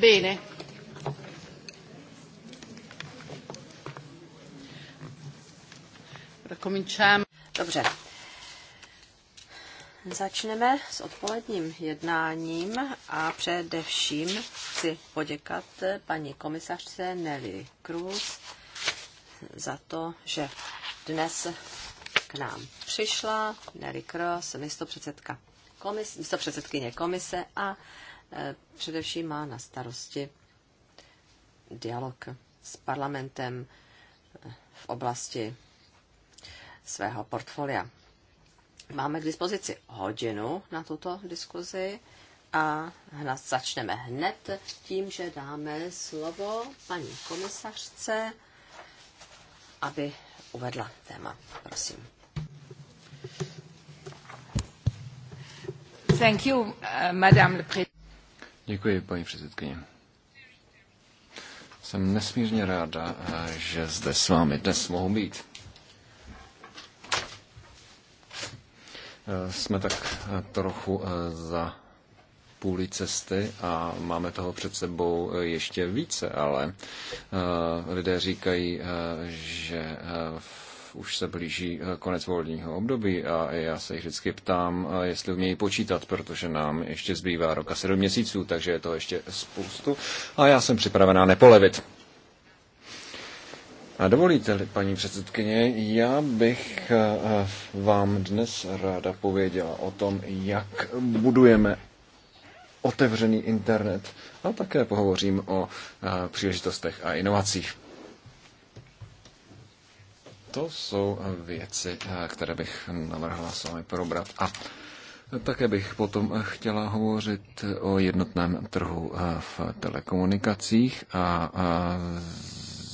Bene. Dobře. Začneme s odpoledním jednáním a především chci poděkat paní komisařce Nelly Cruz za to, že dnes k nám přišla Nelly Cruz, místo, předsedka komis, místo předsedkyně komise a Eh, především má na starosti dialog s parlamentem eh, v oblasti svého portfolia. Máme k dispozici hodinu na tuto diskuzi a hned začneme hned tím, že dáme slovo paní komisařce, aby uvedla téma. Prosím. Thank you, uh, madame le Děkuji, paní předsedkyně. Jsem nesmírně ráda, že zde s vámi dnes mohu být. Jsme tak trochu za půli cesty a máme toho před sebou ještě více, ale lidé říkají, že v už se blíží eh, konec volního období a já se jich vždycky ptám, eh, jestli umějí počítat, protože nám ještě zbývá rok a sedm měsíců, takže je to ještě spoustu a já jsem připravená nepolevit. A dovolíte-li, paní předsedkyně, já bych eh, vám dnes ráda pověděla o tom, jak budujeme otevřený internet a také pohovořím o příležitostech a inovacích. To jsou věci, které bych navrhla s vámi probrat. A také bych potom chtěla hovořit o jednotném trhu v telekomunikacích a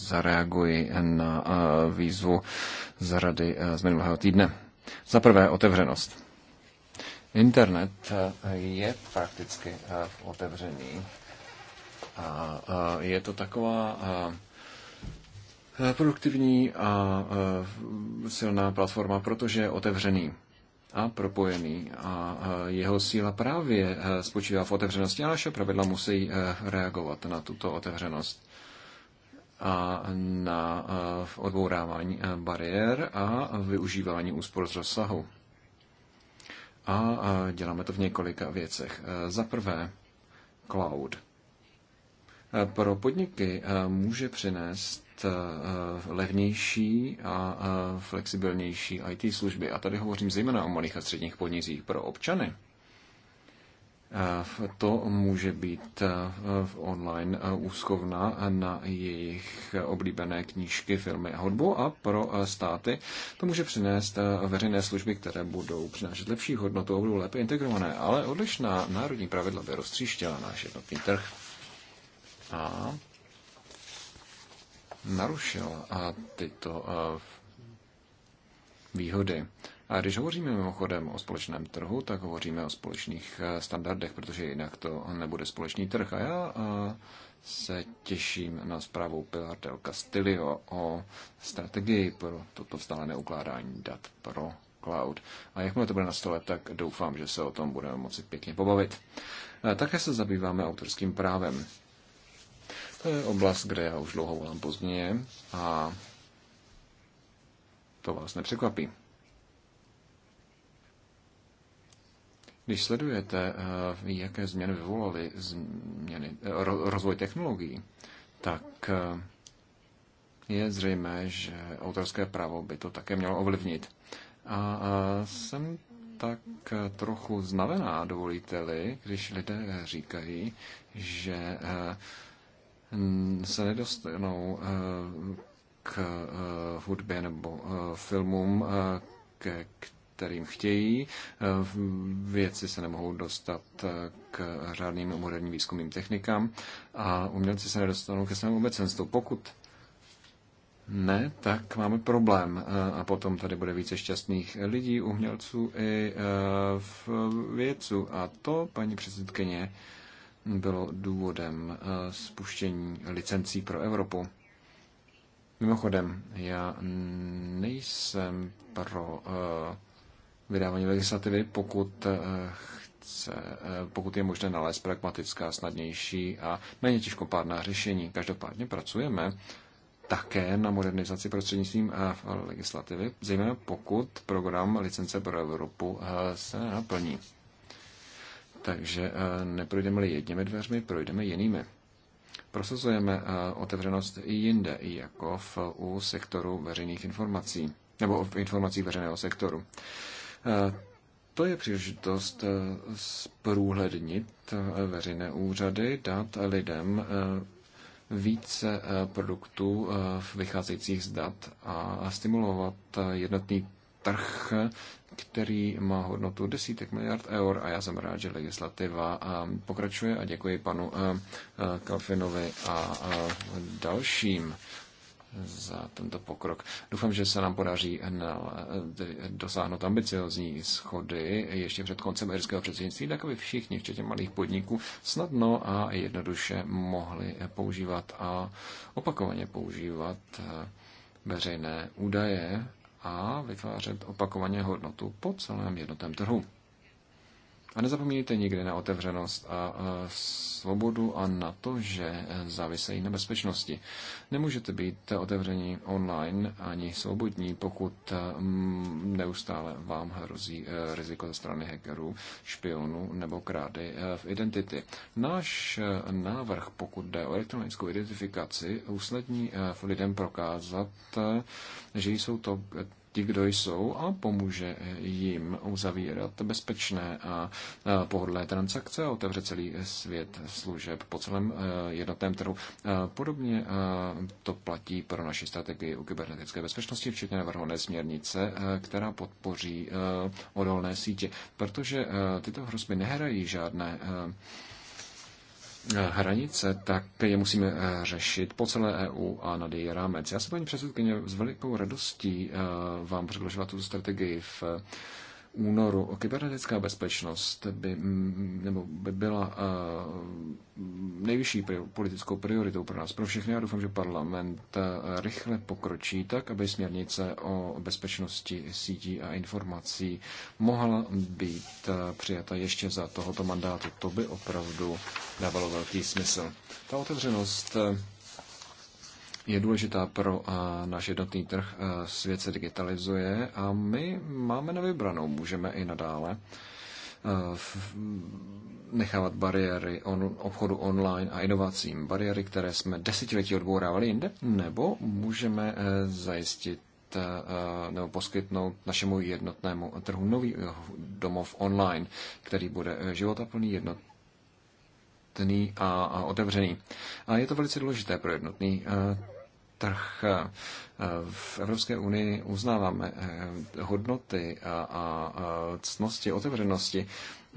zareaguji na výzvu z rady z minulého týdne. Za prvé otevřenost. Internet je prakticky otevřený a je to taková Eh, produktivní a eh, silná platforma, protože je otevřený a propojený. A eh, jeho síla právě spočívá v otevřenosti a naše pravidla musí reagovat na tuto otevřenost a na odbourávání bariér a využívání úspor z rozsahu. A děláme to v několika věcech. Za prvé, cloud pro podniky eh, může přinést eh, levnější a eh, flexibilnější IT služby. A tady hovořím zejména o malých a středních podnicích pro občany. To může být online úschovna na jejich oblíbené knížky, filmy a hudbu a pro státy to může přinést veřejné služby, které budou přinášet lepší hodnotu a budou lépe integrované, ale odlišná národní pravidla by roztříštěla náš jednotný trh a narušil a tyto výhody. A když hovoříme mimochodem o společném trhu, tak hovoříme o společných standardech, protože jinak to nebude společný trh. A já se těším na zprávu Pilar del Castillo o strategii pro toto vzdálené ukládání dat pro cloud. A jakmile to bude na stole, tak doufám, že se o tom budeme moci pěkně pobavit. Také se zabýváme autorským právem. To je oblast, kde já už dlouho volám pozdně a to vás nepřekvapí. Když sledujete, eh, jaké změny vyvolaly změny, eh, rozvoj technologií, tak eh, je zřejmé, že autorské právo by to také mělo ovlivnit. A jsem tak trochu znavená, dovolíte-li, když lidé říkají, že Mm, se nedostanou eh, k eh, hudbě nebo eh, filmům, ke kterým chtějí. Věci se nemohou dostat k řádným moderním výzkumným technikám a umělci se nedostanou ke svému obecenstvu. Pokud ne, tak máme problém a potom tady bude více šťastných lidí, umělců i vědců. A to, paní předsedkyně, bylo důvodem eh, spuštění licencí pro Evropu. Mimochodem, já nejsem pro eh, vydávání legislativy, pokud eh, chce, pokud je možné nalézt pragmatická, snadnější a méně těžkopádná řešení. Každopádně pracujeme také na modernizaci prostřednictvím legislativy, zejména pokud program licence pro Evropu se naplní. Takže eh, neprojdeme-li jedněmi dveřmi, projdeme jinými. Prosazujeme eh, otevřenost i jinde, i jako v, u sektoru veřejných informací, nebo v informací veřejného sektoru. Eh, to je příležitost zprůhlednit veřejné úřady, dát lidem více produktů vycházejících z dat a stimulovat jednotný trh, který má hodnotu desítek miliard eur a já jsem rád, že legislativa eh, pokračuje a děkuji panu eh, eh, Kalfinovi a dalším za tento pokrok. Doufám, že se nám podaří dosáhnout ambiciozní schody ještě před koncem irského předsednictví, tak aby všichni, včetně malých podniků, snadno a jednoduše mohli používat a opakovaně používat veřejné údaje a vytvářet opakovaně hodnotu po celém jednotném trhu. A nezapomínejte nikdy na otevřenost a svobodu a na to, že závisejí na bezpečnosti. Nemůžete být otevření online ani svobodní, pokud neustále vám hrozí e, riziko ze strany hackerů, špionů nebo krády e, v identity. Náš e, návrh, pokud jde o elektronickou identifikaci, usnadní lidem prokázat, že jsou to ti, kdo jsou a pomůže jim uzavírat bezpečné a pohodlné transakce a otevře celý svět služeb po celém e, jednotném trhu. E, podobně e, to platí pro naši strategii u kybernetické bezpečnosti, včetně navrhované směrnice, která podpoří odolné sítě, protože tyto hrozby nehrají žádné hranice, tak je musíme eh, řešit po celé EU a nad její rámec. Já se, paní předsedkyně, s velikou radostí eh, vám předložila tu strategii v únoru. Kybernetická bezpečnost by, mm, nebo by byla eh, nejvyšší politickou prioritou pro nás, pro všechny. Já doufám, že parlament eh, rychle pokročí tak, aby směrnice o bezpečnosti sítí a informací mohla být eh, přijata ještě za tohoto mandátu. To by opravdu dávalo velký smysl. Ta otevřenost je důležitá pro náš jednotný trh. Svět se digitalizuje a my máme na vybranou, můžeme i nadále nechávat bariéry on, obchodu online a inovacím, bariéry, které jsme desetiletí odbourávali jinde, nebo můžeme e, zajistit e, e, nebo poskytnout našemu jednotnému trhu nový domov online, který bude životaplný, jednotný a otevřený. A je to velice důležité pro jednotný trh eh, v Evropské unii uznáváme eh, hodnoty a ctnosti, otevřenosti.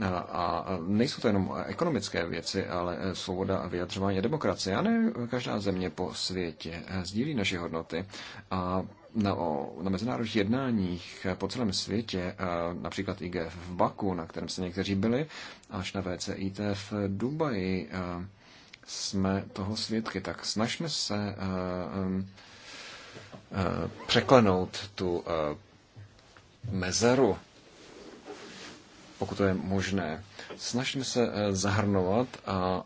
Eh, a nejsou to jenom ekonomické věci, ale svoboda a vyjadřování a demokracie. A ne každá země po světě sdílí naše hodnoty. A na, o, na mezinárodních jednáních po celém světě, například IGF v Baku, na kterém se někteří byli, až na VCIT v Dubaji, jsme toho svědky, tak snažme se eh, eh, překlenout tu eh, mezeru, pokud to je možné. Snažme se zahrnovat a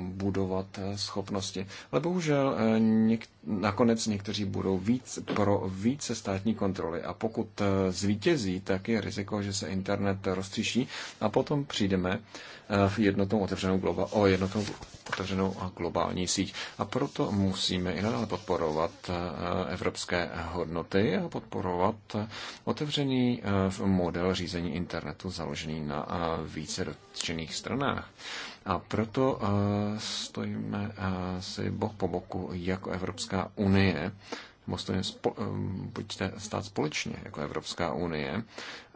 budovat schopnosti. Ale bohužel něk- nakonec někteří budou víc pro více státní kontroly a pokud zvítězí, tak je riziko, že se internet roztříší a potom přijdeme v jednotnou otevřenou globa- o jednotnou otevřenou a globální síť. A proto musíme i nadále podporovat eh, evropské hodnoty a podporovat otevřený eh, model řízení internetu založený na eh, více dotčených stranách. A proto stojíme si bok po boku jako Evropská unie, nebo stojíme, buďte stát společně jako Evropská unie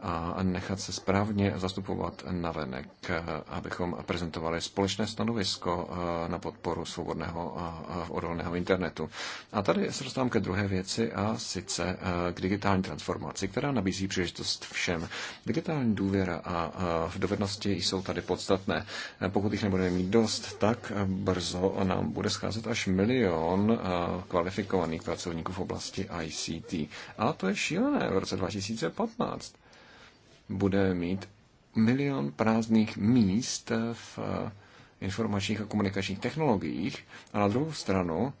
a nechat se správně zastupovat na venek, eh, abychom prezentovali společné stanovisko eh, na podporu svobodného a eh, odolného internetu. A tady se dostávám ke druhé věci a sice k digitální transformaci, která nabízí příležitost všem. Digitální důvěra a v dovednosti jsou tady podstatné. Pokud jich nebudeme mít dost, tak brzo nám bude scházet až milion kvalifikovaných pracovníků v oblasti ICT. A to je šílené v roce 2015 bude mít milion prázdných míst v eh, informačních a komunikačních technologiích a na druhou stranu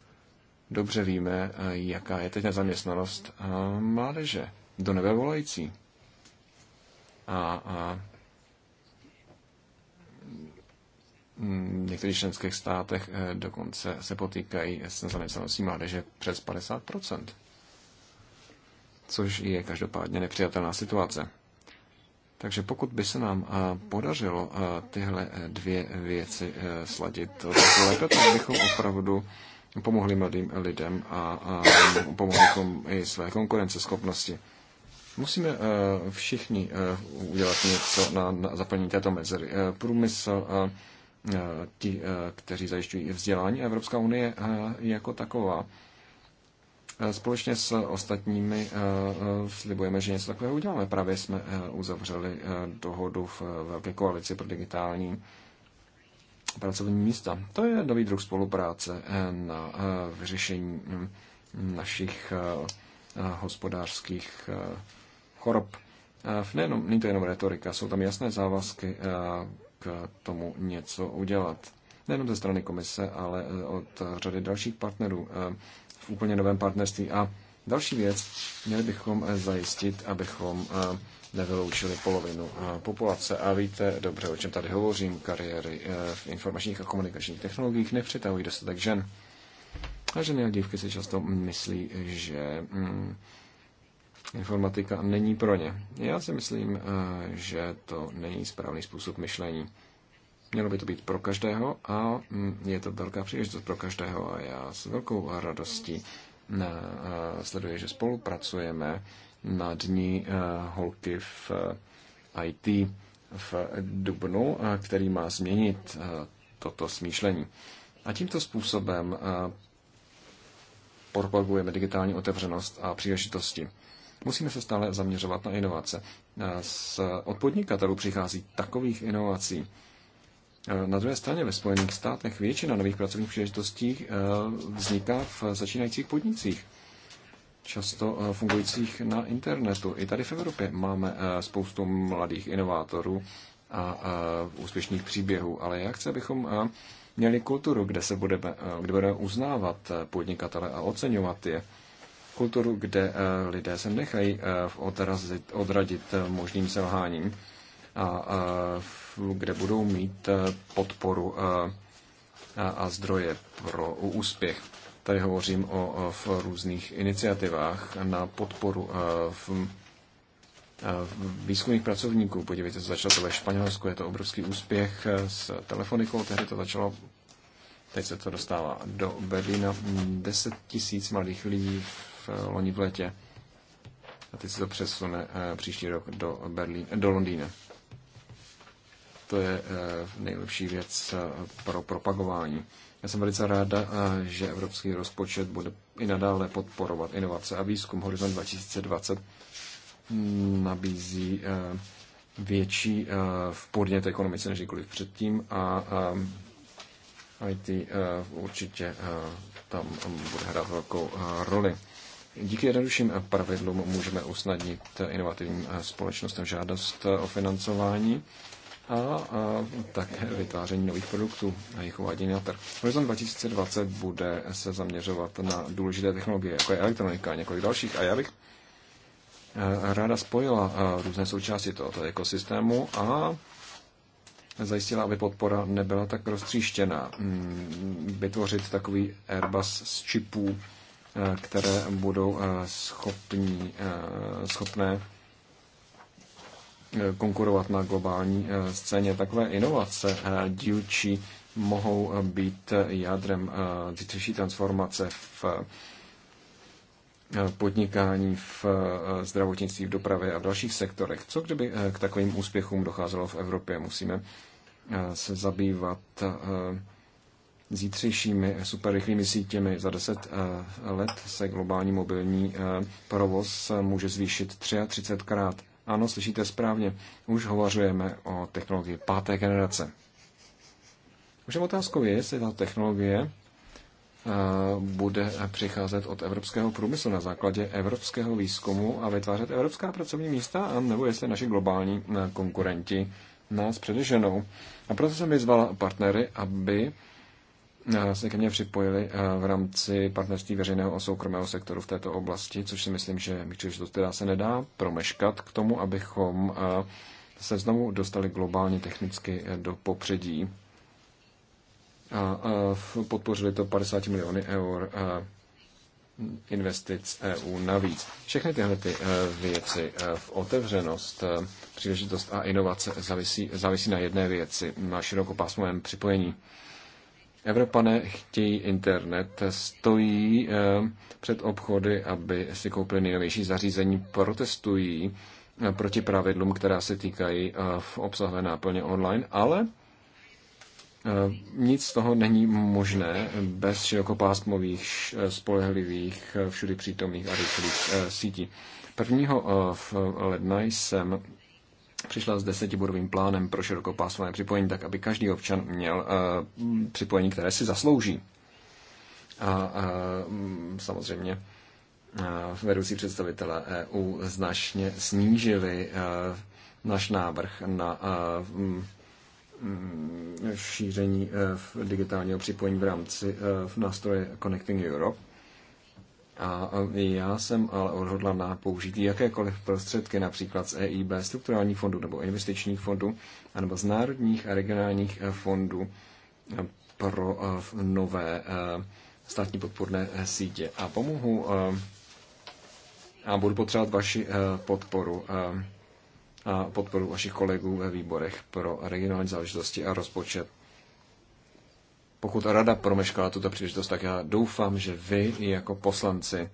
dobře víme, eh, jaká je teď nezaměstnanost eh, mládeže do nebe volající. A, a mm, v některých členských státech dokonce se potýkají s nezaměstnaností mládeže přes 50%, což je každopádně nepřijatelná situace. Takže pokud by se nám eh, podařilo eh, tyhle eh, dvě věci sladit lépe, tak bychom opravdu pomohli mladým lidem a, pomohli kom i své konkurenceschopnosti. Musíme všichni udělat něco na, na zaplnění této mezery. Průmysl, ti, kteří zajišťují vzdělání, Evropská unie jako taková Eh, společně s ostatními eh, eh, slibujeme, že něco takového uděláme. Právě jsme uzavřeli dohodu v Velké koalici pro digitální pracovní místa. To je nový druh spolupráce na vyřešení hm, našich hospodářských chorob. není to jenom retorika, jsou tam jasné závazky k tomu něco udělat nejenom ze strany komise, ale eh, od řady dalších partnerů eh, v úplně novém partnerství. A další věc, měli bychom eh, zajistit, abychom nevyloučili polovinu populace. A víte dobře, o čem tady hovořím, kariéry v informačních a komunikačních technologiích nepřitahují dostatek žen. A ženy a dívky si často myslí, že mm, informatika není pro ně. Já si myslím, že to není správný způsob myšlení. Mělo by to být pro každého a mm, je to velká příležitost pro každého a já s velkou radostí e, e, sleduji, že spolupracujeme na dní e, holky v IT v Dubnu, který má změnit toto smýšlení. A tímto způsobem propagujeme digitální otevřenost a příležitosti. Musíme se stále zaměřovat na inovace. Od podnikatelů přichází takových inovací, Eh, na druhé straně ve Spojených státech většina nových pracovních příležitostí eh, vzniká v začínajících podnicích, často eh, fungujících na internetu. I tady v Evropě máme spoustu mladých inovátorů a úspěšných příběhů, ale já chci, abychom měli kulturu, kde se budeme, kde budeme uznávat podnikatele a oceňovat je. Kulturu, kde lidé se nechají odrazit, odradit možným selháním a kde budou mít e, podporu e, a zdroje pro úspěch. Tady hovořím o v různých iniciativách na podporu e, v výzkumných pracovníků. Podívejte začalo to ve Španělsku, je to obrovský úspěch s telefonikou, tehdy to začalo, teď se to dostává do Berlína, 10 tisíc mladých lidí v loni v létě a teď se to přesune příští rok do, Berlín, do Londýna to je eh, nejlepší věc eh, pro propagování. Já jsem velice ráda, eh, že evropský rozpočet bude i nadále podporovat inovace a výzkum. Horizont 2020 nabízí větší v podnět ekonomice než kdykoliv předtím a IT určitě tam bude hrát velkou roli. Díky jednodušším pravidlům můžeme usnadnit inovativním společnostem žádost o financování a, a také vytváření nových produktů a jejich uvádění na trh. Horizon 2020 bude se zaměřovat na důležité technologie, jako je elektronika a několik dalších. A já bych eh, ráda spojila eh, různé součásti tohoto ekosystému a zajistila, aby podpora nebyla tak roztříštěná. Mm, vytvořit takový Airbus z čipů, eh, které budou schopní, schopné konkurovat na globální eh, scéně. Takové inovace eh, dílčí mohou eh, být jádrem zítřejší transformace v podnikání v zdravotnictví, v dopravě a v dalších sektorech. Co kdyby k takovým úspěchům docházelo v Evropě? Musíme se zabývat zítřejšími superrychlými sítěmi. Za 10 let se globální mobilní provoz může zvýšit 33krát. Ano, slyšíte správně. Už hovořujeme o technologii páté generace. Už otázkou je, jestli ta technologie eh, bude přicházet od evropského průmyslu na základě evropského výzkumu a vytvářet evropská pracovní místa, nebo jestli naši globální eh, konkurenti nás předeženou. A proto jsem vyzval partnery, aby Eh, se ke mně připojili eh, v rámci partnerství veřejného a soukromého sektoru v této oblasti, což si myslím, že příležitost teda se nedá promeškat k tomu, abychom eh, se znovu dostali globálně technicky do popředí a podpořili to 50 miliony eur investic EU navíc. Všechny tyhle ty věci v otevřenost, příležitost a inovace závisí, závisí na jedné věci, na širokopásmovém připojení. Evropané chtějí internet, stojí eh, před obchody, aby si koupili nejnovější zařízení, protestují eh, proti pravidlům, která se týkají eh, v obsahové náplně online, ale nic z toho není možné bez širokopásmových, spolehlivých, všudy přítomných a rychlých sítí. 1. ledna jsem přišla s desetibodovým plánem pro širokopásmové připojení, tak aby každý občan měl uh, připojení, které si zaslouží. A uh, samozřejmě uh, vedoucí představitelé EU značně snížili uh, náš návrh na uh, šíření digitálního připojení v rámci v nástroje Connecting Europe. A já jsem ale odhodlaná použít jakékoliv prostředky, například z EIB, strukturální fondu nebo investičních fondů, anebo z národních a regionálních eh, fondů eh, pro eh, nové státní podporné sítě. A pomohu a budu potřebovat vaši podporu a podporu vašich kolegů ve výborech pro regionální záležitosti a rozpočet pokud rada promeškala tuto příležitost, tak já doufám, že vy jako poslanci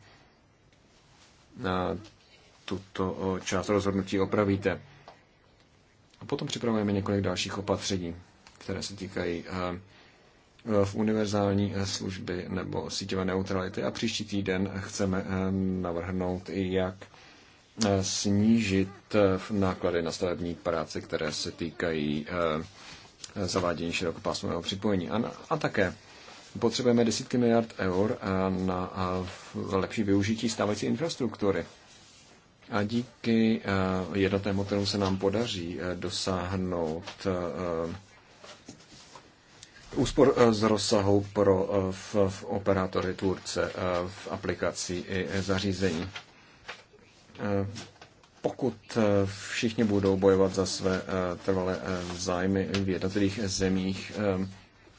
eh, tuto eh, část rozhodnutí opravíte. A potom připravujeme několik dalších opatření, které se týkají eh, v univerzální služby nebo síťové neutrality a příští týden chceme navrhnout i jak snížit náklady na stavební práce, které se týkají zavádění širokopásmového připojení. A, a také potřebujeme desítky miliard eur na lepší využití stávající infrastruktury. A díky jednotnému trhu se nám podaří dosáhnout úspor z rozsahu pro v, v operátory tvůrce v aplikací i zařízení pokud eh, všichni budou bojovat za své eh, trvalé eh, zájmy v jednotlivých zemích,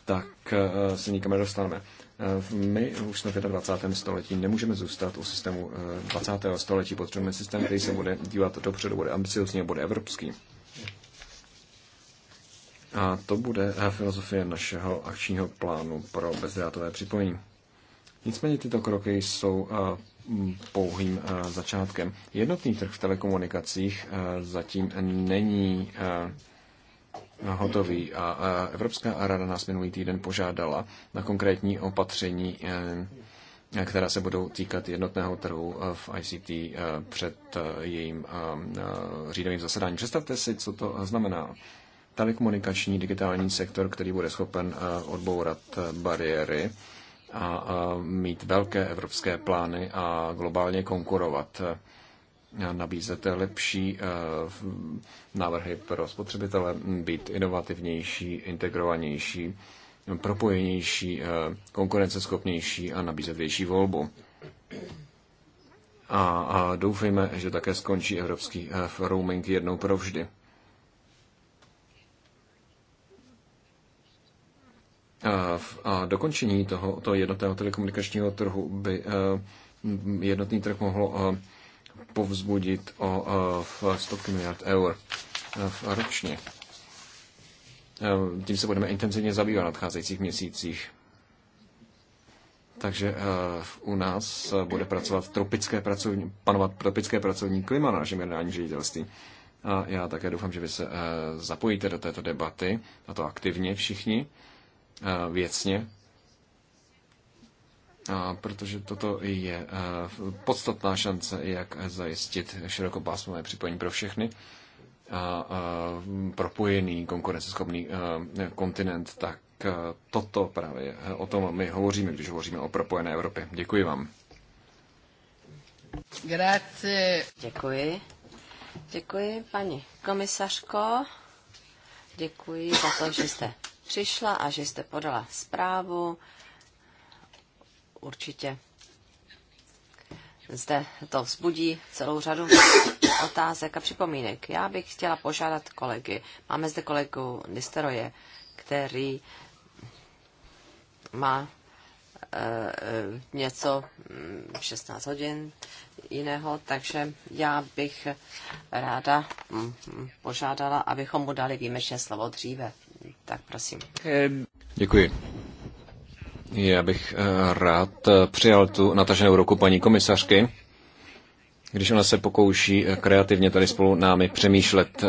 tak se nikam nedostaneme. My už jsme v 25. století nemůžeme zůstat u systému 20. století. Potřebujeme systém, který se bude dívat dopředu, bude ambiciozní a bude evropský. A to bude filozofie našeho akčního plánu pro bezdrátové připojení. Nicméně tyto kroky jsou pouhým eh, začátkem. Jednotný trh v telekomunikacích eh, zatím není eh, hotový a Evropská rada nás minulý týden požádala na konkrétní opatření, která se budou týkat jednotného trhu v ICT před jejím řídovým zasedáním. Představte si, co to znamená. Telekomunikační digitální sektor, který bude schopen odbourat bariéry a mít velké evropské plány a globálně konkurovat. Nabízete lepší eh, návrhy pro spotřebitele, být inovativnější, integrovanější, propojenější, eh, konkurenceschopnější a nabízet větší volbu. A doufejme, že také skončí evropský eh, roaming jednou provždy. a dokončení toho, toho jednotného telekomunikačního trhu by eh, jednotný trh mohlo eh, povzbudit o eh, stovky miliard eur ročně. Tím se budeme intenzivně zabývat v nadcházejících měsících. Takže u nás bude pracovat tropické pracovní, panovat tropické pracovní klima na našem generálním ředitelství. A já také doufám, že vy se zapojíte do této debaty, a to aktivně všichni. Eh, věcně, protože toto je eh, podstatná šance, jak zajistit širokopásmové připojení pro všechny a eh, propojený konkurenceschopný kontinent, tak toto právě o tom my hovoříme, když hovoříme o propojené Evropě. Děkuji vám. Grazie. Děkuji. Děkuji, paní komisařko. Děkuji za to, že jste přišla a že jste podala zprávu. Určitě zde to vzbudí celou řadu otázek a připomínek. Já bych chtěla požádat kolegy. Máme zde kolegu Nisteroje, který má e, něco 16 mm, hodin jiného, takže já bych ráda mm, mm, požádala, abychom mu dali výjimečně slovo dříve. Tak prosím. Děkuji. Já bych eh, rád eh, přijal tu nataženou ruku paní komisařky, když ona se pokouší eh, kreativně tady spolu námi přemýšlet.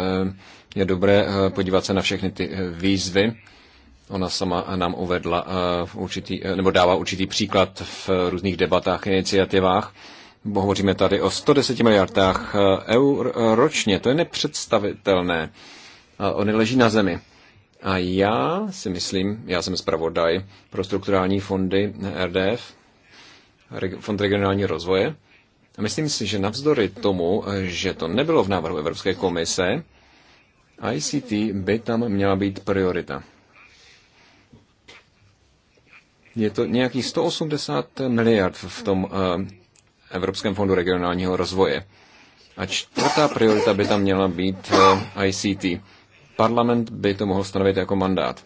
Je dobré podívat se na všechny ty výzvy. Ona sama nám uvedla určitý, nebo dává určitý příklad v různých debatách, iniciativách. Hovoříme tady o 110 miliardách eur ročně. To je nepředstavitelné. Ony leží na zemi. A já si myslím, já jsem zpravodaj pro strukturální fondy RDF, Fond regionálního rozvoje, a myslím si, že navzdory tomu, že to nebylo v návrhu Evropské komise, ICT by tam měla být priorita. Je to nějakých 180 miliard v tom eh, Evropském fondu regionálního rozvoje. A čtvrtá priorita by tam měla být eh, ICT. Parlament by to mohl stanovit jako mandát.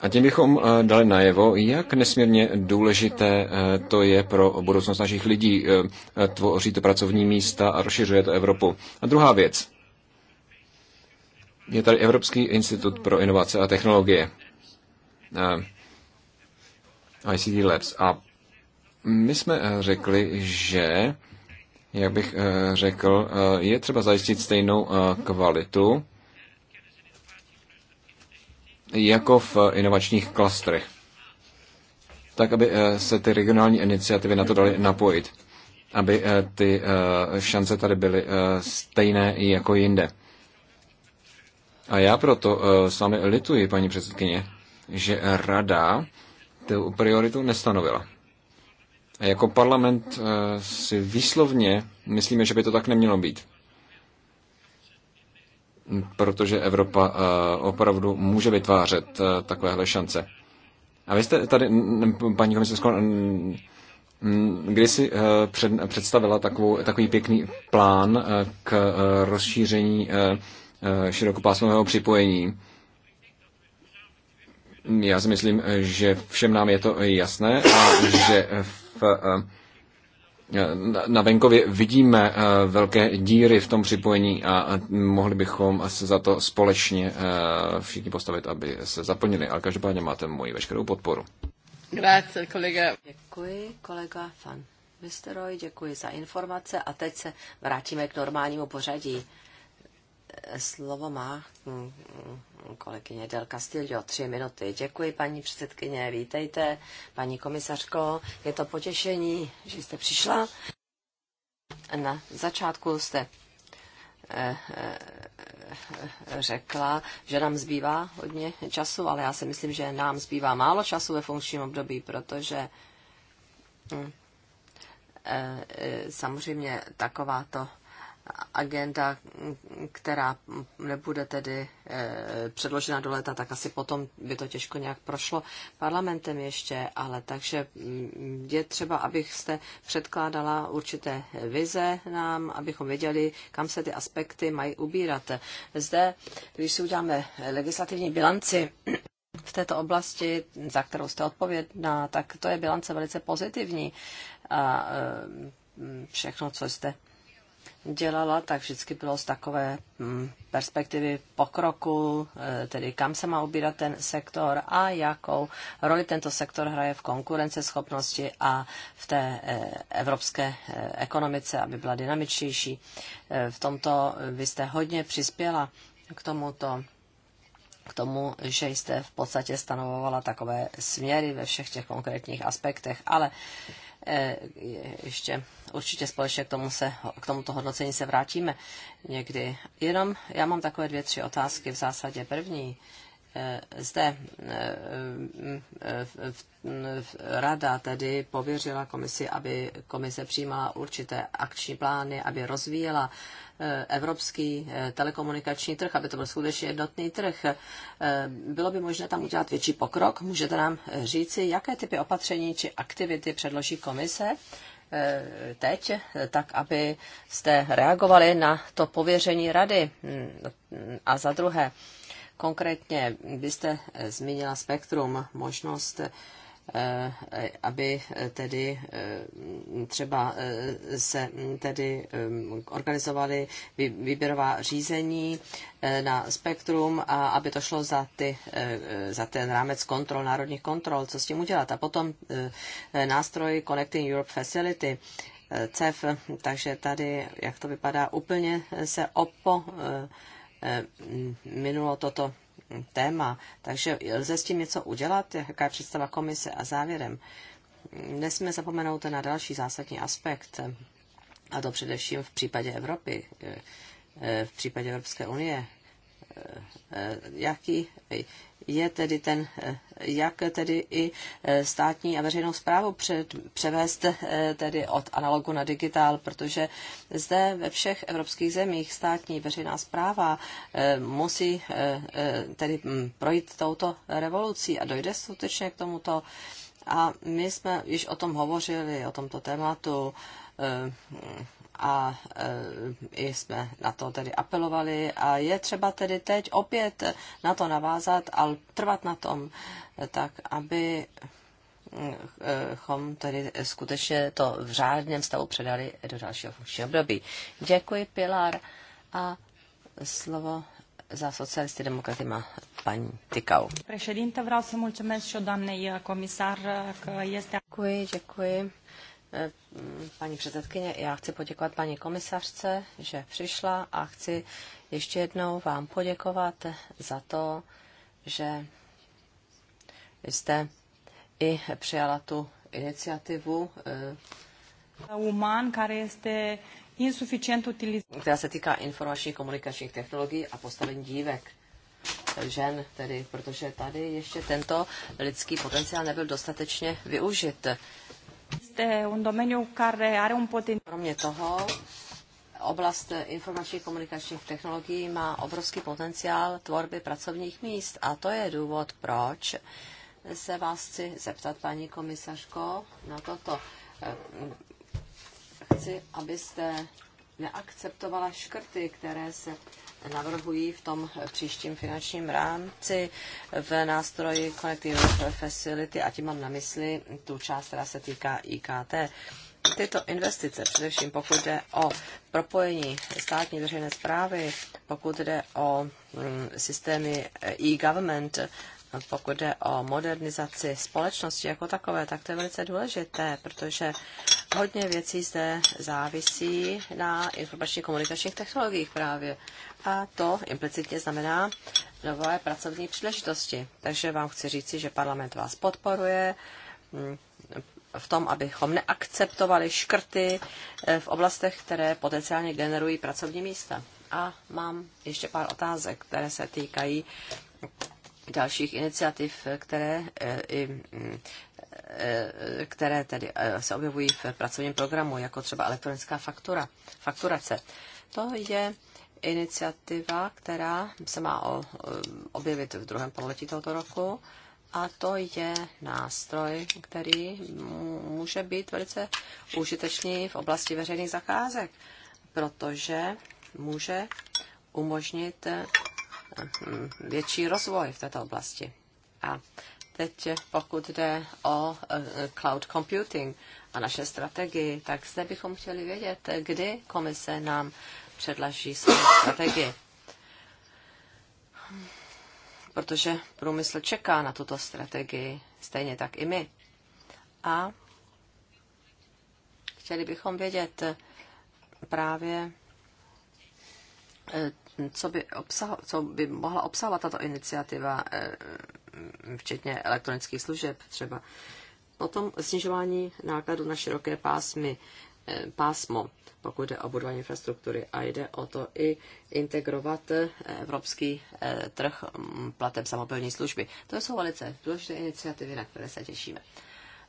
A tím bychom eh, dali najevo, jak nesmírně důležité eh, to je pro budoucnost našich lidí. Eh, Tvoří to pracovní místa a rozšiřuje to Evropu. A druhá věc. Je tady Evropský institut pro inovace a technologie. ICT Labs. A my jsme řekli, že jak bych eh, řekl, eh, je třeba zajistit stejnou eh, kvalitu jako v inovačních klastrech, tak aby se ty regionální iniciativy na to daly napojit, aby ty šance tady byly stejné i jako jinde. A já proto s vámi lituji, paní předsedkyně, že rada tu prioritu nestanovila. Jako parlament eh, si výslovně myslíme, že by to tak nemělo být. Protože Evropa eh, opravdu může vytvářet eh, takovéhle šance. A vy jste tady, paní komisařko, kdysi si představila takovou, takový pěkný plán k rozšíření širokopásmového připojení. Já si myslím, že všem nám je to jasné a že v v eh, na venkově vidíme eh, velké díry v tom připojení a mohli bychom se za to společně eh, všichni postavit, aby se zaplnili. Ale každopádně máte moji veškerou podporu. Grazie, kolega. Děkuji, kolega Fan Visteroj, děkuji za informace a teď se vrátíme k normálnímu pořadí. Slovo má mm, mm, kolegyně Del Castillo, tři minuty. Děkuji, paní předsedkyně, vítejte, paní komisařko. Je to potěšení, že jste přišla. Na začátku jste eh, eh, řekla, že nám zbývá hodně času, ale já si myslím, že nám zbývá málo času ve funkčním období, protože hm, eh, samozřejmě takováto agenda, která nebude tedy eh, předložena do léta, tak asi potom by to těžko nějak prošlo parlamentem ještě, ale takže mm, je třeba, abyste předkládala určité vize nám, abychom věděli, kam se ty aspekty mají ubírat. Zde, když si uděláme legislativní bilanci, v této oblasti, za kterou jste odpovědná, tak to je bilance velice pozitivní. A eh, mm, všechno, co jste dělala, tak vždycky bylo z takové mm, perspektivy pokroku, e, tedy kam se má ubírat ten sektor a jakou roli tento sektor hraje v konkurenceschopnosti a v té e, evropské e, ekonomice, aby byla dynamičtější. V tomto vy jste hodně přispěla k tomuto k tomu, že jste v podstatě stanovovala takové směry ve všech těch konkrétních aspektech, ale eh, Eh, ještě určitě společně k, tomu se, k tomuto hodnocení se vrátíme někdy. Jenom já mám takové dvě, tři otázky v zásadě. První Eh, zde eh, eh, rada tedy pověřila komisi, aby komise přijímala určité akční plány, aby rozvíjela evropský telekomunikační trh, aby to byl skutečně jednotný trh. Bylo by možné tam udělat větší pokrok? Můžete nám říci, jaké typy opatření či aktivity předloží komise? teď, tak aby jste reagovali na to pověření rady. Hmm, a za druhé, Konkrétně byste eh, zmínila spektrum, možnost eh, aby eh, tedy třeba se mm, tedy organizovaly výběrová řízení na spektrum a aby to šlo za, ty, za ten rámec kontrol, národních kontrol, co s tím udělat. A potom nástroj Connecting Europe Facility, CEF, takže tady, jak to vypadá, úplně se opo Eh, minulo toto téma. Takže lze s tím něco udělat, jaká je představa komise a závěrem. Nesmíme zapomenout na další zásadní aspekt, a to především v případě Evropy, eh, eh, v případě Evropské unie, jaký, je tedy ten, eh, jak tedy i eh, státní a veřejnou zprávu před, převést eh, tedy od analogu na digitál, protože zde ve všech evropských zemích státní veřejná zpráva musí tedy hm, projít touto revolucí a dojde skutečně k tomuto. A my jsme již o tom hovořili, o tomto tématu a e, i jsme na to tedy apelovali a je třeba tedy teď opět na to navázat a trvat na tom, tak aby e, chom tedy skutečně to v řádném stavu předali do dalšího funkčního období. Děkuji, Pilar. A slovo za socialisty demokraty má paní Tikau. Děkuji, děkuji paní předsedkyně. Já chci poděkovat paní komisařce, že přišla a chci ještě jednou vám poděkovat za to, že jste i přijala tu iniciativu, eh, která se týká informačních komunikačních technologií a postavení dívek žen, tedy, protože tady ještě tento lidský potenciál nebyl dostatečně využit. Kromě toho, oblast informačních komunikačních technologií má obrovský potenciál tvorby pracovních míst a to je důvod, proč se vás chci zeptat, paní komisařko, na toto. Chci, abyste neakceptovala škrty, které se navrhují v tom příštím finančním rámci v nástroji Connective Facility a tím mám na mysli tu část, která se týká IKT. Tyto investice, především pokud jde o propojení státní veřejné zprávy, pokud jde o mm, systémy e-government, pokud jde o modernizaci společnosti jako takové, tak to je velice důležité, protože hodně věcí zde závisí na informačních komunikačních technologiích právě. A to implicitně znamená nové pracovní příležitosti. Takže vám chci říci, že parlament vás podporuje mm, v tom, abychom neakceptovali škrty eh, v oblastech, které potenciálně generují pracovní místa. A mám ještě pár otázek, které se týkají dalších iniciativ, které eh, i mm, Eh, které tedy eh, se objevují v pracovním programu, jako třeba elektronická faktura, fakturace. To je iniciativa, která se má eh, objevit v druhém pololetí tohoto roku a to je nástroj, který může být velice užitečný v oblasti veřejných zakázek, protože může umožnit větší rozvoj v této oblasti. A Teď pokud jde o e, cloud computing a naše strategii, tak zde bychom chtěli vědět, kdy komise nám předlaží svou strategii. Protože průmysl čeká na tuto strategii, stejně tak i my. A chtěli bychom vědět právě, e, co by, obsaho, co by mohla obsahovat tato iniciativa e, včetně elektronických služeb třeba. Potom snižování nákladů na široké pásmy, eh, pásmo, pokud jde o budování infrastruktury a jde o to i integrovat eh, evropský eh, trh mm, platem za mobilní služby. To jsou velice důležité iniciativy, na které se těšíme.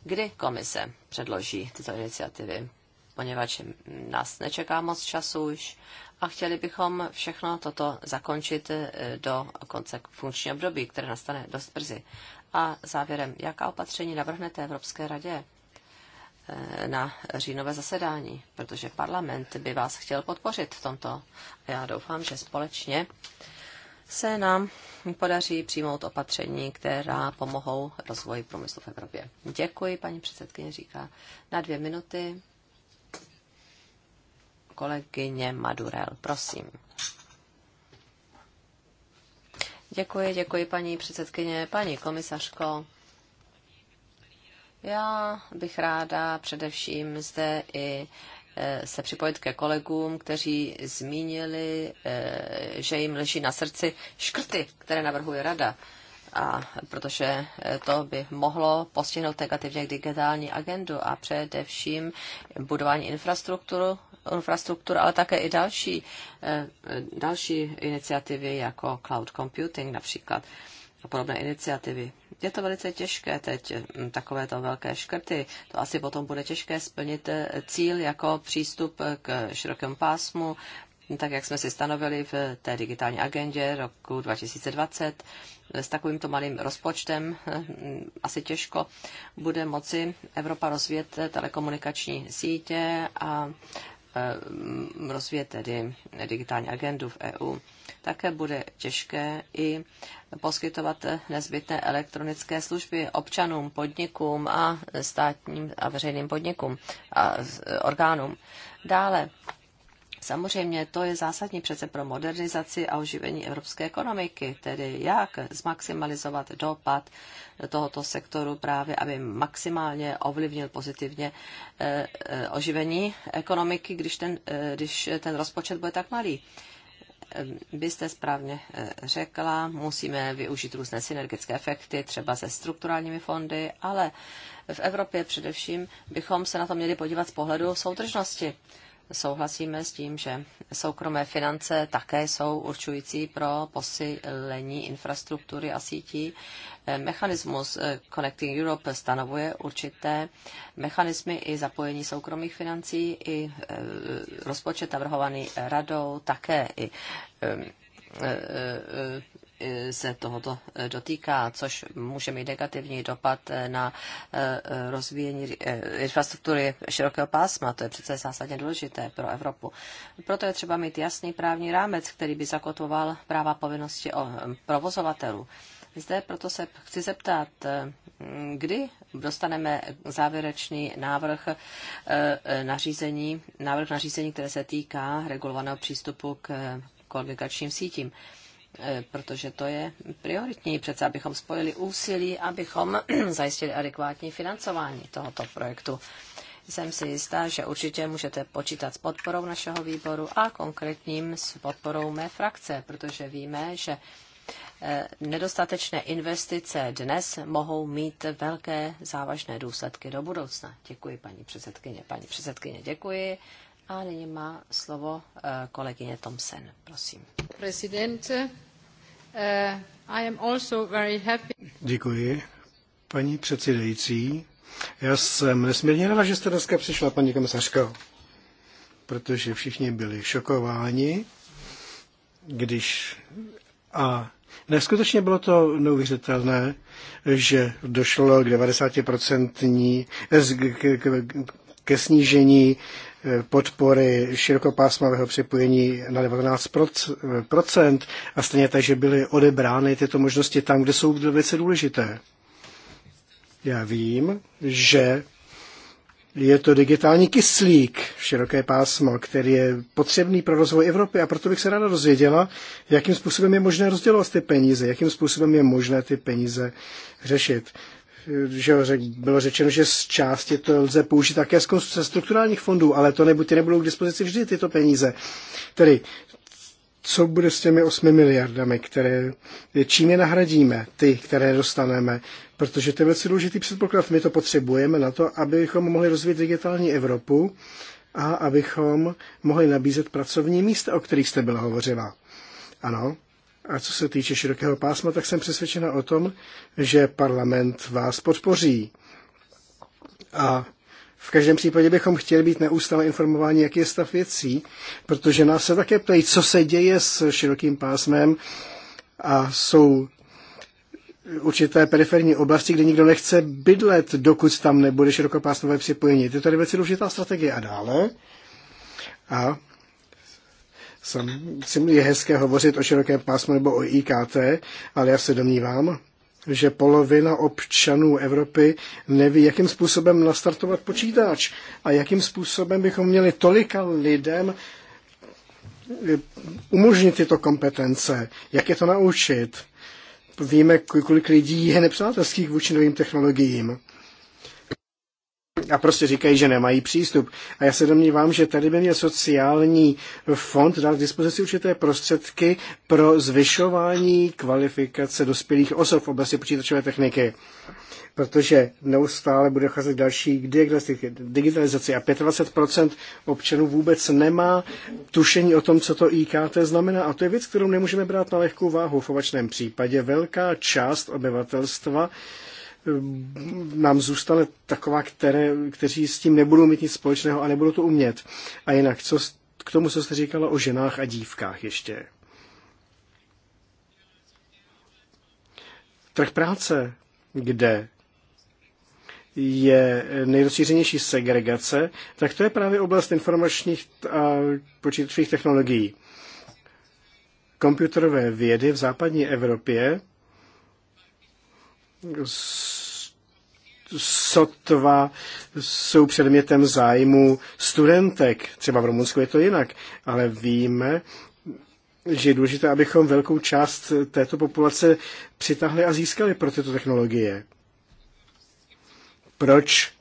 Kdy komise předloží tyto iniciativy? poněvadž nás nečeká moc času už a chtěli bychom všechno toto zakončit eh, do konce funkčního období, které nastane dost brzy. A závěrem, jaká opatření navrhnete Evropské radě eh, na říjnové zasedání, protože parlament by vás chtěl podpořit v tomto. A já doufám, že společně se nám podaří přijmout opatření, která pomohou rozvoji průmyslu v Evropě. Děkuji, paní předsedkyně říká. Na dvě minuty kolegyně Madurel. Prosím. Děkuji, děkuji paní předsedkyně, paní komisařko. Já bych ráda především zde i e, se připojit ke kolegům, kteří zmínili, e, že jim leží na srdci škrty, které navrhuje rada. A protože e, to by mohlo postihnout negativně digitální agendu a především budování infrastruktury infrastruktura, ale také i další, eh, další iniciativy jako cloud computing například a podobné iniciativy. Je to velice těžké teď, hm, takovéto velké škrty. To asi potom bude těžké splnit eh, cíl jako přístup k širokému pásmu, tak jak jsme si stanovili v té digitální agendě roku 2020, s takovýmto malým rozpočtem hm, asi těžko bude moci Evropa rozvíjet telekomunikační sítě a Eh, rozvíjet tedy digitální agendu v EU. Také bude těžké i poskytovat nezbytné elektronické služby občanům, podnikům a státním a veřejným podnikům a eh, orgánům. Dále Samozřejmě to je zásadní přece pro modernizaci a oživení evropské ekonomiky, tedy jak zmaximalizovat dopad tohoto sektoru právě, aby maximálně ovlivnil pozitivně eh, eh, oživení ekonomiky, když ten, eh, když ten rozpočet bude tak malý byste správně řekla, musíme využít různé synergické efekty, třeba se strukturálními fondy, ale v Evropě především bychom se na to měli podívat z pohledu soudržnosti souhlasíme s tím, že soukromé finance také jsou určující pro posílení infrastruktury a sítí. Eh, mechanismus eh, Connecting Europe stanovuje určité mechanismy i zapojení soukromých financí, i eh, rozpočet navrhovaný radou, také i Eh, se tohoto eh, dotýká, což může mít negativní dopad eh, na rozvíjení infrastruktury širokého pásma. To je přece zásadně důležité pro Evropu. Proto je třeba mít jasný právní rámec, který by zakotvoval práva povinnosti provozovatelů. Zde proto se chci zeptat, kdy dostaneme závěrečný návrh nařízení, návrh nařízení, které se týká regulovaného přístupu k komunikačním sítím. Eh, protože to je prioritní přece, abychom spojili úsilí, abychom zajistili adekvátní financování tohoto projektu. Jsem si jistá, že určitě můžete počítat s podporou našeho výboru a konkrétním s podporou mé frakce, protože víme, že eh, nedostatečné investice dnes mohou mít velké závažné důsledky do budoucna. Děkuji, paní předsedkyně. Paní předsedkyně, děkuji. A nyní má slovo eh, kolegyně Tomsen. Prosím. Presidente. Uh, Děkuji, paní předsedající. Já jsem nesmírně ráda, že jste dneska přišla, paní komisařko, protože všichni byli šokováni, když a Neskutečně bylo to neuvěřitelné, že došlo k 90% eh, ke snížení Eh, podpory širokopásmového připojení na 19% a stejně tak, že byly odebrány tyto možnosti tam, kde jsou velice důležité. Já vím, že je to digitální kyslík, široké pásmo, který je potřebný pro rozvoj Evropy a proto bych se ráda dozvěděla, jakým způsobem je možné rozdělovat ty peníze, jakým způsobem je možné ty peníze řešit že bylo řečeno, že z části to lze použít také z strukturálních fondů, ale to nebuď ty nebudou k dispozici vždy tyto peníze. Tedy, co bude s těmi 8 miliardami, které, čím je nahradíme, ty, které dostaneme, protože to je velice důležitý předpoklad. My to potřebujeme na to, abychom mohli rozvíjet digitální Evropu a abychom mohli nabízet pracovní místa, o kterých jste byla hovořila. Ano, a co se týče širokého pásma, tak jsem přesvědčena o tom, že parlament vás podpoří. A v každém případě bychom chtěli být neustále informováni, jaký je stav věcí, protože nás se také ptají, co se děje s širokým pásmem a jsou určité periferní oblasti, kde nikdo nechce bydlet, dokud tam nebude širokopásmové připojení. To je tady velice důležitá strategie. A dále, a si je hezké hovořit o širokém pásmu nebo o IKT, ale já se domnívám, že polovina občanů Evropy neví, jakým způsobem nastartovat počítač a jakým způsobem bychom měli tolika lidem eh, umožnit tyto kompetence, jak je to naučit. Víme, kolik lidí je nepřátelských vůči novým technologiím a prostě říkají, že nemají přístup. A já se domnívám, že tady by měl sociální fond dát k dispozici určité prostředky pro zvyšování kvalifikace dospělých osob v oblasti počítačové techniky protože neustále bude docházet další digitalizaci a 25% občanů vůbec nemá tušení o tom, co to IKT znamená. A to je věc, kterou nemůžeme brát na lehkou váhu. V opačném případě velká část obyvatelstva nám zůstane taková, které, kteří s tím nebudou mít nic společného a nebudou to umět. A jinak, co, k tomu, co jste říkala o ženách a dívkách ještě. Trh práce, kde je nejrozšířenější segregace, tak to je právě oblast informačních a počítačových technologií. Komputerové vědy v západní Evropě sotva jsou předmětem zájmu studentek. Třeba v Rumunsku je to jinak, ale víme, že je důležité, abychom velkou část této populace přitahli a získali pro tyto technologie. Proč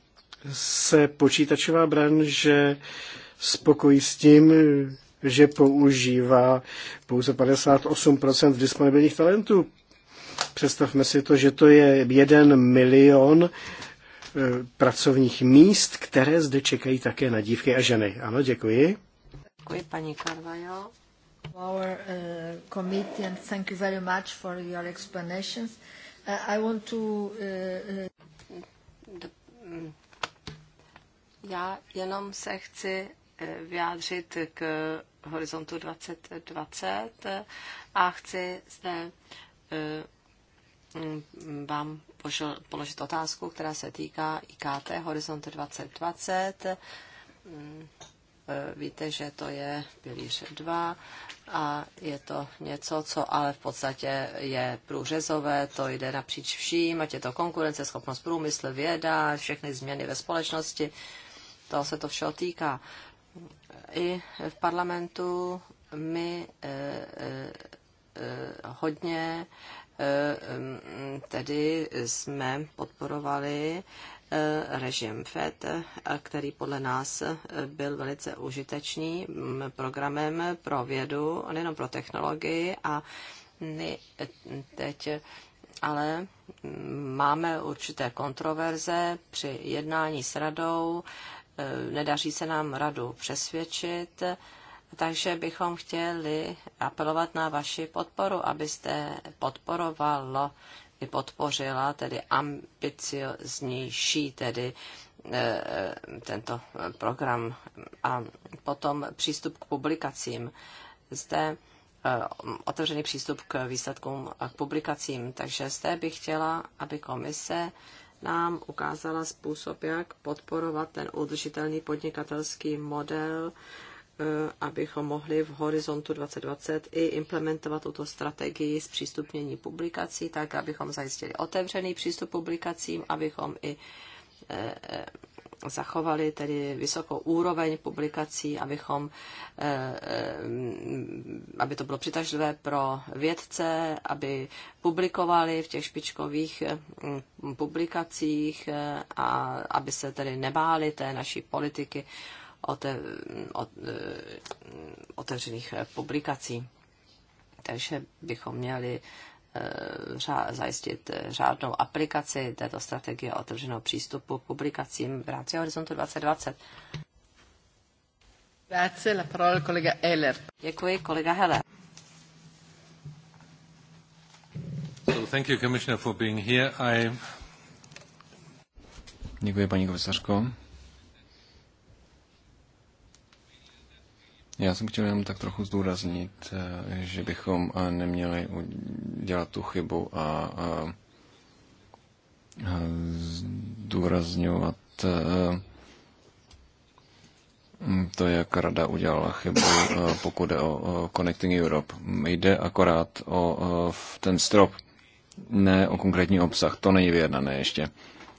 se počítačová branže spokojí s tím, že používá pouze 58% disponibilních talentů? Představme si to, že to je jeden milion e, pracovních míst, které zde čekají také na dívky a ženy. Ano, děkuji. Děkuji, paní Karvajo. Our uh, committee and thank you very much for your explanations. Uh, I want to... Uh, uh... Já jenom se chci vyjádřit k Horizontu 2020 a chci zde Mm, vám požil, položit otázku, která se týká IKT Horizont 2020. Mm, e, víte, že to je pilíř 2 a je to něco, co ale v podstatě je průřezové, to jde napříč vším, ať je to konkurence, schopnost průmysl, věda, všechny změny ve společnosti, to se to všeho týká. I v parlamentu my e, e, hodně Eh, tedy jsme podporovali eh, režim FED, eh, který podle nás byl velice užitečný mm, programem pro vědu, nejenom pro technologii a my teď ale mm, máme určité kontroverze při jednání s radou, nedaří se nám radu přesvědčit, takže bychom chtěli apelovat na vaši podporu, abyste podporovalo i podpořila tedy ambicioznější tedy e, e, tento program a potom přístup k publikacím. Zde e, otevřený přístup k výsledkům a k publikacím. Takže zde bych chtěla, aby komise nám ukázala způsob, jak podporovat ten udržitelný podnikatelský model Eh, abychom mohli v horizontu 2020 i implementovat tuto strategii zpřístupnění publikací, tak abychom zajistili otevřený přístup publikacím, abychom i eh, zachovali tedy vysokou úroveň publikací, abychom, eh, aby to bylo přitažlivé pro vědce, aby publikovali v těch špičkových mm, publikacích a aby se tedy nebáli té naší politiky ote, o, e, otevřených e, publikací. Takže bychom měli e, zajistit řádnou aplikaci této strategie otevřeného přístupu k publikacím v rámci Horizontu 2020. Děkuji, kolega Heller. So thank you, Commissioner, for being here. I... Děkuji, paní komisařko. Já jsem chtěl jenom tak trochu zdůraznit, eh, že bychom eh, neměli dělat tu chybu a, zdůrazňovat eh, to, jak Rada udělala chybu, pokud jde o Connecting Europe. Jde akorát o ten strop, ne o konkrétní obsah. To není vyjednané ještě.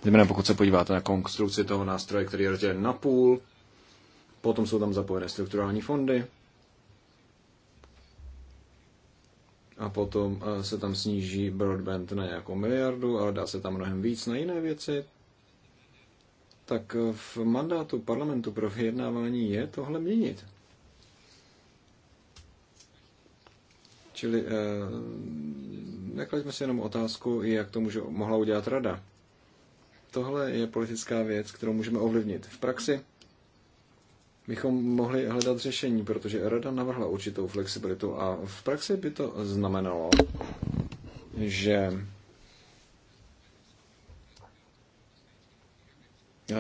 Zejména pokud se podíváte na konstrukci toho nástroje, který je rozdělen na půl, Potom jsou tam zapojené strukturální fondy. A potom eh, se tam sníží broadband na nějakou miliardu, ale dá se tam mnohem víc na jiné věci. Tak eh, v mandátu parlamentu pro vyjednávání je tohle měnit. Čili eh, neklaďme si jenom otázku, jak to může, mohla udělat rada. Tohle je politická věc, kterou můžeme ovlivnit v praxi bychom mohli hledat řešení, protože Rada navrhla určitou flexibilitu a v praxi by to znamenalo, že eh,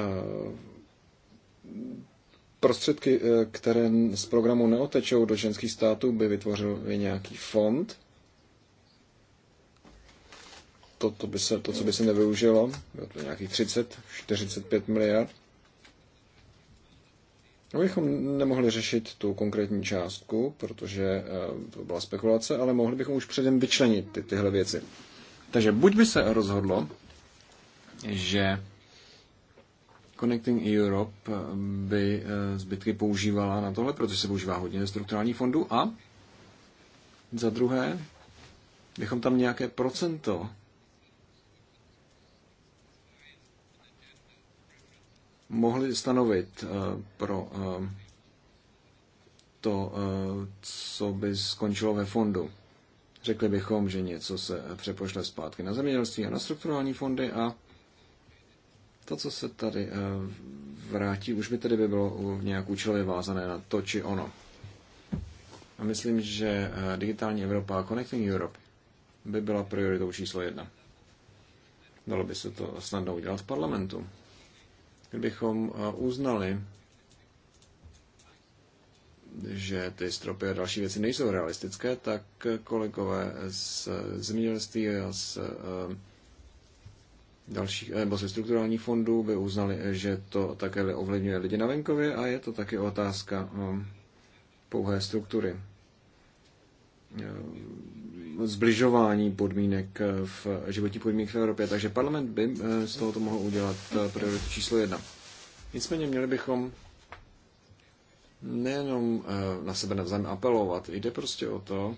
prostředky, eh, které z programu neotečou do ženských států, by vytvořil nějaký fond. To, to, by se, to co by se nevyužilo, bylo to nějakých 30, 45 miliard. No, bychom nemohli řešit tu konkrétní částku, protože eh, to byla spekulace, ale mohli bychom už předem vyčlenit ty, tyhle věci. Takže buď by se rozhodlo, že Connecting Europe eh, by eh, zbytky používala na tohle, protože se používá hodně ze strukturálních fondů. A za druhé, bychom tam nějaké procento mohli stanovit eh, pro eh, to, eh, co by skončilo ve fondu. Řekli bychom, že něco se přepošle zpátky na zemědělství a na strukturální fondy a to, co se tady vrátí, už by tedy by bylo nějak účelově vázané na to či ono. A myslím, že digitální Evropa a Connecting Europe by byla prioritou číslo jedna. Dalo by se to snadno udělat v parlamentu. Kdybychom eh, uznali, že ty stropy a další věci nejsou realistické, tak eh, kolegové z zemědělství a z eh, dalších, nebo ze strukturálních fondů by uznali, že to také ovlivňuje lidi na venkově a je to taky otázka pouhé struktury zbližování podmínek eh, v životní podmínek v Evropě. Takže parlament by eh, z tohoto mohl udělat eh, prioritu číslo jedna. Nicméně měli bychom nejenom na sebe navzájem apelovat, jde prostě o to,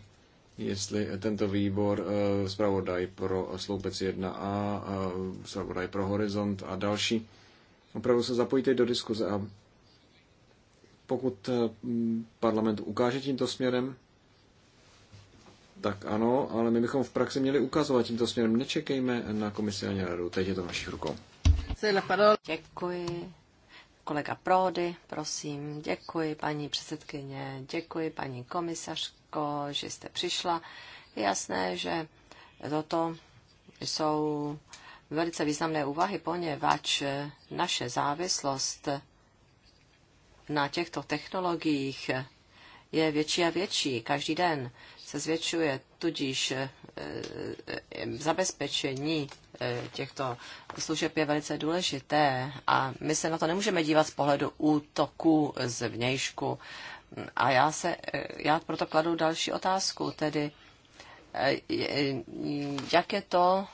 jestli tento výbor, zpravodaj pro Sloupec 1a, zpravodaj pro Horizont a další, opravdu se zapojíte do diskuze a pokud parlament ukáže tímto směrem, tak ano, ale my bychom v praxi měli ukazovat tímto směrem. Nečekejme na komisi ani radu. Teď je to v našich rukou. Děkuji. Kolega Prody, prosím. Děkuji, paní předsedkyně. Děkuji, paní komisařko, že jste přišla. Je jasné, že toto jsou velice významné úvahy, poněvadž naše závislost na těchto technologiích je větší a větší každý den se zvětšuje, tudíž eh, eh, eh, zabezpečení těchto služeb je velice důležité a my se na to nemůžeme dívat z pohledu útoku z vnějšku. A já, se, já proto kladu další otázku, tedy jak je to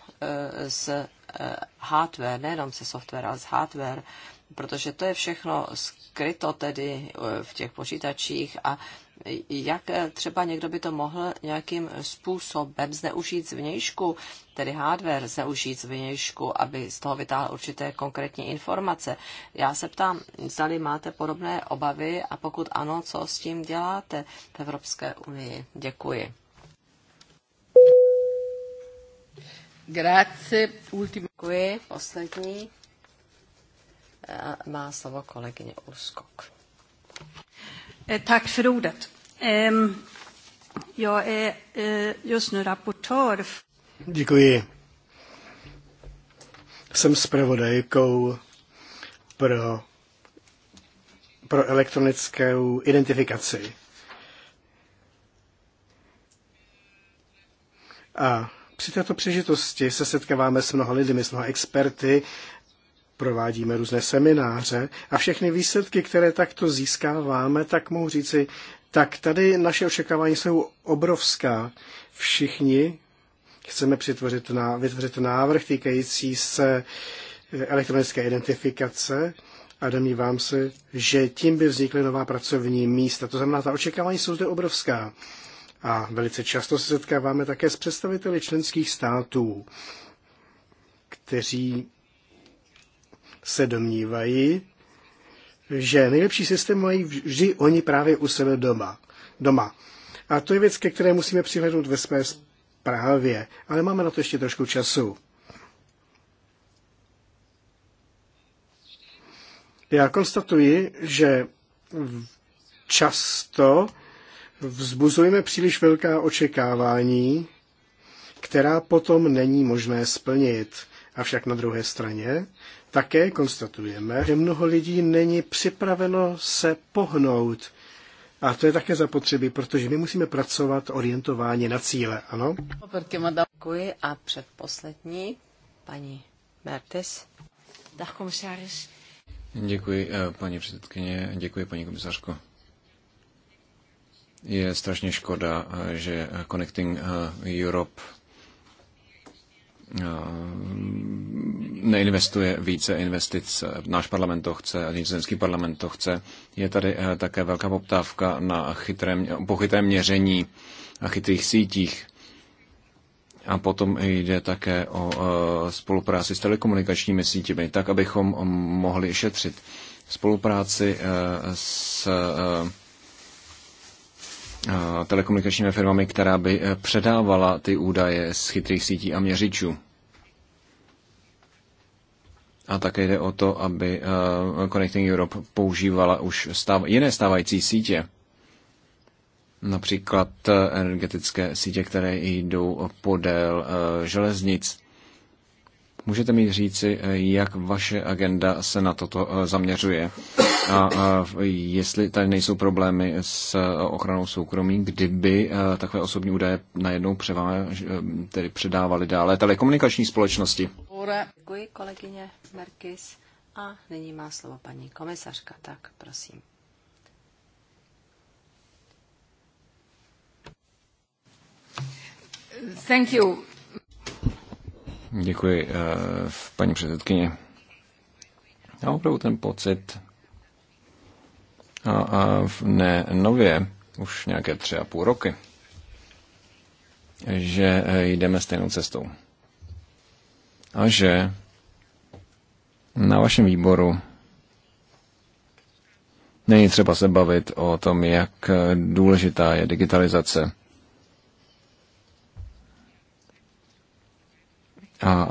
s hardware, nejenom se software, ale s hardware, protože to je všechno skryto tedy v těch počítačích a jak eh, třeba někdo by to mohl nějakým způsobem zneužít zvnějšku, tedy hardware zneužít zvnějšku, aby z toho vytáhl určité konkrétní informace. Já se ptám, zdali máte podobné obavy a pokud ano, co s tím děláte v Evropské unii? Děkuji. Grazie, ultimo. Děkuji, poslední. Eh, má slovo kolegyně Urskok. Eh, tack för ordet. Ehm, jag är eh, just nu rapportör. Děkuji. Jsem zpravodajkou pro, pro elektronickou identifikaci. A při této příležitosti se setkáváme s mnoha lidmi, s mnoha experty provádíme různé semináře a všechny výsledky, které takto získáváme, tak mohu říci, tak tady naše očekávání jsou obrovská. Všichni chceme přitvořit na, vytvořit návrh týkající se elektronické identifikace a domnívám se, že tím by vznikly nová pracovní místa. To znamená, ta očekávání jsou zde obrovská. A velice často se setkáváme také s představiteli členských států, kteří se domnívají, že nejlepší systém mají vždy oni právě u sebe doma. doma. A to je věc, ke které musíme přihlednout ve své zprávě, ale máme na to ještě trošku času. Já konstatuji, že často vzbuzujeme příliš velká očekávání, která potom není možné splnit. Avšak na druhé straně také konstatujeme, že mnoho lidí není připraveno se pohnout. A to je také zapotřebí, protože my musíme pracovat orientováně na cíle, ano? Děkuji a předposlední, paní Mertes. Děkuji, eh, paní předsedkyně, děkuji, paní komisařko. Je strašně škoda, eh, že Connecting eh, Europe Eh, neinvestuje více investic. Náš parlament to chce, nizozemský parlament to chce. Je tady eh, také velká poptávka na chytrém, po měření a chytrých sítích. A potom jde také o eh, spolupráci s telekomunikačními sítěmi, tak abychom mohli šetřit spolupráci s telekomunikačními firmami, která by předávala ty údaje z chytrých sítí a měřičů. A také jde o to, aby eh, Connecting Europe používala už stav, jiné stávající sítě, například eh, energetické sítě, které jdou podél eh, železnic. Můžete mi říci, jak vaše agenda se na toto zaměřuje a jestli tady nejsou problémy s ochranou soukromí, kdyby takové osobní údaje najednou převáž, tedy předávali dále telekomunikační společnosti. Sure. Děkuji kolegyně Merkis a nyní má slovo paní komisařka, tak prosím. Thank you. Děkuji, eh, paní předsedkyně. Já opravdu ten pocit, a, a ne nově, už nějaké tři a půl roky, že jdeme stejnou cestou a že na vašem výboru není třeba se bavit o tom, jak důležitá je digitalizace. a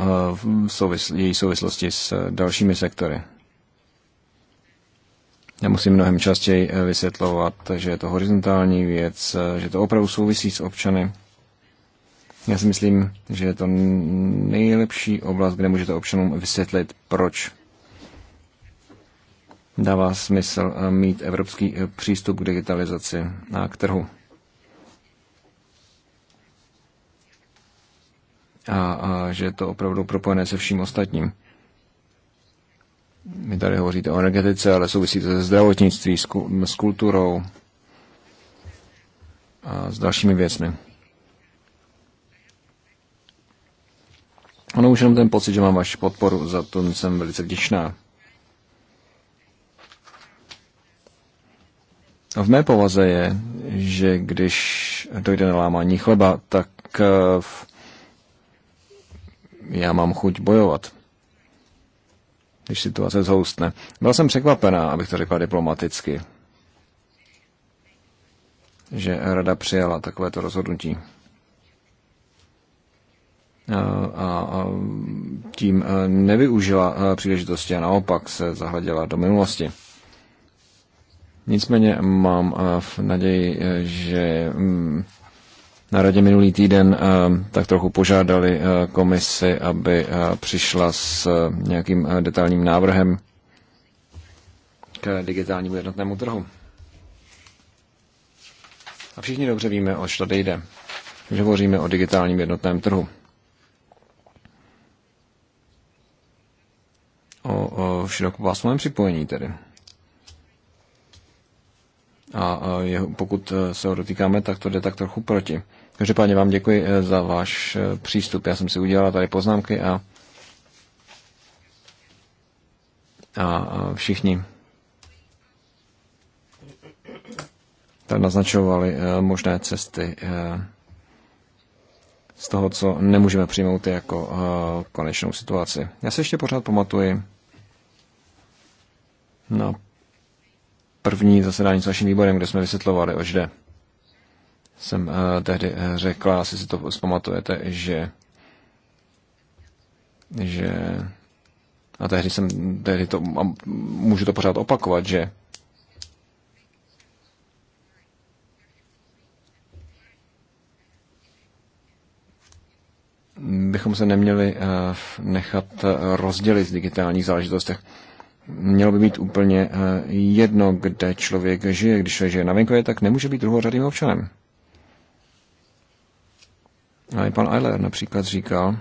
souvisl, její souvislosti s dalšími sektory. Já musím mnohem častěji vysvětlovat, že je to horizontální věc, že to opravdu souvisí s občany. Já si myslím, že je to nejlepší oblast, kde můžete občanům vysvětlit, proč dává smysl eh, mít evropský eh, přístup k digitalizaci a k trhu. A, a že je to opravdu propojené se vším ostatním. Vy tady hovoříte o energetice, ale souvisí to se zdravotnictví, s, s kulturou a s dalšími věcmi. Ono už jenom ten pocit, že mám vaši podporu, za to jsem velice vděčná. A v mé povaze je, že když dojde na lámání chleba, tak eh, já mám chuť bojovat, když situace zhoustne. Byla jsem překvapená, abych to řekla diplomaticky, že rada přijala takovéto rozhodnutí. Eh, a tím eh, nevyužila eh, příležitosti a naopak se zahleděla do minulosti. Nicméně mám v naději, že mm, na radě minulý týden tak trochu požádali komisi, aby přišla s nějakým detailním návrhem k digitálnímu jednotnému trhu. A všichni dobře víme, o co tady jde, že hovoříme o digitálním jednotném trhu. o, o širokopásmovém připojení tedy. A je, pokud e, se ho dotýkáme, tak to jde tak trochu proti. Každopádně vám děkuji e, za váš e, přístup. Já jsem si udělal tady poznámky a, a všichni tady naznačovali možné cesty z toho, co nemůžeme přijmout jako konečnou situaci. Já se ještě pořád pamatuji na první zasedání s vaším výborem, kde jsme vysvětlovali, oč jde. Jsem uh, tehdy eh, řekla, asi si to zpamatujete, že že a tehdy jsem, tehdy to, a můžu to pořád opakovat, že bychom se neměli eh, nechat rozdělit v digitálních záležitostech mělo by být úplně eh, jedno, kde člověk žije. Když žije na venkově, tak nemůže být druhořadým občanem. A i pan Eiler například říkal,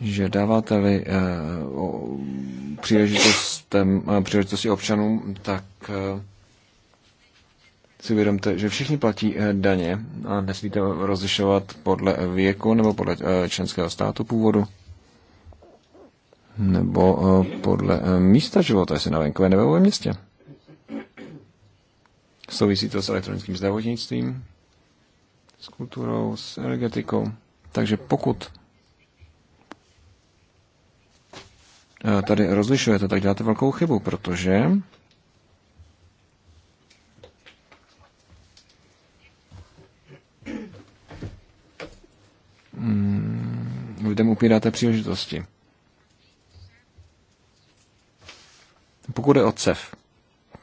že dáváte-li eh, příležitostem, eh, příležitosti občanům, tak si uvědomte, že všichni platí daně a nesmíte rozlišovat podle věku nebo podle členského státu původu nebo eh, podle eh, místa života, jestli na venkově nebo ve městě. Souvisí to s elektronickým zdravotnictvím, s kulturou, s energetikou. Takže pokud eh, tady rozlišujete, tak děláte velkou chybu, protože mm, lidem upíráte příležitosti. Pokud je o CEF,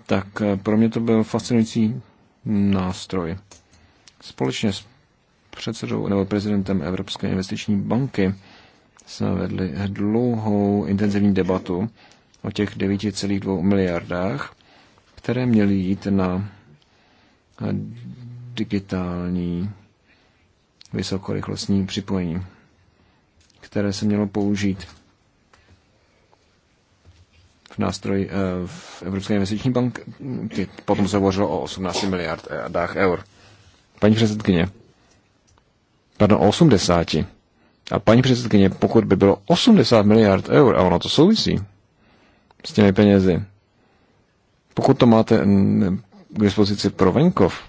tak eh, pro mě to byl fascinující nástroj. Společně s předsedou nebo prezidentem Evropské investiční banky jsme vedli dlouhou intenzivní debatu o těch 9,2 miliardách, které měly jít na digitální vysokorychlostní připojení, které se mělo použít nástroj eh, v Evropské investiční banky. Potom se hovořilo o 18 miliardách eur. Paní předsedkyně, pardon, o 80. A paní předsedkyně, pokud by bylo 80 miliard eur, a ono to souvisí s těmi penězi, pokud to máte k dispozici pro venkov,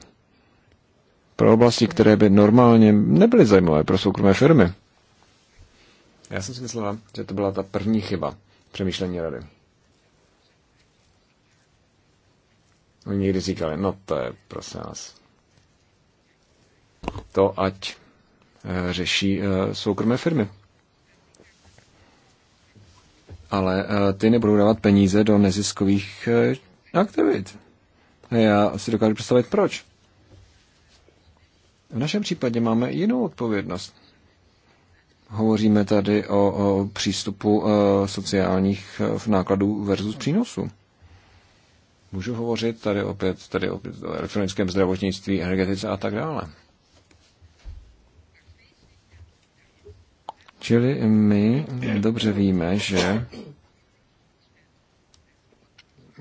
pro oblasti, které by normálně nebyly zajímavé pro soukromé firmy. Já jsem si myslela, že to byla ta první chyba přemýšlení rady. Oni někdy říkali, no to je prosím nás. To ať eh, řeší eh, soukromé firmy. Ale eh, ty nebudou dávat peníze do neziskových aktivit. Já si dokážu představit, proč. V našem případě máme jinou odpovědnost. Hovoříme tady o, o přístupu sociálních nákladů versus přínosu. Můžu hovořit tady opět, tady opět o elektronickém zdravotnictví, energetice a tak dále. Čili my dobře víme, že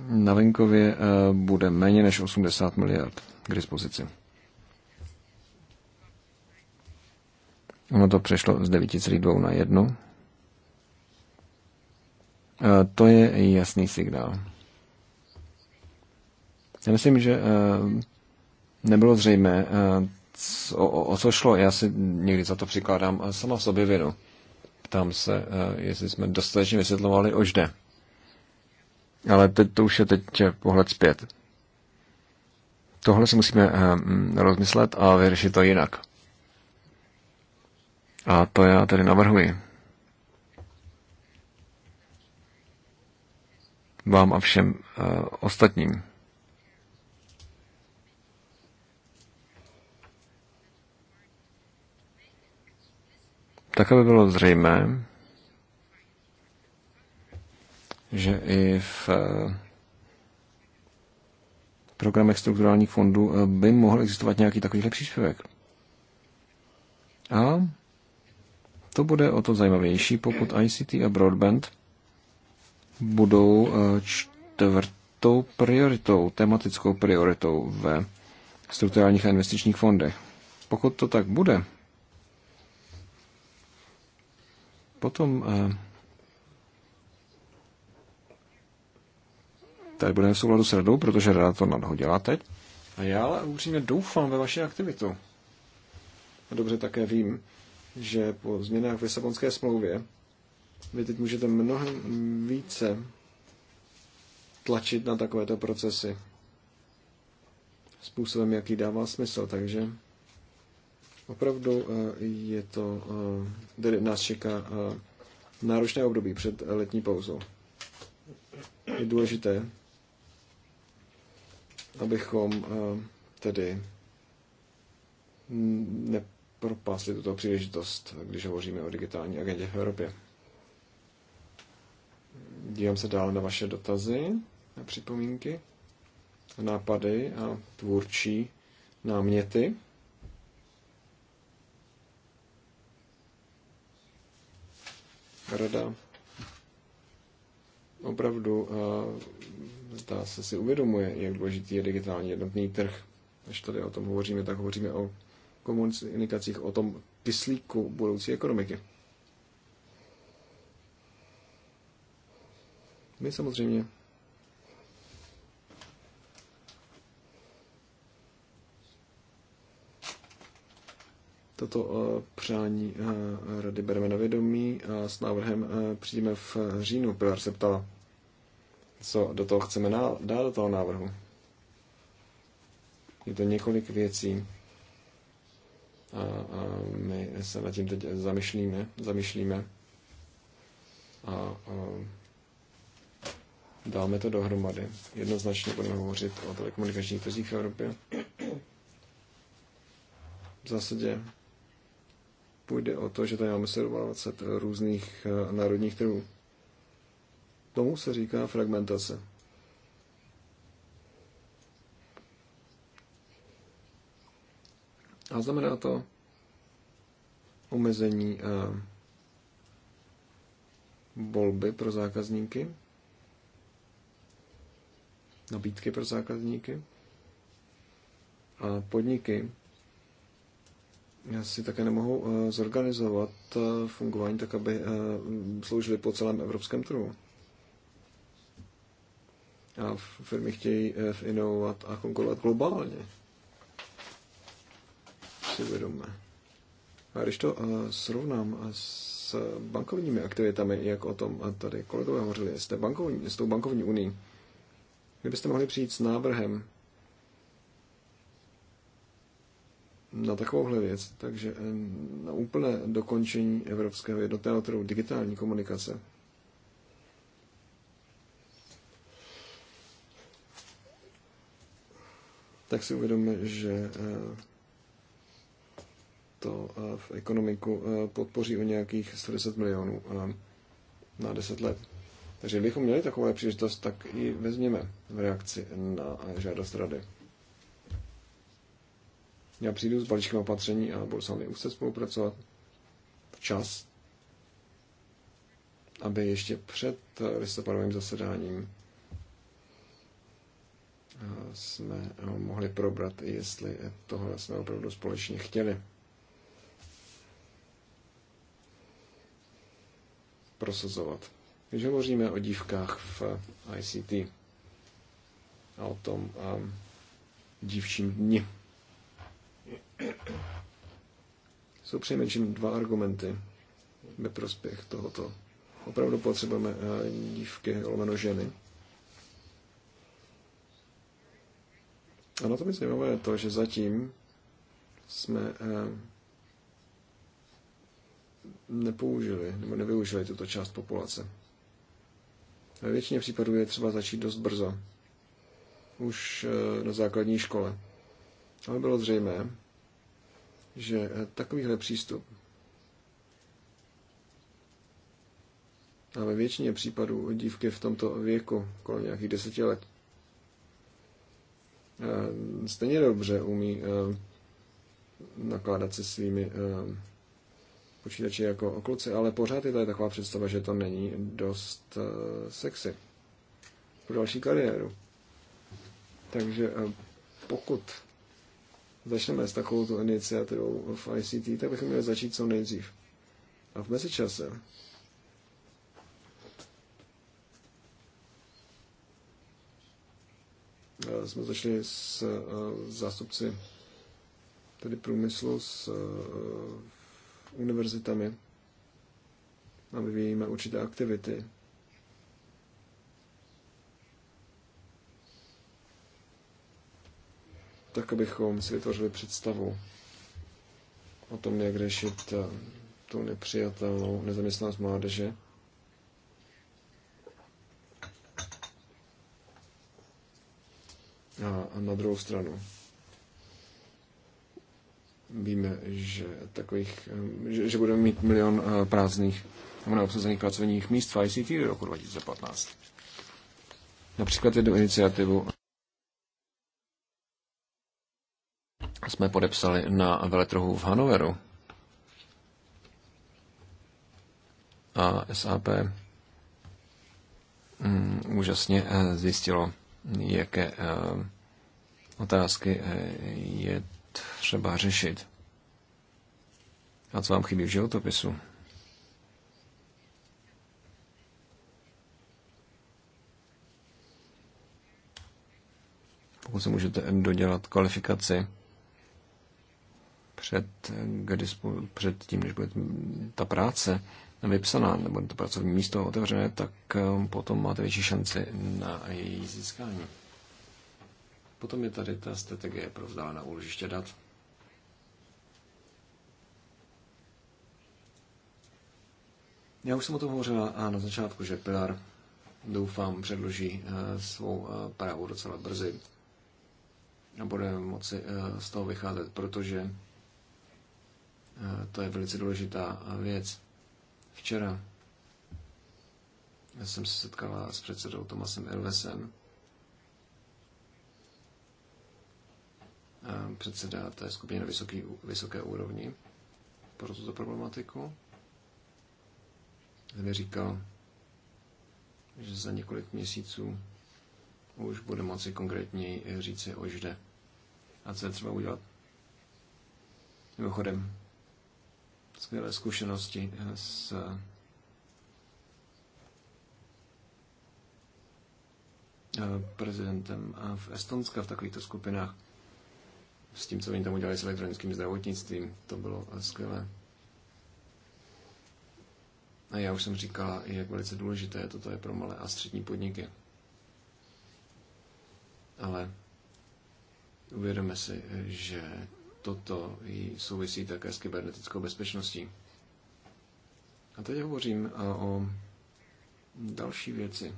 na venkově eh, bude méně než 80 miliard k dispozici. Ono to přešlo z 9,2 na 1. Eh, to je jasný signál. Já myslím, že eh, nebylo zřejmé, eh, o, o co šlo. Já si někdy za to přikládám eh, sama sobě vinu. Ptám se, jestli jsme dostatečně vysvětlovali, o jde. Ale teď to už je teď pohled zpět. Tohle si musíme mm, rozmyslet a vyřešit to jinak. A to já tedy navrhuji. Vám a všem ostatním. tak aby bylo zřejmé, že i v eh, programech strukturálních fondů eh, by mohl existovat nějaký takovýhle příspěvek. A to bude o to zajímavější, pokud ICT a broadband budou eh, čtvrtou prioritou, tematickou prioritou ve strukturálních a investičních fondech. Pokud to tak bude, Potom eh, tady budeme v souladu s radou, protože rada to nadhodila teď. A já ale upřímně doufám ve vaši aktivitu. A dobře také vím, že po změnách v Lisabonské smlouvě vy teď můžete mnohem více tlačit na takovéto procesy způsobem, jaký dává smysl. Takže Opravdu eh, je to, eh, tedy nás čeká eh, náročné období před letní pauzou. Je důležité, abychom tedy nepropásli tuto příležitost, když hovoříme o digitální agendě v Evropě. Dívám se dál na vaše dotazy, a připomínky, nápady a tvůrčí náměty. rada opravdu zdá eh, se si uvědomuje, jak důležitý je digitální jednotný trh. Když tady o tom hovoříme, tak hovoříme o komunikacích, o tom kyslíku budoucí ekonomiky. My samozřejmě Toto eh, přání eh, rady bereme na vědomí a s návrhem eh, přijdeme v říjnu. Pilar se ptala, co do toho chceme dát, do toho návrhu. Je to několik věcí a, a my se nad tím teď zamišlíme, zamišlíme a, a dáme to dohromady. Jednoznačně budeme hovořit o telekomunikačních trzích v Evropě. V zásadě půjde o to, že tady máme 27 různých eh, národních trhů. Tomu se říká fragmentace. A znamená to omezení eh, volby pro zákazníky, nabídky pro zákazníky a podniky si také nemohou eh, zorganizovat eh, fungování tak, aby eh, sloužili po celém evropském trhu. A firmy chtějí inovovat a konkurovat globálně. Si vědomé. A když to srovnám s bankovními aktivitami, jak o tom tady kolegové hovořili, s, bankovní, s tou bankovní unii, kdybyste mohli přijít s návrhem, na takovouhle věc, takže eh, na úplné dokončení evropského jednotného trhu digitální komunikace. Tak si uvědomíme, že eh, to eh, v ekonomiku podpoří o nějakých 110 milionů na 10 let. Takže kdybychom měli takovou příležitost, tak ji vezměme v reakci na žádost rady. Já přijdu s balíčkem opatření a budu s vámi úzce spolupracovat včas, aby ještě před listopadovým zasedáním eh, jsme eh, mohli probrat, jestli tohle jsme opravdu společně chtěli. prosazovat. Když hovoříme o dívkách v ICT a o tom um, dívčím dni, jsou přejmenším dva argumenty ve prospěch tohoto. Opravdu potřebujeme eh, dívky, lomeno ženy. A na to mi zajímavé to, že zatím jsme eh, nepoužili nebo nevyužili tuto část populace. Ve většině případů je třeba začít dost brzo, už eh, na základní škole. Ale bylo zřejmé, že eh, takovýhle přístup a ve většině případů dívky v tomto věku, kolem nějakých deseti let, eh, stejně dobře umí eh, nakládat se svými počítači jako okluci, ale pořád je tady taková představa, že to není dost sexy pro další kariéru. Takže pokud začneme s takovou tu iniciativou v ICT, tak bychom měli začít co nejdřív. A v mezičase jsme začali s eh, zástupci tedy průmyslu s eh, univerzitami a vyvíjíme určité aktivity tak abychom si vytvořili představu o tom, jak řešit eh, tu nepřijatelnou nezaměstnanost mládeže. A na druhou stranu víme, že takových, eh, že, že budeme mít milion eh, prázdných nebo neobsazených pracovních míst v ICT do roku 2015. Například jednu iniciativu jsme podepsali na veletrhu v Hanoveru. A SAP mm, úžasně eh, zjistilo, jaké uh, otázky eh, je třeba řešit. A co vám chybí v životopisu? Pokud se můžete dodělat kvalifikaci, před, dispo, před tím, než bude ta práce vypsaná, nebo to pracovní místo otevřené, tak um, potom máte větší šanci na její získání. Potom je tady ta strategie pro vzdálená úložiště dat. Já už jsem o tom hovořila a na začátku, že Pilar doufám předloží eh, svou eh, právu docela brzy a bude moci eh, z toho vycházet, protože Eh, to je velice důležitá eh, věc. Včera jsem se setkala s předsedou Tomasem Elvesem. Eh, předseda té skupiny na vysoký, vysoké úrovni pro tuto problematiku. Ten mi říkal, že za několik měsíců už bude moci konkrétně říci, o jde a co je třeba udělat. Mimochodem, skvělé zkušenosti eh, s eh, prezidentem eh, v Estonska v takovýchto skupinách s tím, co oni tam udělali s elektronickým zdravotnictvím. To bylo skvělé. A já už jsem říkala, jak velice důležité toto je pro malé a střední podniky. Ale uvědomme si, že toto souvisí také s kybernetickou bezpečností. A teď hovořím o další věci.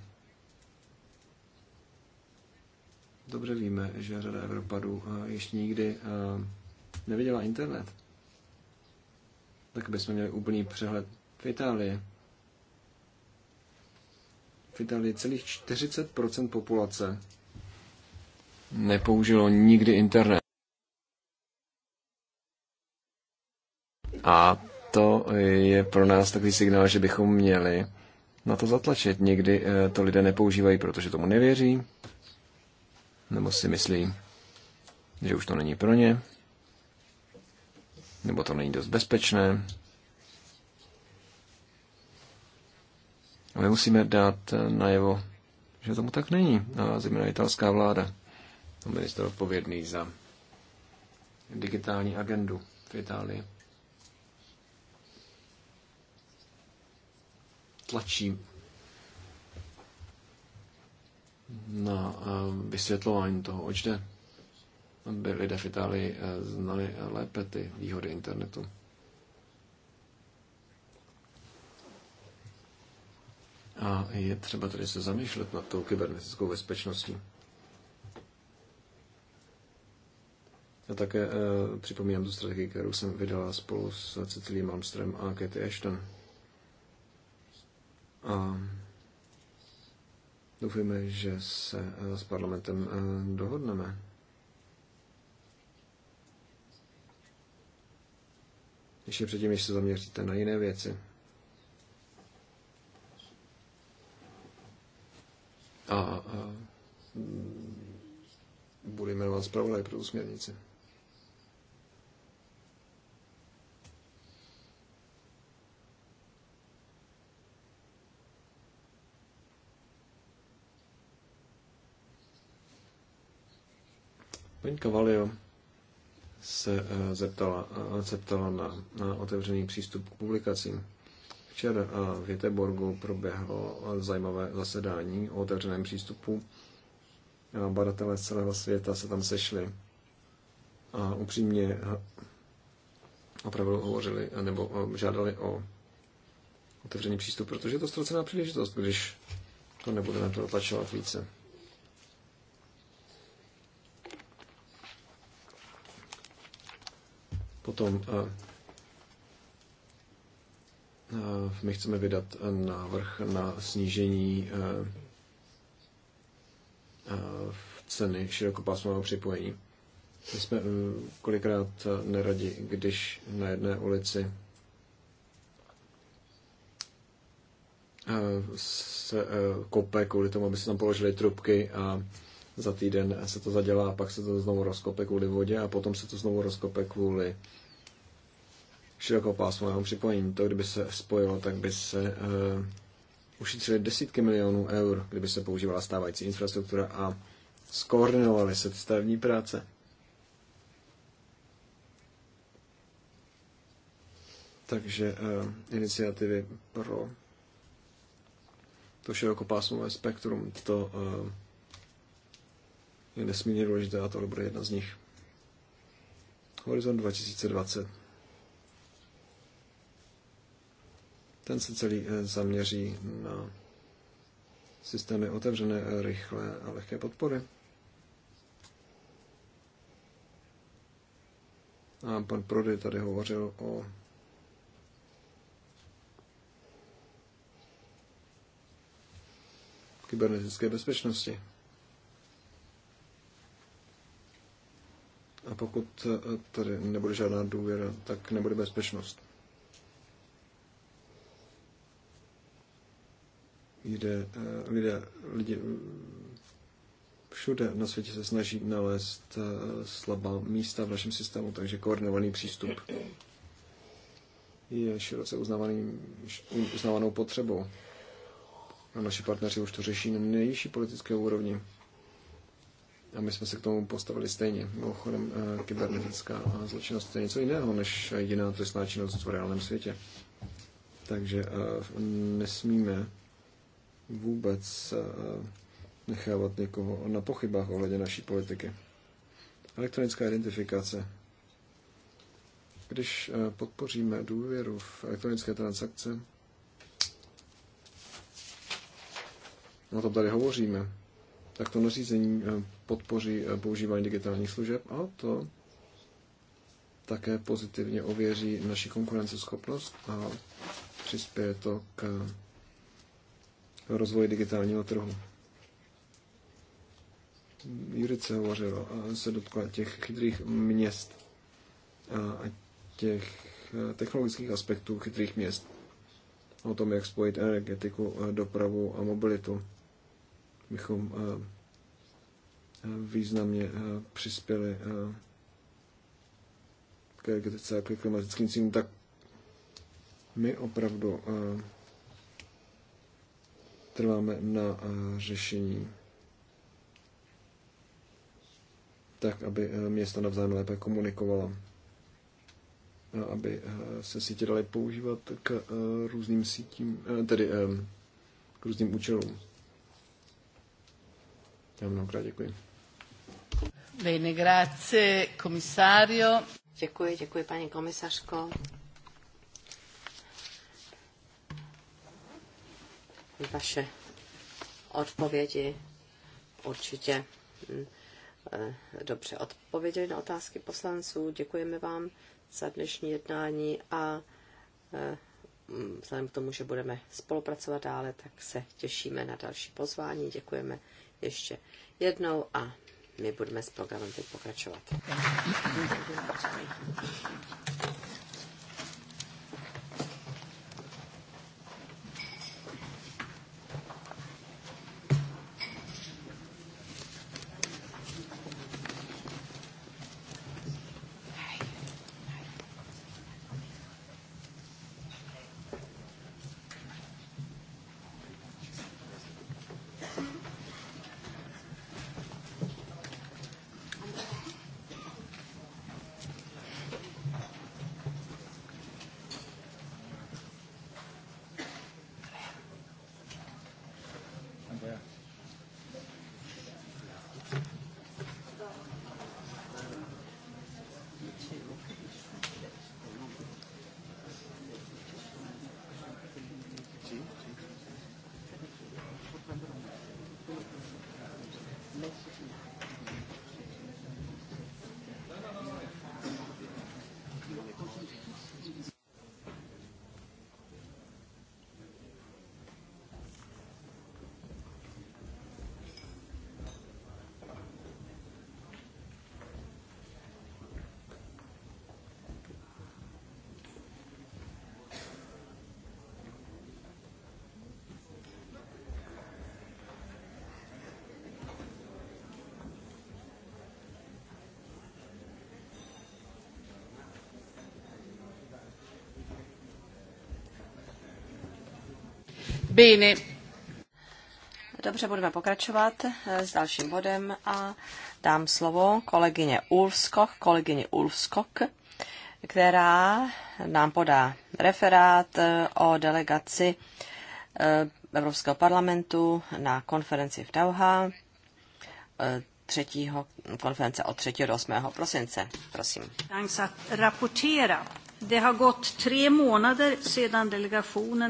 Dobře víme, že řada Evropadů ještě nikdy neviděla internet. Tak bychom měli úplný přehled v Itálii. V Itálii celých 40% populace nepoužilo nikdy internet. A to je pro nás takový signál, že bychom měli na to zatlačit. Někdy eh, to lidé nepoužívají, protože tomu nevěří, nebo si myslí, že už to není pro ně, nebo to není dost bezpečné. A my musíme dát eh, najevo, že tomu tak není. A zejména italská vláda, to minister odpovědný za digitální agendu v Itálii. tlačí na eh, vysvětlování toho, oč jde, aby lidé v Itálii eh, znali lépe ty výhody internetu. A je třeba tady se zamýšlet nad tou kybernetickou bezpečností. Já také e, připomínám tu strategii, kterou jsem vydala spolu s Cecilí Malmström a Katie Ashton. A doufujeme, že se eh, s parlamentem eh, dohodneme. Ještě předtím, než se zaměříte na jiné věci. A, a eh, bude jmenovat zpravodaj pro tu směrnici. Paní Cavalio se eh, zeptala, se eh, ptala na, na otevřený přístup k publikacím. Včera v Jeteborgu proběhlo zajímavé zasedání o otevřeném přístupu. Badatelé z celého světa se tam sešli a upřímně eh, opravdu hovořili nebo žádali o otevřený přístup, protože je to ztracená příležitost, když to nebudeme protlačovat více. Potom eh, eh, my chceme vydat eh, návrh na snížení ceny širokopásmového připojení. My jsme kolikrát neradi, když na jedné ulici se kope kvůli tomu, aby se tam položily trubky a za týden se to zadělá, pak se to znovu rozkope kvůli vodě a potom se to znovu rozkope kvůli širokopásmovému připojení. To, kdyby se spojilo, tak by se uh, eh, ušetřili desítky milionů eur, kdyby se používala stávající infrastruktura a skoordinovaly se ty stavební práce. Takže uh, iniciativy pro to širokopásmové spektrum, to uh, je nesmírně důležité a tohle bude jedna z nich. Horizont 2020. Ten se celý eh, zaměří na systémy otevřené, eh, rychlé a lehké podpory. A pan Prody tady hovořil o kybernetické bezpečnosti. A pokud tady nebude žádná důvěra, tak nebude bezpečnost. Jde, eh, lidé, lidi všude na světě se snaží nalézt eh, slabá místa v našem systému, takže koordinovaný přístup je široce uznávaný, uznávanou potřebou. A naši partneři už to řeší na nejvyšší politické úrovni. A my jsme se k tomu postavili stejně. Mimochodem, eh, kybernetická zločinnost je něco jiného než jediná trestná činnost v reálném světě. Takže eh, nesmíme vůbec eh, nechávat někoho na pochybách ohledně naší politiky. Elektronická identifikace. Když podpoříme důvěru v elektronické transakce, o tom tady hovoříme, tak to nařízení eh, podpoří eh, používání digitálních služeb a to také pozitivně ověří naši konkurenceschopnost a přispěje to k eh, rozvoji digitálního trhu. Jurice hovořila se dotkla těch chytrých měst a těch technologických aspektů chytrých měst. O tom, jak spojit energetiku, dopravu a mobilitu bychom eh, eh, významně eh, přispěli k energetice a klimatickým cílům, tak my opravdu trváme na řešení tak, aby města navzájem lépe komunikovala, aby se sítě daly používat k různým sítím, tedy k různým účelům. Já mnohokrát děkuji. Bene, grazie, komisario. Děkuji, děkuji, paní komisařko. Vaše odpovědi určitě hm, eh, dobře odpověděli na otázky poslanců. Děkujeme vám za dnešní jednání a eh, hm, vzhledem k tomu, že budeme spolupracovat dále, tak se těšíme na další pozvání. Děkujeme ještě jednou a my budeme s programem teď pokračovat. Bene. Dobře, budeme pokračovat eh, s dalším bodem a dám slovo kolegyně Ulfskok, kolegyně Ulfskok, která nám podá referát eh, o delegaci eh, Evropského parlamentu na konferenci v Dauha třetího konference od 3. do 8. prosince. Prosím.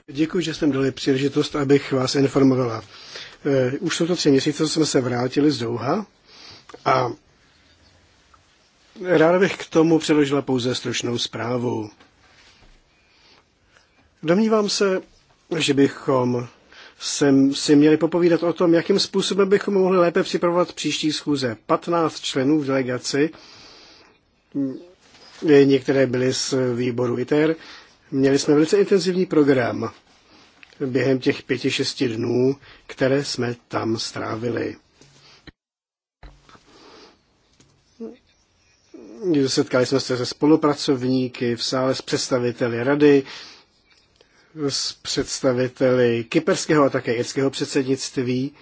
Děkuji, že mi dali příležitost, abych vás informovala. Eh, už jsou to tři měsíce, co jsme se vrátili z Douha a ráda bych k tomu přeložila pouze stručnou zprávu. Domnívám se, že bychom sem si měli popovídat o tom, jakým způsobem bychom mohli lépe připravovat příští schůze. 15 členů v delegaci některé byly z výboru ITER. Měli jsme velice intenzivní program během těch pěti, šesti dnů, které jsme tam strávili. Setkali jsme se se spolupracovníky v sále s představiteli rady, s představiteli kyperského a také irského předsednictví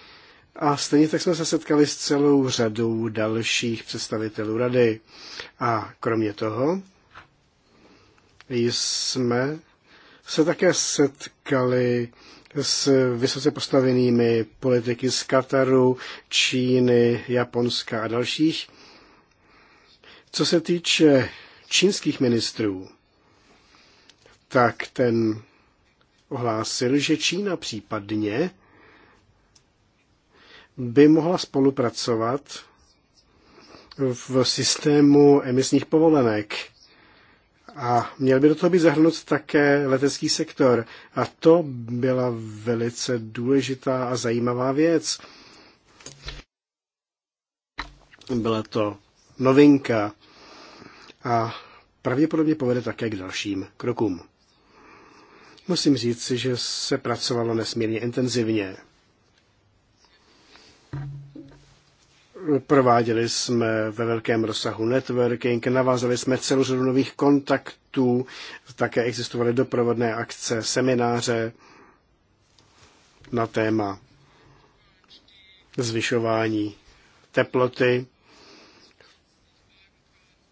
a stejně tak jsme se setkali s celou řadou dalších představitelů rady. A kromě toho jsme se také setkali s vysoce postavenými politiky z Kataru, Číny, Japonska a dalších. Co se týče čínských ministrů, tak ten ohlásil, že Čína případně by mohla spolupracovat v systému emisních povolenek. A měl by do toho být zahrnut také letecký sektor. A to byla velice důležitá a zajímavá věc. Byla to novinka a pravděpodobně povede také k dalším krokům. Musím říct, že se pracovalo nesmírně intenzivně. Prováděli jsme ve velkém rozsahu networking, navázali jsme celou řadu nových kontaktů, také existovaly doprovodné akce, semináře na téma zvyšování teploty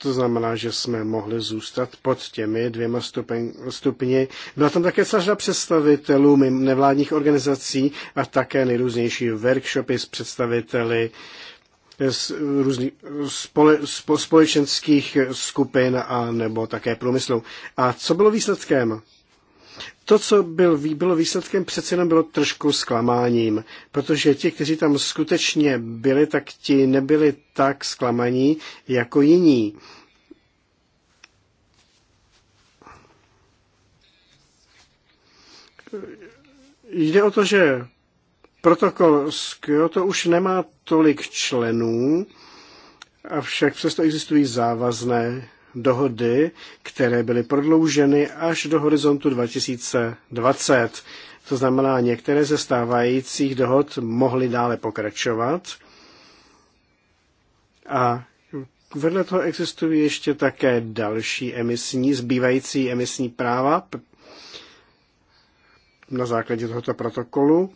to znamená, že jsme mohli zůstat pod těmi dvěma stupen, stupni. Byla tam také snažda představitelů nevládních organizací a také nejrůznější workshopy s představiteli z různých spole, spo, společenských skupin a nebo také průmyslu. A co bylo výsledkem? To, co byl, bylo výsledkem, přece jenom bylo trošku zklamáním, protože ti, kteří tam skutečně byli, tak ti nebyli tak zklamaní jako jiní. jde o to, že protokol z Kyoto už nemá tolik členů, avšak přesto existují závazné dohody, které byly prodlouženy až do horizontu 2020. To znamená, některé ze stávajících dohod mohly dále pokračovat. A vedle toho existují ještě také další emisní, zbývající emisní práva, na základě tohoto protokolu.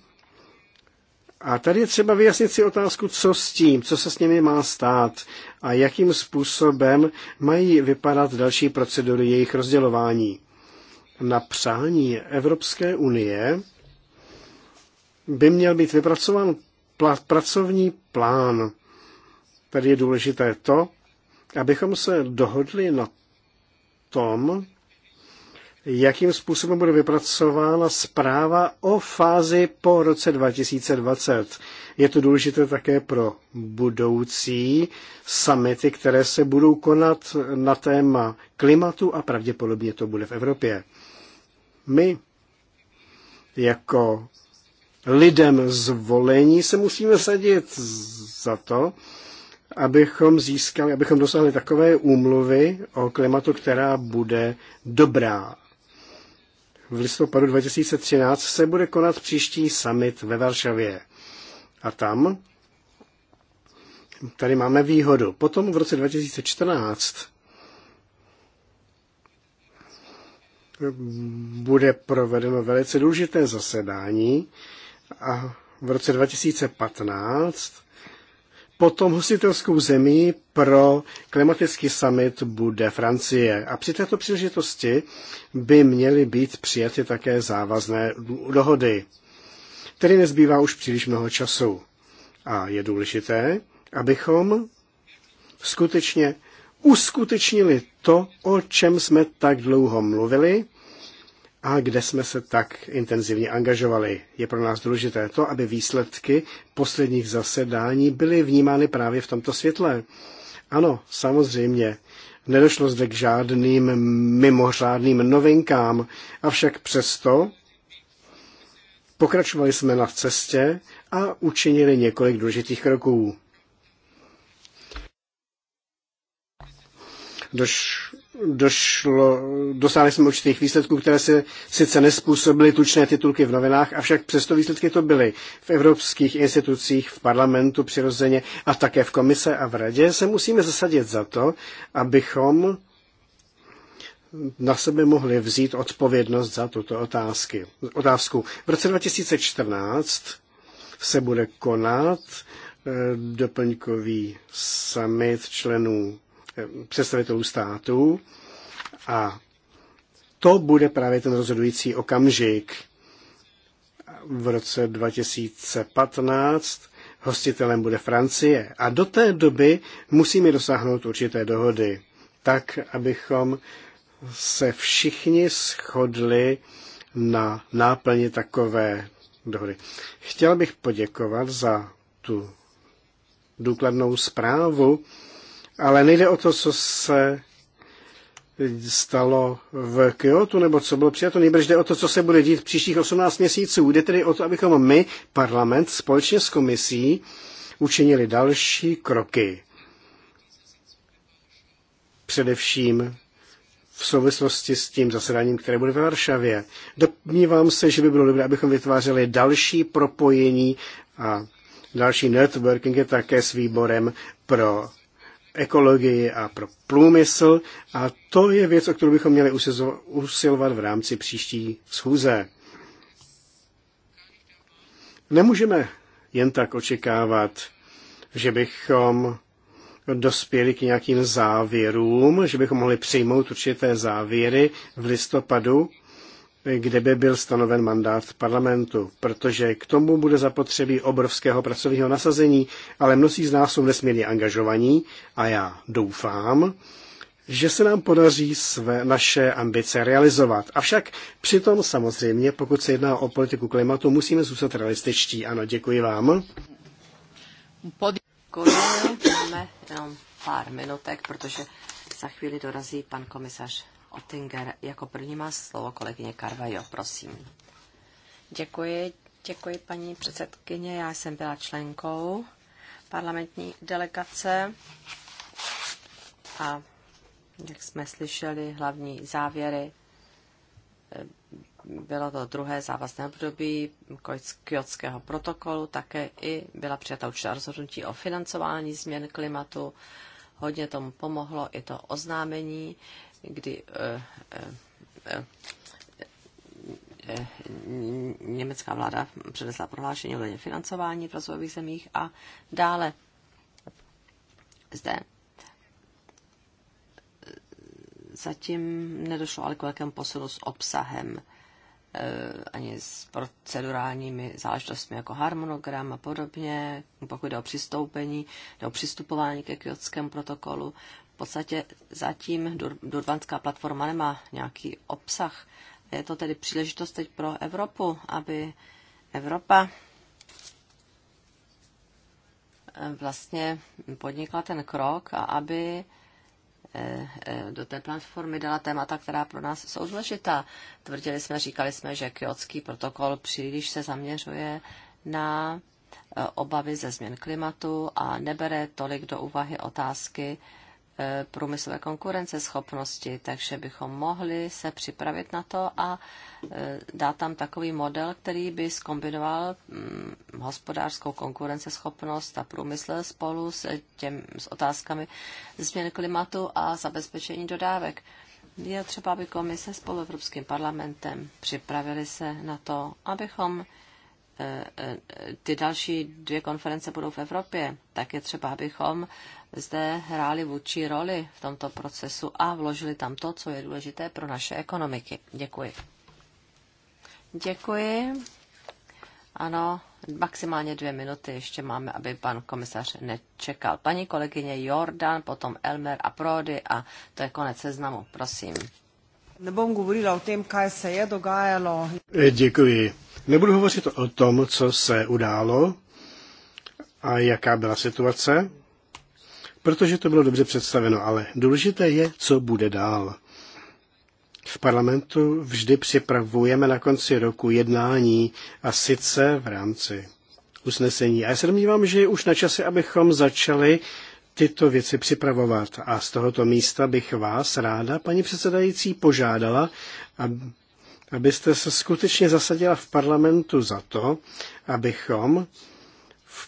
A tady je třeba vyjasnit si otázku, co s tím, co se s nimi má stát a jakým způsobem mají vypadat další procedury jejich rozdělování. Na přání Evropské unie by měl být vypracován pracovní plán. Tady je důležité to, abychom se dohodli na tom, jakým způsobem bude vypracována zpráva o fázi po roce 2020. Je to důležité také pro budoucí samity, které se budou konat na téma klimatu a pravděpodobně to bude v Evropě. My jako lidem zvolení se musíme sadit za to, abychom získali, abychom dosáhli takové úmluvy o klimatu, která bude dobrá v listopadu 2013 se bude konat příští summit ve Varšavě. A tam tady máme výhodu. Potom v roce 2014 bude provedeno velice důležité zasedání a v roce 2015 Potom hostitelskou zemí pro klimatický summit bude Francie. A při této příležitosti by měly být přijaty také závazné dohody. Tedy nezbývá už příliš mnoho času. A je důležité, abychom skutečně uskutečnili to, o čem jsme tak dlouho mluvili a kde jsme se tak intenzivně angažovali. Je pro nás důležité to, aby výsledky posledních zasedání byly vnímány právě v tomto světle. Ano, samozřejmě, nedošlo zde k žádným mimořádným novinkám, avšak přesto pokračovali jsme na cestě a učinili několik důležitých kroků. Doš, došlo, dosáhli jsme určitých výsledků, které si sice nespůsobily tučné titulky v novinách, avšak přesto výsledky to byly. V evropských institucích, v parlamentu přirozeně a také v komise a v radě se musíme zasadit za to, abychom na sebe mohli vzít odpovědnost za tuto otázky. otázku. V roce 2014 se bude konat eh, doplňkový summit členů Eh, představitelů států a to bude právě ten rozhodující okamžik. V roce 2015 hostitelem bude Francie a do té doby musíme dosáhnout určité dohody, tak abychom se všichni shodli na náplně takové dohody. Chtěl bych poděkovat za tu důkladnou zprávu, ale nejde o to, co se stalo v Kyoto, nebo co bylo přijato, nejbrž jde o to, co se bude dít v příštích 18 měsíců. Jde tedy o to, abychom my, parlament, společně s komisí, učinili další kroky. Především v souvislosti s tím zasedáním, které bude ve Varšavě. Domnívám se, že by bylo dobré, abychom vytvářeli další propojení a další networking je také s výborem pro ekologii a pro průmysl a to je věc, o kterou bychom měli usilovat v rámci příští schůze. Nemůžeme jen tak očekávat, že bychom dospěli k nějakým závěrům, že bychom mohli přijmout určité závěry v listopadu kde by byl stanoven mandát parlamentu, protože k tomu bude zapotřebí obrovského pracovního nasazení, ale mnozí z nás jsou nesmírně angažovaní a já doufám, že se nám podaří své naše ambice realizovat. Avšak přitom samozřejmě, pokud se jedná o politiku klimatu, musíme zůstat realističtí. Ano, děkuji vám. Děkuji. Máme jenom pár minutek, protože za chvíli dorazí pan komisař Ottinger. Jako první má slovo kolegyně Carvajo, prosím. Děkuji, děkuji paní předsedkyně. Já jsem byla členkou parlamentní delegace a jak jsme slyšeli, hlavní závěry eh, bylo to druhé závazné období Kyotského protokolu, také i byla přijata určitá rozhodnutí o financování změn klimatu. Hodně tomu pomohlo i to oznámení, kdy eh, eh, eh, německá vláda přednesla prohlášení o financování v rozvojových zemích a dále zde zatím nedošlo ale k velkému posunu s obsahem ani s procedurálními záležitostmi jako harmonogram a podobně, pokud jde o přistoupení, jde o přistupování ke kyotskému protokolu podstatě zatím Durbanská platforma nemá nějaký obsah. Je to tedy příležitost teď pro Evropu, aby Evropa eh, vlastně podnikla ten krok a aby eh, eh, do té platformy dala témata, která pro nás jsou důležitá. Tvrdili jsme, říkali jsme, že kyotský protokol příliš se zaměřuje na obavy ze změn klimatu a nebere tolik do úvahy otázky Eh, průmyslové konkurenceschopnosti, takže bychom mohli se připravit na to a eh, dát tam takový model, který by skombinoval mm, hospodářskou konkurenceschopnost a průmysl spolu s, těm, s otázkami změn klimatu a zabezpečení dodávek. Je třeba, aby komise spolu Evropským parlamentem připravili se na to, abychom eh, ty další dvě konference budou v Evropě, tak je třeba, abychom zde hráli vůči roli v tomto procesu a vložili tam to, co je důležité pro naše ekonomiky. Děkuji. Děkuji. Ano, maximálně dvě minuty ještě máme, aby pan komisař nečekal. Paní kolegyně Jordan, potom Elmer a Prody a to je konec seznamu. Prosím. o tom, se je dogájalo. Eh, děkuji. Nebudu hovořit o tom, co se událo a jaká byla situace protože to bylo dobře představeno, ale důležité je, co bude dál. V parlamentu vždy připravujeme na konci roku jednání a sice v rámci usnesení. A já se domnívám, že je už na čase, abychom začali tyto věci připravovat. A z tohoto místa bych vás ráda, paní předsedající, požádala, abyste se skutečně zasadila v parlamentu za to, abychom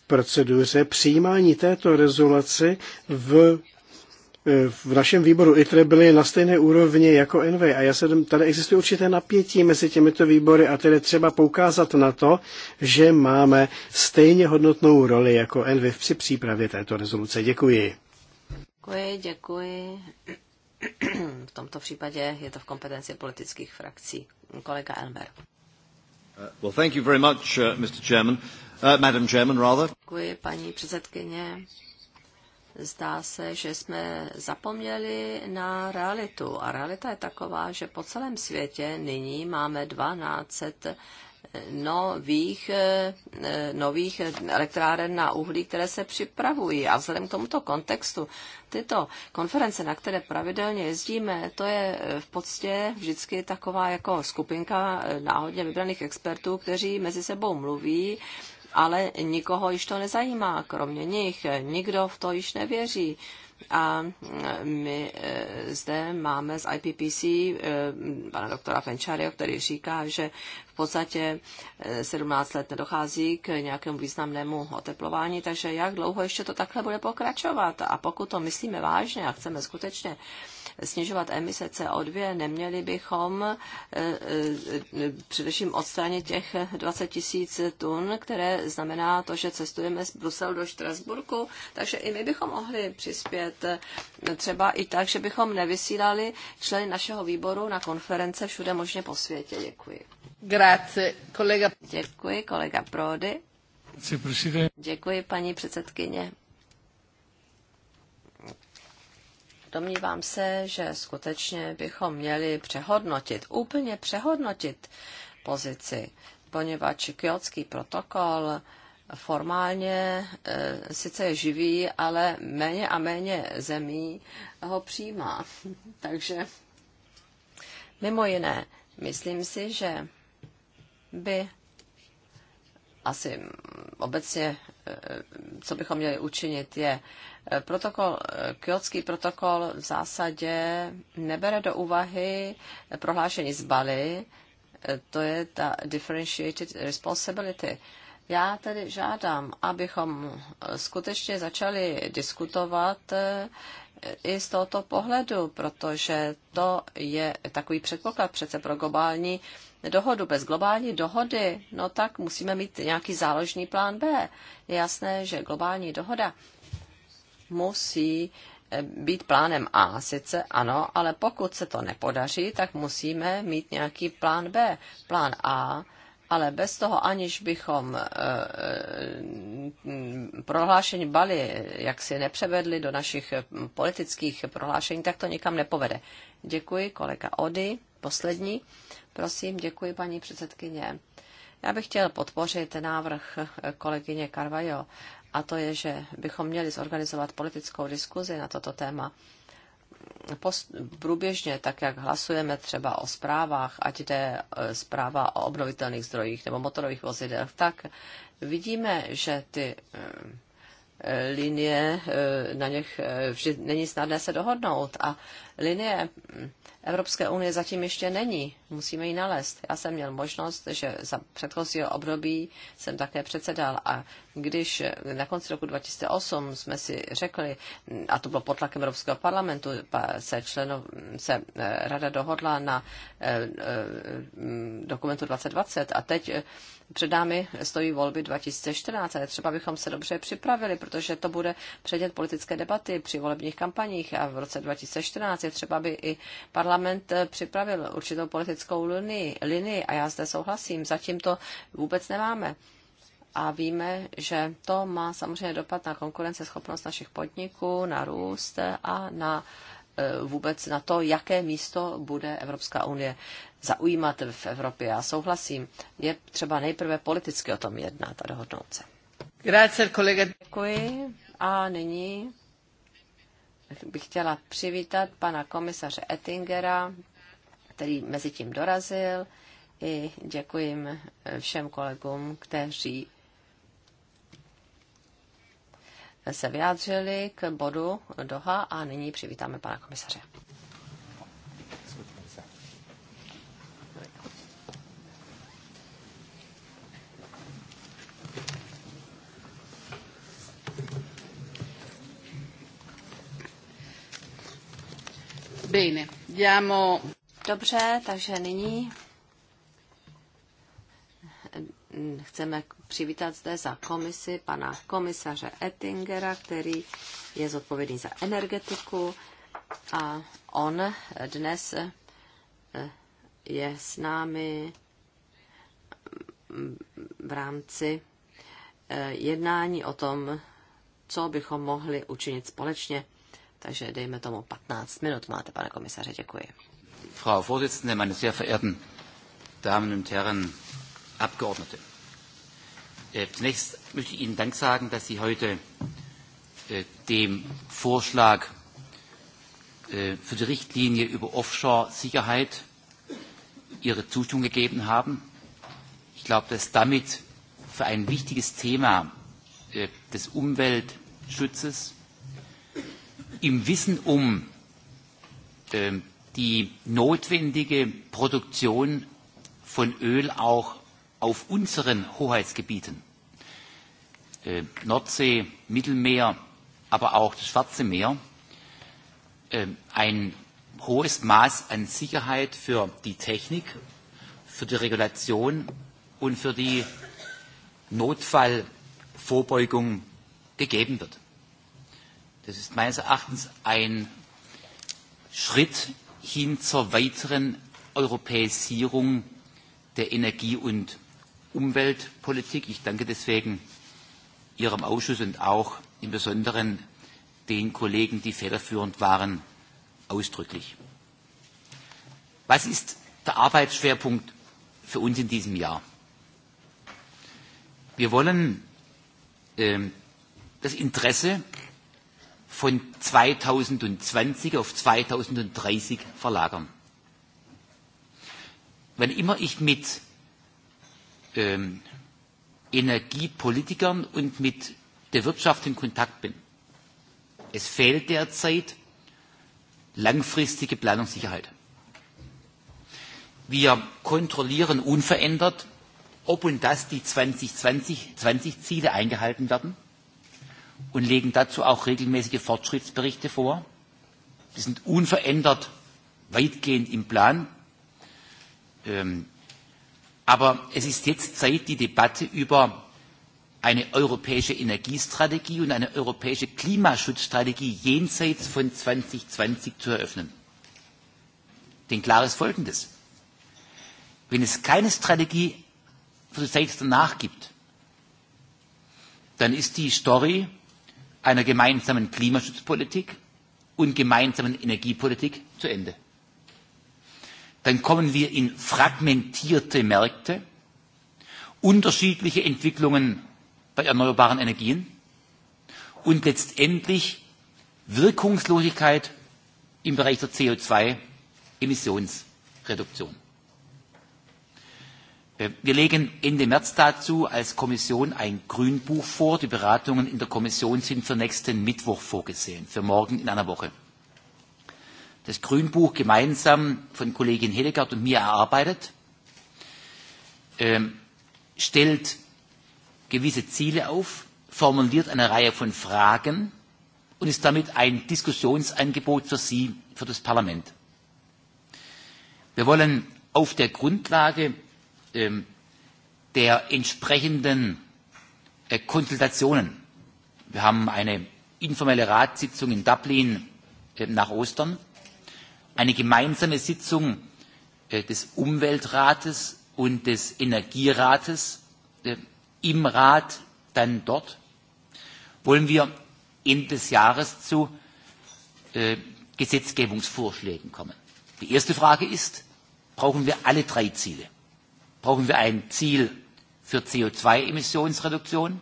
proceduře přijímání této rezolace v eh, v našem výboru ITRE byly na stejné úrovni jako NV a já se, tady existuje určité napětí mezi těmito výbory a tedy třeba poukázat na to, že máme stejně hodnotnou roli jako NV při přípravě této rezoluce. Děkuji. Děkuji, děkuji. V tomto případě je to v kompetenci politických frakcí. Kolega Elmer. Uh, well, thank you very much, uh, Mr. Chairman. Uh, Madam Chairman, rather. Děkuji, paní předsedkyně. Zdá se, že jsme zapomněli na realitu. A realita je taková, že po celém světě nyní máme 12 eh, nových, eh, eh, nových elektráren na uhlí, které se připravují. A vzhledem k tomuto kontextu, tyto konference, na které pravidelně jezdíme, to je v podstatě vždycky taková jako skupinka náhodně vybraných expertů, kteří mezi sebou mluví ale nikoho již to nezajímá, kromě nich. Nikdo v to již nevěří. A my e, zde máme z IPPC e, pana doktora Fenčario, který říká, že v podstatě 17 e, let nedochází k nějakému významnému oteplování, takže jak dlouho ještě to takhle bude pokračovat? A pokud to myslíme vážně a chceme skutečně snižovat emise CO2, neměli bychom e, e, především odstranit těch 20 tisíc tun, které znamená to, že cestujeme z Bruselu do Štrasburku, takže i my bychom mohli přispět e, třeba i tak, že bychom nevysílali členy našeho výboru na konference všude možně po světě. Děkuji. Grazie, kolega. Děkuji, kolega Prody. Děkuji, paní předsedkyně. Domnívám se, že skutečně bychom měli přehodnotit, úplně přehodnotit pozici, poněvadž kjotský protokol formálně e, sice je živý, ale méně a méně zemí ho přijímá. Takže mimo jiné, myslím si, že by asi obecně Eh, co bychom měli učinit, je eh, protokol, eh, kyotský protokol v zásadě nebere do úvahy prohlášení z Bali, to je ta differentiated responsibility. Já tedy žádám, abychom skutečně začali diskutovat eh, i z tohoto pohledu, protože to je takový předpoklad přece pro globální dohodu. Bez globální dohody, no tak musíme mít nějaký záložní plán B. Je jasné, že globální dohoda musí eh, být plánem A, sice ano, ale pokud se to nepodaří, tak musíme mít nějaký plán B. Plán A ale bez toho, aniž bychom eh, eh, prohlášení Bali jaksi nepřevedli do našich eh, politických prohlášení, tak to nikam nepovede. Děkuji, kolega Ody, poslední. Prosím, děkuji, paní předsedkyně. Já bych chtěl podpořit návrh kolegyně Carvajo, a to je, že bychom měli zorganizovat politickou diskuzi na toto téma průběžně, tak jak hlasujeme třeba o zprávách, ať jde e, zpráva o obnovitelných zdrojích nebo motorových vozidel, tak vidíme, že ty e, e, linie, na něch vždy není snadné se dohodnout a linie Evropské unie zatím ještě není. Musíme ji nalézt. Já jsem měl možnost, že za předchozího období jsem také předsedal a když na konci roku 2008 jsme si řekli, a to bylo pod tlakem Evropského parlamentu, se, členo, se eh, rada dohodla na eh, eh, dokumentu 2020 a teď před námi stojí volby 2014 a třeba bychom se dobře připravili, protože to bude předět politické debaty při volebních kampaních a v roce 2014 je třeba, by i parlament eh, připravil určitou politickou linii, linii a já zde souhlasím, zatím to vůbec nemáme. A víme, že to má samozřejmě dopad na konkurenceschopnost našich podniků, na růst a na eh, vůbec na to, jaké místo bude Evropská unie zaujímat v Evropě. Já souhlasím, je třeba nejprve politicky o tom jednat a dohodnout se. Grazie, kolega. Děkuji. A nyní bych chtěla přivítat pana komisaře Ettingera, který mezi tím dorazil. I děkuji všem kolegům, kteří se vyjádřili k bodu Doha a nyní přivítáme pana komisaře. Bene, diamo... Dobře, takže nyní chceme přivítat zde za komisi pana komisaře Ettingera, který je zodpovědný za energetiku a on dnes eh, je s námi mm, v rámci eh, jednání o tom, co bychom mohli učinit společně takže dejme tomu 15 minut máte, pane komisaře, děkuji. Frau Vorsitzende, meine sehr verehrten Damen und Herren Abgeordnete. Äh, zunächst möchte ich Ihnen Dank sagen, dass Sie heute äh, dem Vorschlag äh, für die Richtlinie über Offshore-Sicherheit Ihre Zustimmung gegeben haben. Ich glaube, dass damit für ein wichtiges Thema des Umweltschutzes im Wissen um äh, die notwendige Produktion von Öl auch auf unseren Hoheitsgebieten, äh, Nordsee, Mittelmeer, aber auch das Schwarze Meer, äh, ein hohes Maß an Sicherheit für die Technik, für die Regulation und für die Notfallvorbeugung gegeben wird. Das ist meines Erachtens ein Schritt hin zur weiteren Europäisierung der Energie- und Umweltpolitik. Ich danke deswegen Ihrem Ausschuss und auch im Besonderen den Kollegen, die federführend waren, ausdrücklich. Was ist der Arbeitsschwerpunkt für uns in diesem Jahr? Wir wollen ähm, das Interesse von 2020 auf 2030 verlagern. Wann immer ich mit ähm, Energiepolitikern und mit der Wirtschaft in Kontakt bin, es fehlt derzeit langfristige Planungssicherheit. Wir kontrollieren unverändert, ob und dass die 2020-Ziele eingehalten werden und legen dazu auch regelmäßige Fortschrittsberichte vor. Die sind unverändert weitgehend im Plan. Ähm, aber es ist jetzt Zeit, die Debatte über eine europäische Energiestrategie und eine europäische Klimaschutzstrategie jenseits von 2020 zu eröffnen. Denn klar ist Folgendes. Wenn es keine Strategie für die Zeit danach gibt, dann ist die Story einer gemeinsamen Klimaschutzpolitik und gemeinsamen Energiepolitik zu Ende. Dann kommen wir in fragmentierte Märkte, unterschiedliche Entwicklungen bei erneuerbaren Energien und letztendlich Wirkungslosigkeit im Bereich der CO2-Emissionsreduktion. Wir legen Ende März dazu als Kommission ein Grünbuch vor. Die Beratungen in der Kommission sind für nächsten Mittwoch vorgesehen, für morgen in einer Woche. Das Grünbuch gemeinsam von Kollegin Hedegaard und mir erarbeitet, ähm, stellt gewisse Ziele auf, formuliert eine Reihe von Fragen und ist damit ein Diskussionsangebot für Sie, für das Parlament. Wir wollen auf der Grundlage Ähm, der entsprechenden äh, Konsultationen. Wir haben eine informelle Ratssitzung in Dublin äh, nach Ostern, eine gemeinsame Sitzung äh, des Umweltrates und des Energierates im Rat dann dort. Wollen wir Ende des Jahres zu Gesetzgebungsvorschlägen kommen? Die erste Frage ist, brauchen wir alle drei Ziele? brauchen wir ein Ziel für CO2-Emissionsreduktion,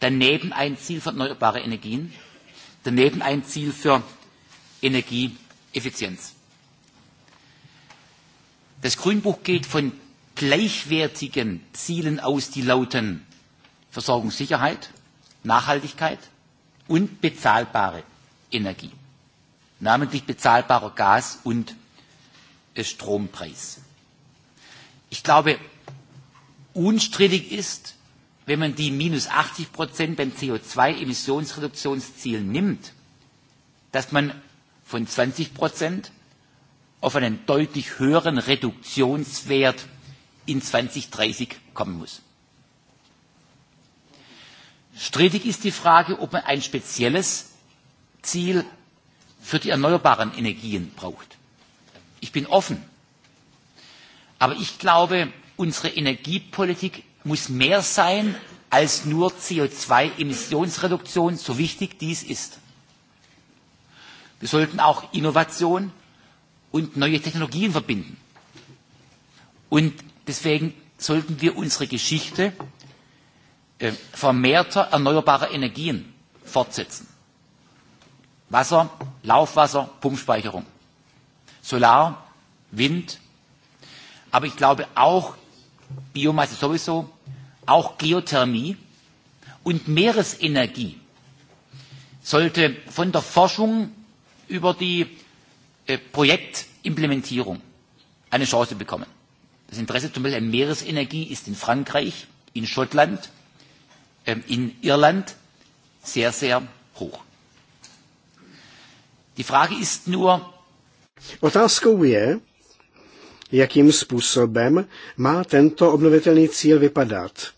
daneben ein Ziel für erneuerbare Energien, daneben ein Ziel für Energieeffizienz. Das Grünbuch geht von gleichwertigen Zielen aus, die lauten Versorgungssicherheit, Nachhaltigkeit und bezahlbare Energie, namentlich bezahlbarer Gas- und Strompreis. Ich glaube, unstrittig ist, wenn man die minus 80 Prozent beim CO2-Emissionsreduktionsziel nimmt, dass man von 20 Prozent auf einen deutlich höheren Reduktionswert in 2030 kommen muss. Strittig ist die Frage, ob man ein spezielles Ziel für die erneuerbaren Energien braucht. Ich bin offen Aber ich glaube, unsere Energiepolitik muss mehr sein als nur CO2-Emissionsreduktion, so wichtig dies ist. Wir sollten auch Innovation und neue Technologien verbinden. Und deswegen sollten wir unsere Geschichte äh, vermehrter erneuerbarer Energien fortsetzen. Wasser, Laufwasser, Pumpspeicherung, Solar, Wind, Aber ich glaube auch Biomasse sowieso, auch Geothermie und Meeresenergie sollte von der Forschung über die äh, Projektimplementierung eine Chance bekommen. Das Interesse zum Beispiel an Meeresenergie ist in Frankreich, in Schottland, äh, in Irland sehr, sehr hoch. Die Frage ist nur. Otázkou je, jakým způsobem má tento obnovitelný cíl vypadat.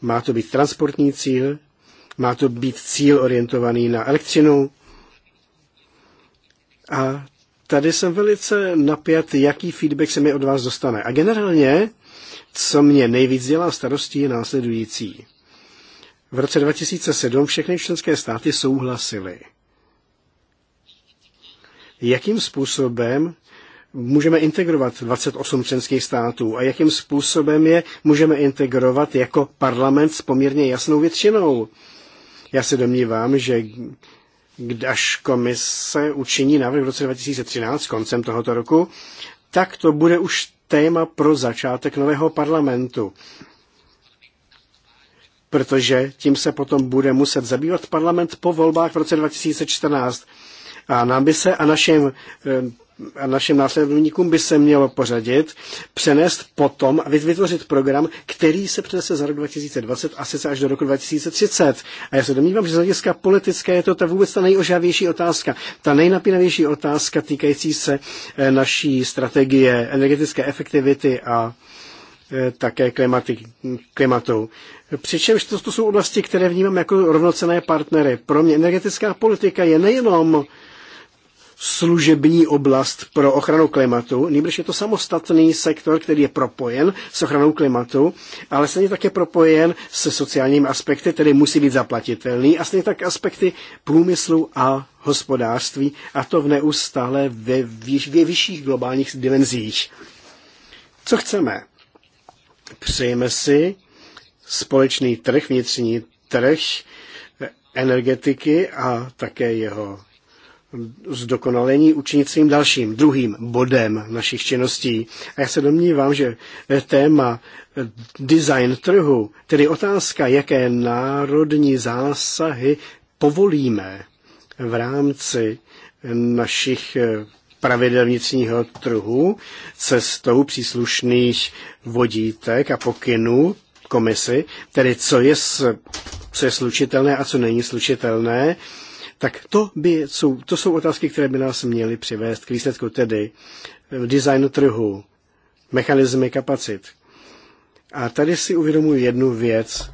Má to být transportní cíl, má to být cíl orientovaný na elektřinu. A tady jsem velice napjat, jaký feedback se mi od vás dostane. A generálně, co mě nejvíc dělá starostí, je následující. V roce 2007 všechny členské státy souhlasily. Jakým způsobem můžeme integrovat 28 členských států a jakým způsobem je můžeme integrovat jako parlament s poměrně jasnou většinou. Já se domnívám, že až komise učiní návrh v roce 2013, koncem tohoto roku, tak to bude už téma pro začátek nového parlamentu. Protože tím se potom bude muset zabývat parlament po volbách v roce 2014. A nám by se a našim eh, a našim následovníkům by se mělo pořadit, přenést potom a vytvořit program, který se přenese za rok 2020 a sice až do roku 2030. A já se domnívám, že z hlediska politické je to ta vůbec ta nejožavější otázka, ta nejnapínavější otázka týkající se eh, naší strategie energetické efektivity a eh, také klimaty, klimatu. Přičemž to, to jsou oblasti, které vnímám jako rovnocené partnery. Pro mě energetická politika je nejenom služební oblast pro ochranu klimatu, nejbrž je to samostatný sektor, který je propojen s ochranou klimatu, ale stejně tak je propojen se sociálními aspekty, tedy musí být zaplatitelný, a stejně tak aspekty průmyslu a hospodářství, a to v neustále ve, výš, ve vyšších globálních dimenzích. Co chceme? Přejeme si společný trh, vnitřní trh eh, energetiky a také jeho zdokonalení učinit svým dalším, druhým bodem našich činností. A já se domnívám, že eh, téma eh, design trhu, tedy otázka, jaké národní zásahy povolíme v rámci eh, našich pravidel vnitřního trhu cestou příslušných vodítek a pokynů komisy, tedy co je, co je slučitelné a co není slučitelné, tak to, by, jsou, to jsou otázky, které by nás měly přivést k výsledku tedy eh, designu trhu, mechanizmy kapacit. A tady si uvědomuji jednu věc.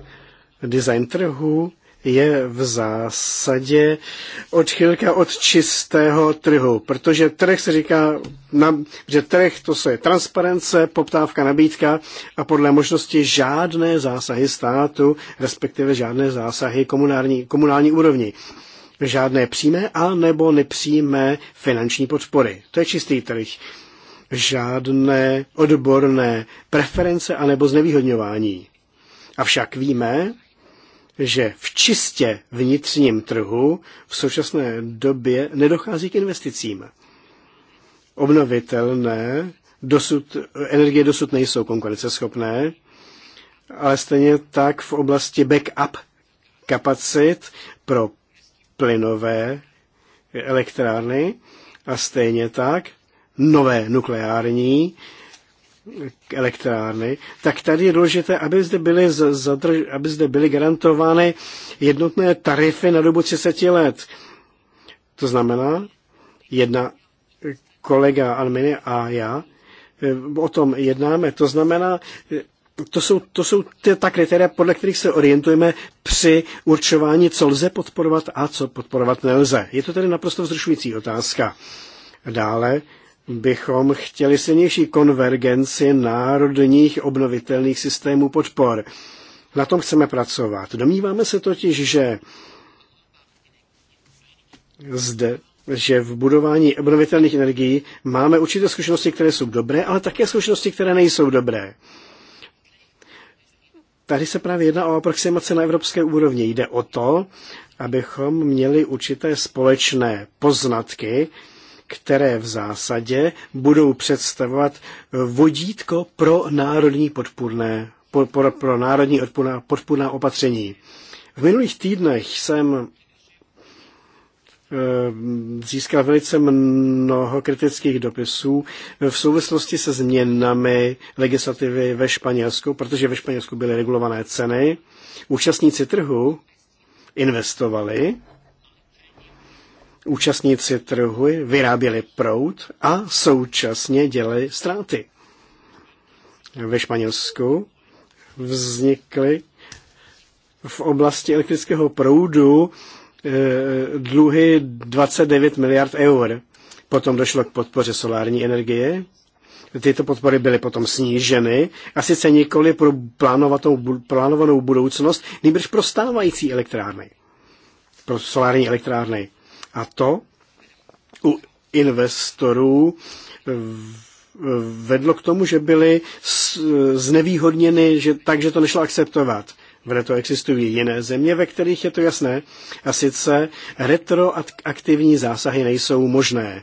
Design trhu je v zásadě odchylka od čistého trhu, protože trh se říká, že trh to se je transparence, poptávka, nabídka a podle možnosti žádné zásahy státu, respektive žádné zásahy komunální, komunální úrovni žádné přímé a nebo nepřímé finanční podpory. To je čistý trh. Žádné odborné preference a nebo znevýhodňování. Avšak víme, že v čistě vnitřním trhu v současné době nedochází k investicím. Obnovitelné dosud, energie dosud nejsou konkurenceschopné, ale stejně tak v oblasti backup kapacit pro plynové elektrárny a stejně tak nové nukleární elektrárny, tak tady je důležité, aby zde byly, zadrž, aby zde byly garantovány jednotné tarify na dobu 30 let. To znamená, jedna kolega Almini a já eh, o tom jednáme. To znamená, to jsou, to jsou ty, ta kritéria, podle kterých se orientujeme při určování, co lze podporovat a co podporovat nelze. Je to tedy naprosto vzrušující otázka. Dále bychom chtěli silnější konvergenci národních obnovitelných systémů podpor. Na tom chceme pracovat. Domníváme se totiž, že zde že v budování obnovitelných energií máme určité zkušenosti, které jsou dobré, ale také zkušenosti, které nejsou dobré. Tady se právě jedná o aproximace na evropské úrovni. Jde o to, abychom měli určité společné poznatky, které v zásadě budou představovat vodítko pro národní podpůrné, pro, pro, pro národní odpůrná, podpůrná opatření. V minulých týdnech jsem Eh, získal velice mnoho kritických dopisů v souvislosti se změnami legislativy ve Španělsku, protože ve Španělsku byly regulované ceny. Účastníci trhu investovali, účastníci trhu vyráběli prout a současně dělali ztráty. Ve Španělsku vznikly v oblasti elektrického proudu Eh, dluhy 29 miliard eur. Potom došlo k podpoře solární energie. Tyto podpory byly potom sníženy, a sice nikoli pro plánovanou budoucnost, nejbrž pro stávající elektrárny, pro solární elektrárny. A to u investorů vedlo k tomu, že byli znevýhodněni, že, takže to nešlo akceptovat. Vedle to existují jiné země, ve kterých je to jasné. A sice retroaktivní zásahy nejsou možné.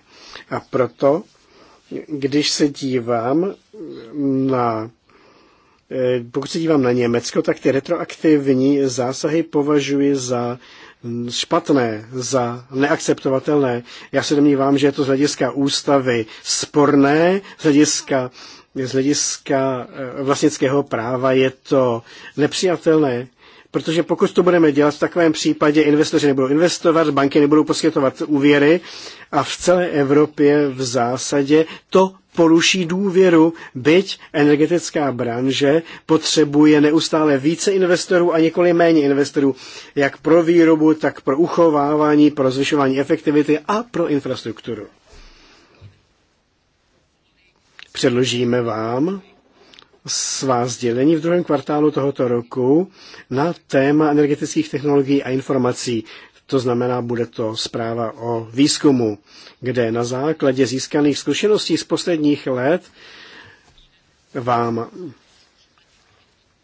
A proto, když se dívám na eh, pokud se dívám na Německo, tak ty retroaktivní zásahy považuji za špatné, za neakceptovatelné. Já se domnívám, že je to z hlediska ústavy sporné, z hlediska z hlediska eh, vlastnického práva je to nepřijatelné, protože pokud to budeme dělat, v takovém případě investoři nebudou investovat, banky nebudou poskytovat úvěry a v celé Evropě v zásadě to poruší důvěru, byť energetická branže potřebuje neustále více investorů a několik méně investorů, jak pro výrobu, tak pro uchovávání, pro zvyšování efektivity a pro infrastrukturu. Předložíme vám svá sdělení v druhém kvartálu tohoto roku na téma energetických technologií a informací. To znamená, bude to zpráva o výzkumu, kde na základě získaných zkušeností z posledních let vám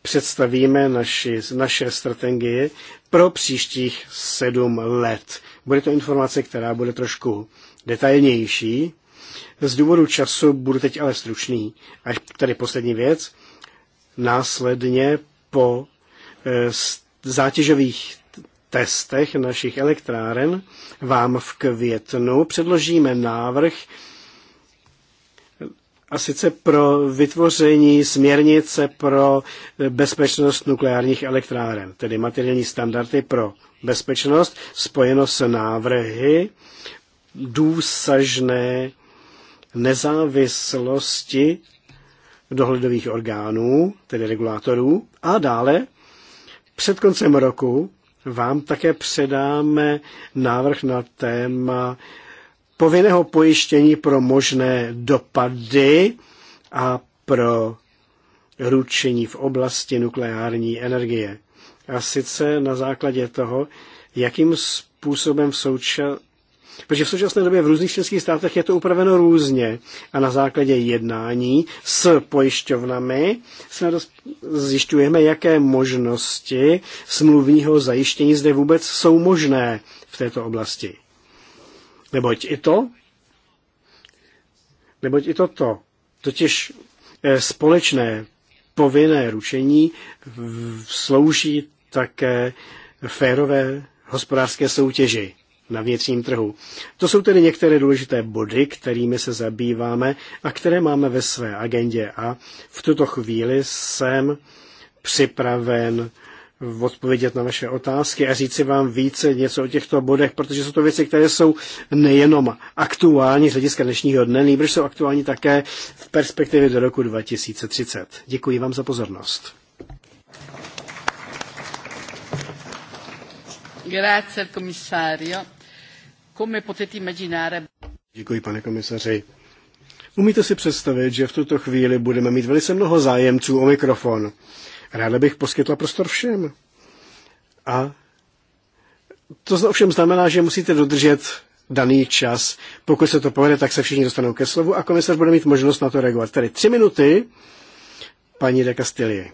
představíme naši, naše strategie pro příštích sedm let. Bude to informace, která bude trošku detailnější, z důvodu času budu teď ale stručný. Až tady poslední věc. Následně po eh, zátěžových testech našich elektráren vám v květnu předložíme návrh a sice pro vytvoření směrnice pro bezpečnost nukleárních elektráren, tedy materiální standardy pro bezpečnost, spojeno s návrhy důsažné nezávislosti dohledových orgánů, tedy regulátorů. A dále před koncem roku vám také předáme návrh na téma povinného pojištění pro možné dopady a pro ručení v oblasti nukleární energie. A sice na základě toho, jakým způsobem v současnosti Protože v současné době v různých členských státech je to upraveno různě a na základě jednání s pojišťovnami se zjišťujeme, jaké možnosti smluvního zajištění zde vůbec jsou možné v této oblasti. Neboť i to, neboť i toto, totiž eh, společné povinné ručení slouží také férové hospodářské soutěži na vnitřním trhu. To jsou tedy některé důležité body, kterými se zabýváme a které máme ve své agendě a v tuto chvíli jsem připraven odpovědět na vaše otázky a říci vám více něco o těchto bodech, protože jsou to věci, které jsou nejenom aktuální z hlediska dnešního dne, nejbrž jsou aktuální také v perspektivě do roku 2030. Děkuji vám za pozornost. pane komisaři. Umíte si představit, že v tuto chvíli budeme mít velice mnoho zájemců o mikrofon. Ráda bych poskytla prostor všem. A to ovšem znamená, že musíte dodržet daný čas. Pokud se to povede, tak se všichni dostanou ke slovu a komisař bude mít možnost na to reagovat. Tedy tři minuty, paní de Castillie.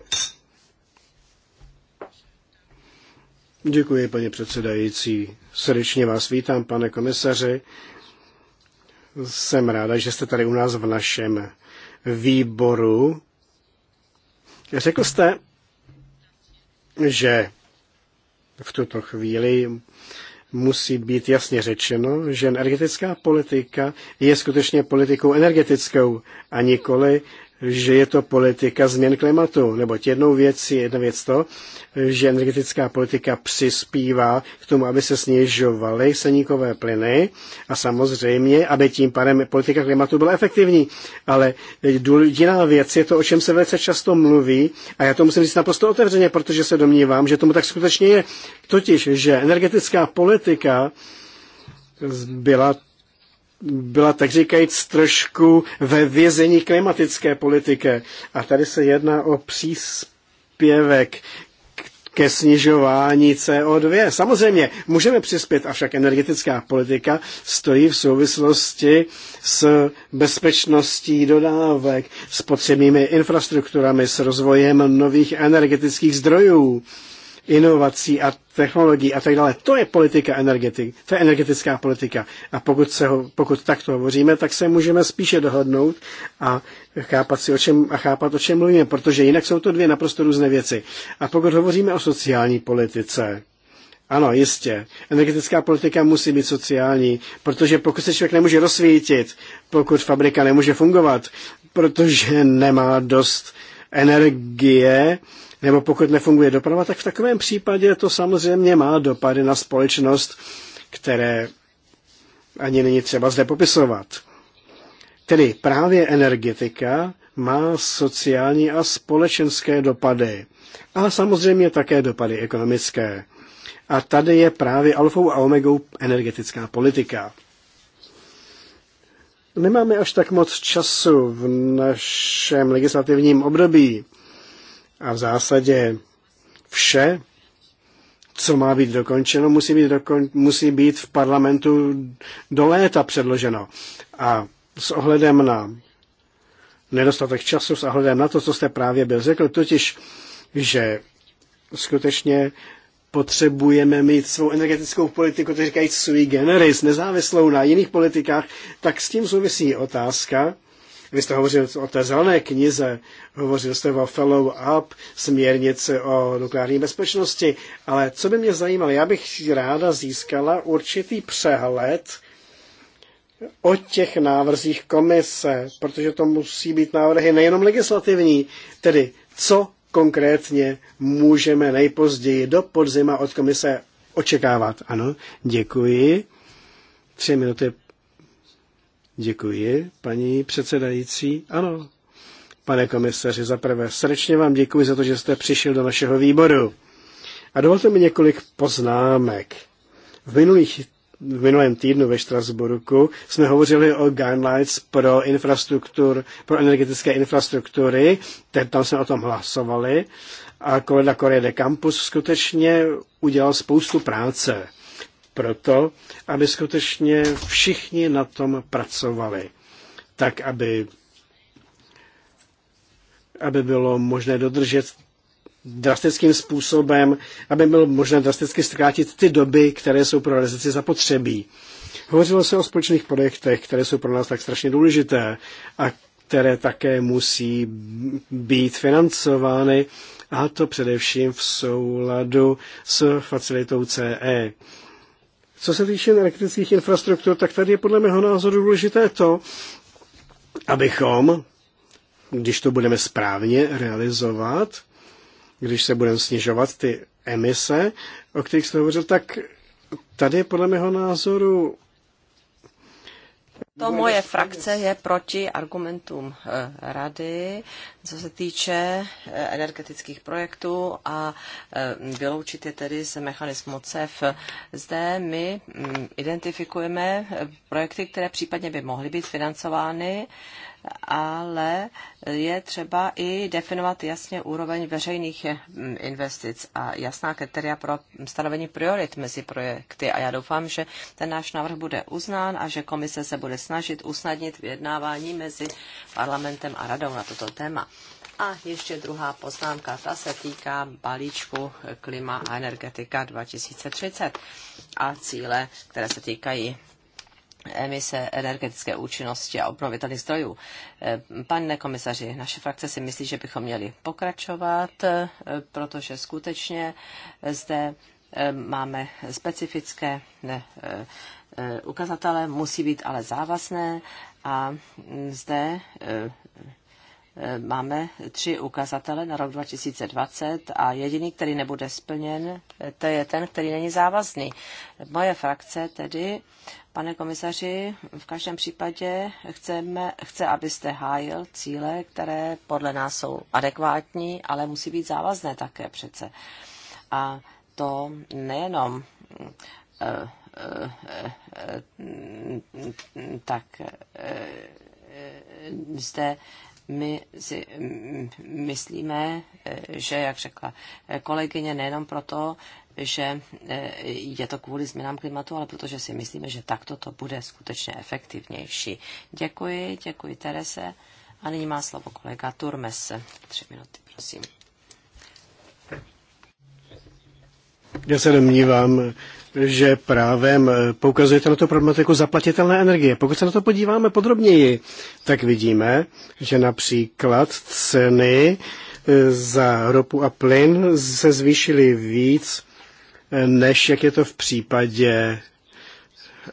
Děkuji, paní předsedající. Srdečně vás vítám, pane komisaři. Jsem ráda, že jste tady u nás v našem výboru. Řekl jste, že v tuto chvíli musí být jasně řečeno, že energetická politika je skutečně politikou energetickou a nikoli že je to politika změn klimatu, nebo jednou věc je jedna věc to, že energetická politika přispívá k tomu, aby se snižovaly seníkové plyny a samozřejmě, aby tím pádem politika klimatu byla efektivní. Ale jiná věc je to, o čem se velice často mluví a já to musím říct naprosto otevřeně, protože se domnívám, že tomu tak skutečně je. Totiž, že energetická politika byla byla tak říkajíc trošku ve vězení klimatické politiky. A tady se jedná o příspěvek ke snižování CO2. Samozřejmě můžeme přispět, avšak energetická politika stojí v souvislosti s bezpečností dodávek, s potřebnými infrastrukturami, s rozvojem nových energetických zdrojů inovací a technologií a tak dále. To je politika energetik, to je energetická politika. A pokud, se ho, pokud takto hovoříme, tak se můžeme spíše dohodnout a chápat, si o čem, a chápat, o čem mluvíme, protože jinak jsou to dvě naprosto různé věci. A pokud hovoříme o sociální politice, ano, jistě. Energetická politika musí být sociální, protože pokud se člověk nemůže rozsvítit, pokud fabrika nemůže fungovat, protože nemá dost energie, nebo pokud nefunguje doprava, tak v takovém případě to samozřejmě má dopady na společnost, které ani není třeba zde popisovat. Tedy právě energetika má sociální a společenské dopady a samozřejmě také dopady ekonomické. A tady je právě alfou a omegou energetická politika. Nemáme až tak moc času v našem legislativním období, a v zásadě vše, co má být dokončeno, musí být, dokon, musí být v parlamentu do léta předloženo. A s ohledem na nedostatek času, s ohledem na to, co jste právě byl řekl, totiž, že skutečně potřebujeme mít svou energetickou politiku, to říkají sui generis, nezávislou na jiných politikách, tak s tím souvisí otázka, vy jste hovořil o té zelené knize, hovořil jste o follow-up, směrnice o nukleární bezpečnosti, ale co by mě zajímalo, já bych ráda získala určitý přehled o těch návrzích komise, protože to musí být návrhy nejenom legislativní, tedy co konkrétně můžeme nejpozději do podzima od komise očekávat. Ano, děkuji. Tři minuty Děkuji, paní předsedající. Ano, pane komisaři, zaprvé srdečně vám děkuji za to, že jste přišel do našeho výboru. A dovolte mi několik poznámek. V, minulých, v minulém týdnu ve Štrasburku jsme hovořili o guidelines pro, infrastruktur, pro energetické infrastruktury, tam jsme o tom hlasovali a kolega Korea de Campus skutečně udělal spoustu práce proto, aby skutečně všichni na tom pracovali, tak aby, aby bylo možné dodržet drastickým způsobem, aby bylo možné drasticky zkrátit ty doby, které jsou pro realizaci zapotřebí. Hovořilo se o společných projektech, které jsou pro nás tak strašně důležité a které také musí být financovány, a to především v souladu s facilitou CE. Co se týče elektrických infrastruktur, tak tady je podle mého názoru důležité to, abychom, když to budeme správně realizovat, když se budeme snižovat ty emise, o kterých jste hovořil, tak tady je podle mého názoru to moje frakce je proti argumentům eh, rady, co se týče eh, energetických projektů a eh, vyloučit je tedy z mechanismu CEF. Zde my mm, identifikujeme projekty, které případně by mohly být financovány ale je třeba i definovat jasně úroveň veřejných eh, investic a jasná kriteria pro stanovení priorit mezi projekty. A já doufám, že ten náš návrh bude uznán a že komise se bude snažit usnadnit vyjednávání mezi parlamentem a radou na toto téma. A ještě druhá poznámka, ta se týká balíčku klima a energetika 2030 a cíle, které se týkají emise energetické účinnosti a obnovitelných zdrojů. Eh, Pane komisaři, naše frakce si myslí, že bychom měli pokračovat, eh, protože skutečně zde eh, máme specifické ne, ukazatele, musí být ale závazné a zde máme tři ukazatele na rok 2020 a jediný, který nebude splněn, to je ten, který není závazný. Moje frakce tedy, pane komisaři, v každém případě chceme, chce, abyste hájil cíle, které podle nás jsou adekvátní, ale musí být závazné také přece. A to nejenom eh, eh, eh, tak zde my si mm, myslíme, eh, že, jak řekla eh, kolegyně, nejenom proto, že eh, je to kvůli změnám klimatu, ale protože si myslíme, že takto to bude skutečně efektivnější. Děkuji, děkuji Terese. A nyní má slovo kolega Turmes. Tři minuty, prosím. Já se domnívám, že právem eh, poukazujete na tu problematiku zaplatitelné energie. Pokud se na to podíváme podrobněji, tak vidíme, že například ceny eh, za ropu a plyn se zvýšily víc, eh, než jak je to v případě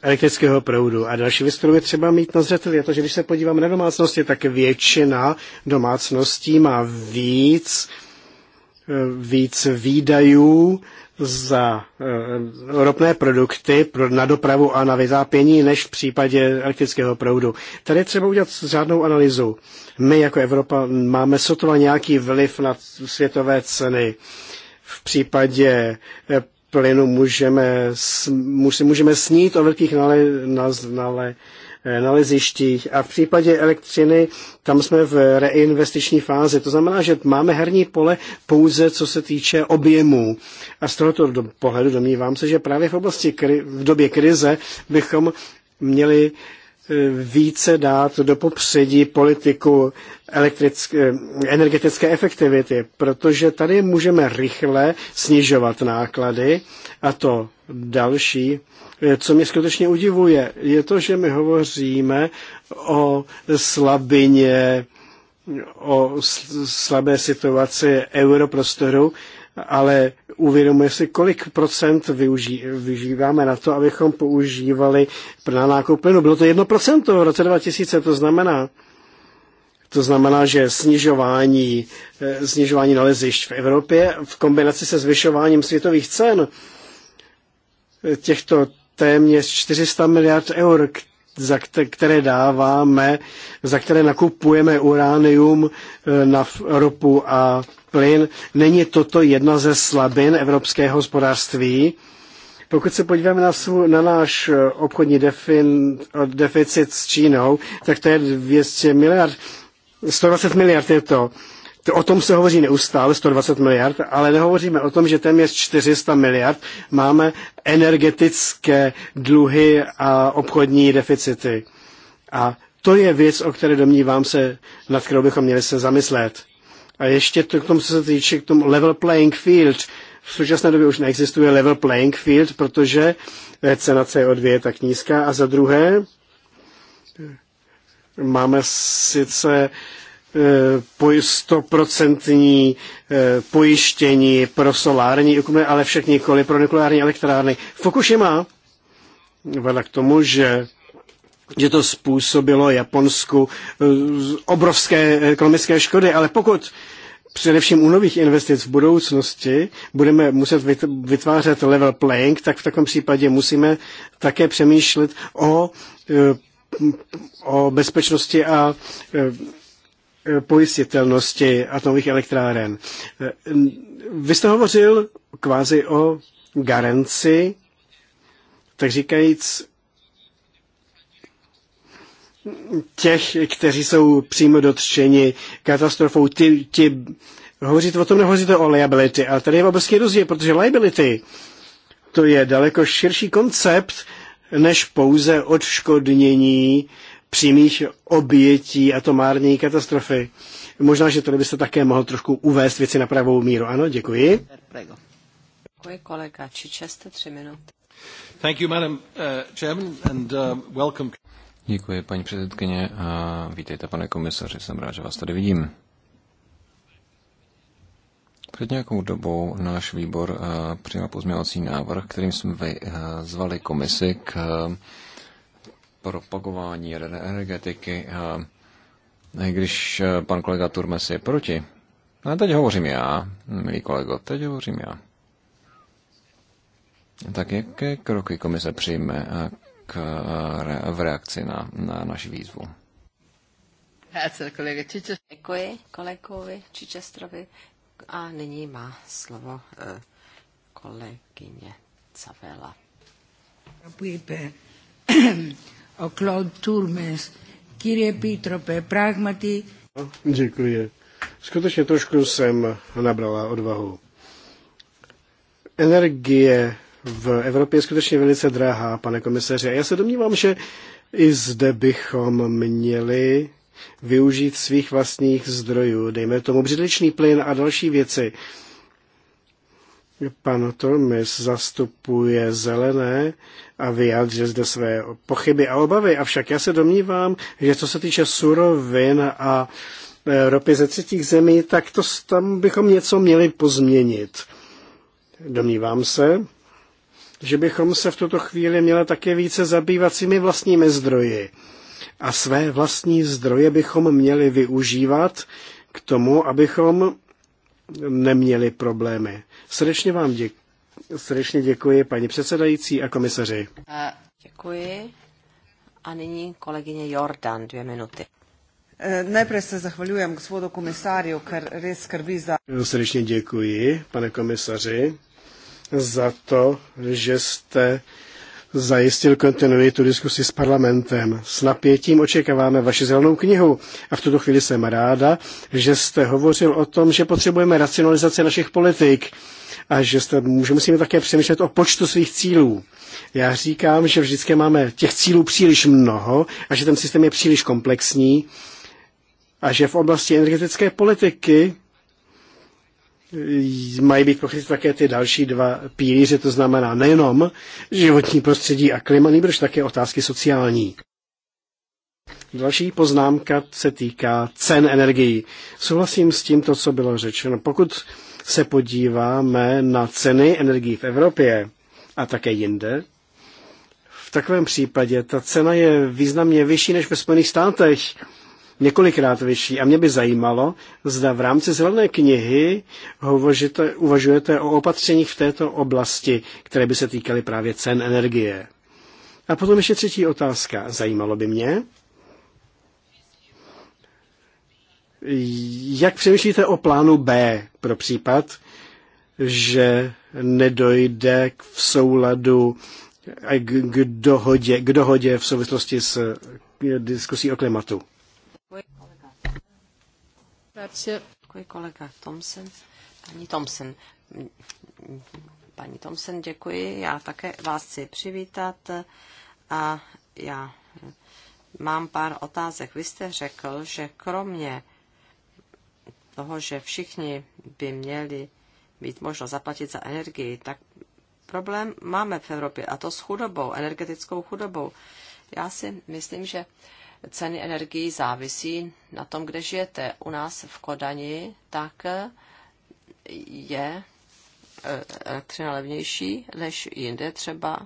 elektrického proudu. A další věc, kterou je třeba mít na zřeteli, je to, že když se podíváme na domácnosti, tak většina domácností má víc, víc výdajů za eh, ropné produkty pro, na dopravu a na vyzápění než v případě elektrického proudu. Tady je třeba udělat řádnou analýzu. My jako Evropa máme sotva nějaký vliv na světové ceny. V případě eh, plynu můžeme, můžeme snít o velkých nale, nale, nale, Eh, nalezištích a v případě elektřiny tam jsme v reinvestiční fázi. To znamená, že máme herní pole pouze co se týče objemů. A z tohoto pohledu domnívám se, že právě v oblasti kri- v době krize bychom měli eh, více dát do popředí politiku eh, energetické efektivity, protože tady můžeme rychle snižovat náklady a to další Eh, co mě skutečně udivuje, je to, že my hovoříme o slabině, o slabé situaci europrostoru, ale uvědomuje si, kolik procent využí, využíváme na to, abychom používali na nákup plynu. Bylo to 1% v roce 2000, to znamená, to znamená, že snižování, eh, snižování nalezišť v Evropě v kombinaci se zvyšováním světových cen eh, těchto téměř 400 miliard eur, za které dáváme, za které nakupujeme uránium e, na ropu a plyn. Není toto jedna ze slabin evropského hospodářství? Pokud se podíváme na, svů, na náš e, obchodní defin, e, deficit s Čínou, tak to je 200 miliard, 120 miliard je to. O tom se hovoří neustále, 120 miliard, ale nehovoříme o tom, že téměř 400 miliard máme energetické dluhy a obchodní deficity. A to je věc, o které domnívám se, nad kterou bychom měli se zamyslet. A ještě to, k tomu, co se týče k tomu level playing field, v současné době už neexistuje level playing field, protože eh, cena CO2 je tak nízká. A za druhé, máme sice stoprocentní eh, pojištění pro solární, ale však nikoli pro nukleární elektrárny. Fukushima vedla k tomu, že že to způsobilo Japonsku eh, obrovské ekonomické škody, ale pokud především u nových investic v budoucnosti budeme muset vytvářet level playing, tak v takovém případě musíme také přemýšlet o, eh, o bezpečnosti a pojistitelnosti atomových elektráren. Vy jste hovořil kvázi o garanci, tak říkajíc, těch, kteří jsou přímo dotčeni katastrofou, ty, ty hovoříte o tom, nehovoříte o liability, ale tady je obrovský rozdíl, protože liability to je daleko širší koncept, než pouze odškodnění přímých obětí atomární katastrofy. Možná, že tady byste také mohl trošku uvést věci na pravou míru. Ano, děkuji. Děkuji kolega Čičeste, tři minuty. Thank you, madam, uh, chairman, and, uh, welcome. Děkuji, paní předsedkyně, a vítejte, pane komisaři, jsem rád, že vás tady vidím. Před nějakou dobou náš výbor uh, přijal pozměňovací návrh, kterým jsme vyzvali uh, komisi k propagování jaderné energetiky, když e, pan kolega Turmes je proti. A teď hovořím já, milý kolego, teď hovořím já. Tak jaké kroky komise přijme e, k, e, v reakci na, na naši výzvu? Děkuji kolegovi Čičestrovi a nyní má slovo kolegyně Cavela ο Κλοντ Τούρμες. Κύριε Επίτροπε, πράγματι... Děkuji. Skutečně trošku jsem nabrala odvahu. Energie v Evropě je skutečně velice drahá, pane komisaře. Já se domnívám, že i zde bychom měli využít svých vlastních zdrojů, dejme tomu břidličný plyn a další věci. Pan Tolmis zastupuje zelené a vyjádří zde své pochyby a obavy. Avšak já se domnívám, že co se týče surovin a e, ropy ze třetích zemí, tak to, tam bychom něco měli pozměnit. Domnívám se, že bychom se v tuto chvíli měli také více zabývat svými vlastními zdroji. A své vlastní zdroje bychom měli využívat k tomu, abychom neměli problémy. Srdečně vám děkuji. Srdečně děkuji paní předsedající a komisaři. Děkuji. A nyní kolegyně Jordan, dvě minuty. E, Nejprve se zahvaljujem k komisarju, ker res skrbi za... Srdečně děkuji, pane komisaři, za to, že jste zajistil kontinuitu diskusy s parlamentem. S napětím očekáváme vaši zelenou knihu a v tuto chvíli jsem ráda, že jste hovořil o tom, že potřebujeme racionalizaci našich politik a že, jste, že musíme také přemýšlet o počtu svých cílů. Já říkám, že vždycky máme těch cílů příliš mnoho a že ten systém je příliš komplexní a že v oblasti energetické politiky mají být pokryty také ty další dva pilíře, to znamená nejenom životní prostředí a klima, nebož také otázky sociální. Další poznámka se týká cen energií. Souhlasím s to, co bylo řečeno. Pokud se podíváme na ceny energií v Evropě a také jinde, v takovém případě ta cena je významně vyšší než ve Spojených státech několikrát vyšší. A mě by zajímalo, zda v rámci zelené knihy hovožite, uvažujete o opatřeních v této oblasti, které by se týkaly právě cen energie. A potom ještě třetí otázka. Zajímalo by mě, jak přemýšlíte o plánu B pro případ, že nedojde k v souladu eh, k dohodě, k dohodě v souvislosti s eh, diskusí o klimatu. Děkuji kolega Thompson. Paní Thompson, paní Thompson, děkuji. Já také vás chci přivítat a já mám pár otázek. Vy jste řekl, že kromě toho, že všichni by měli mít možnost zaplatit za energii, tak problém máme v Evropě, a to s chudobou, energetickou chudobou. Já si myslím, že ceny energií závisí na tom, kde žijete. U nás v Kodani tak je e, elektřina levnější než jinde třeba,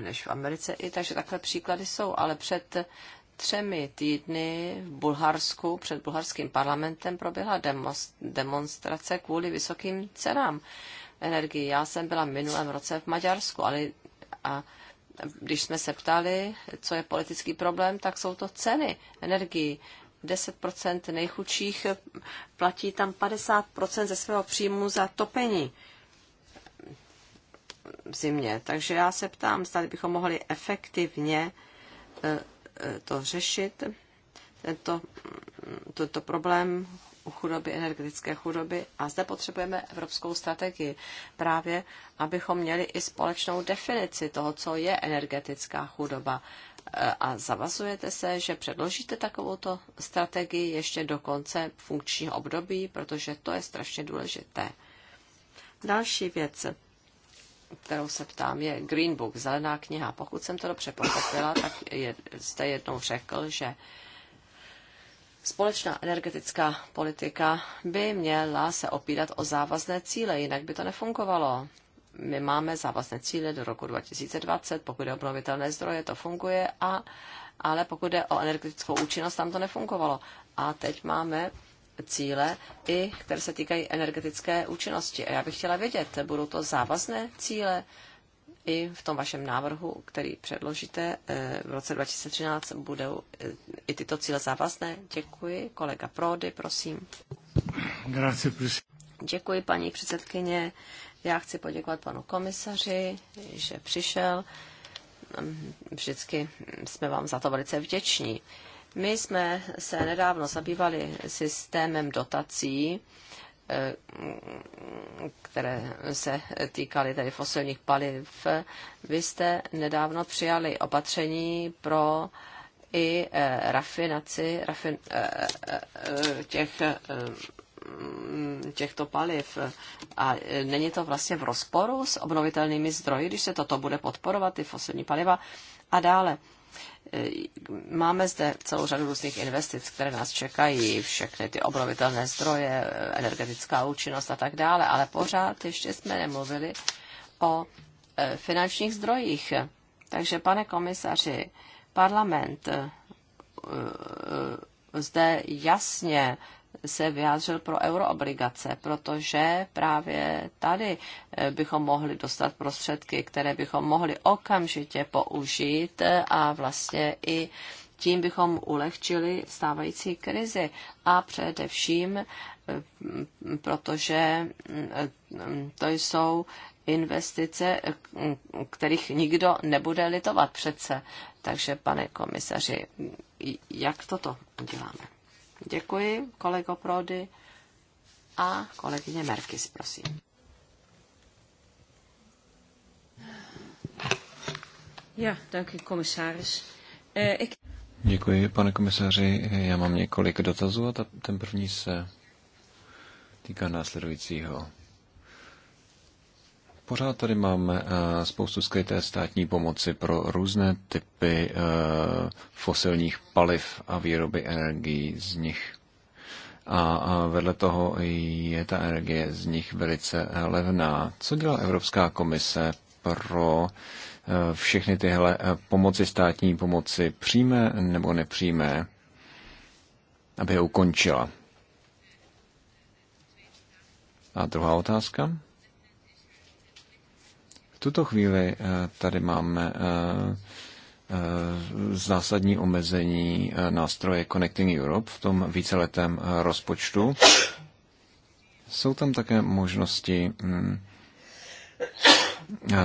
než v Americe i, takže takhle příklady jsou, ale před třemi týdny v Bulharsku před bulharským parlamentem proběhla demonstrace kvůli vysokým cenám energii. Já jsem byla minulém roce v Maďarsku, ale a když jsme se ptali, co je politický problém, tak jsou to ceny energii. 10% nejchudších platí tam 50% ze svého příjmu za topení v zimě. Takže já se ptám, zda bychom mohli efektivně eh, eh, to řešit, tento, tento problém chudoby, energetické chudoby. A zde potřebujeme evropskou strategii právě, abychom měli i společnou definici toho, co je energetická chudoba. E, a zavazujete se, že předložíte takovouto strategii ještě do konce funkčního období, protože to je strašně důležité. Další věc kterou se ptám, je Green Book, zelená kniha. Pokud jsem to dobře pochopila, tak je, jste jednou řekl, že Společná energetická politika by měla se opírat o závazné cíle, jinak by to nefungovalo. My máme závazné cíle do roku 2020, pokud je obnovitelné zdroje, to funguje, a, ale pokud je o energetickou účinnost, tam to nefungovalo. A teď máme cíle, i které se týkají energetické účinnosti. A já bych chtěla vědět, budou to závazné cíle, i v tom vašem návrhu, který předložíte eh, v roce 2013, budou eh, i tyto cíle závazné. Děkuji. Kolega Prody, prosím. Děkuji, paní předsedkyně. Já chci poděkovat panu komisaři, že přišel. Mm, vždycky jsme vám za to velice vděční. My jsme se nedávno zabývali systémem dotací, které se týkaly tedy fosilních paliv. Vy jste nedávno přijali opatření pro i eh, rafinaci rafin, eh, eh, těch těchto paliv. A není to vlastně v rozporu s obnovitelnými zdroji, když se toto bude podporovat, ty fosilní paliva. A dále Eh, máme zde celou řadu různých investic, které nás čekají, všechny ty obnovitelné zdroje, eh, energetická účinnost a tak dále, ale pořád ještě jsme nemluvili o eh, finančních zdrojích. Takže, pane komisaři, parlament zde jasně se vyjádřil pro euroobligace, protože právě tady eh, bychom mohli dostat prostředky, které bychom mohli okamžitě použít eh, a vlastně i tím bychom ulehčili stávající krizi a především, eh, protože mm, to jsou investice, kterých nikdo nebude litovat přece. Takže, pane komisaři, jak toto uděláme? Děkuji, kolego Prody a kolegyně Merkis, prosím. Ja, danke, komisáris. Eh, ik... Děkuji, pane komisaři. Já mám několik dotazů a ta, ten první se týká následujícího pořád tady máme eh, spoustu skryté státní pomoci pro různé typy eh, fosilních paliv a výroby energií z nich. A vedle toho je ta energie z nich velice eh, levná. Co dělá Evropská komise pro všechny tyhle pomoci státní pomoci přímé nebo nepřímé, aby je ukončila? A druhá otázka? tuto chvíli eh, tady máme eh, eh, zásadní omezení nástroje Connecting Europe v tom víceletém rozpočtu. Jsou tam také možnosti hm,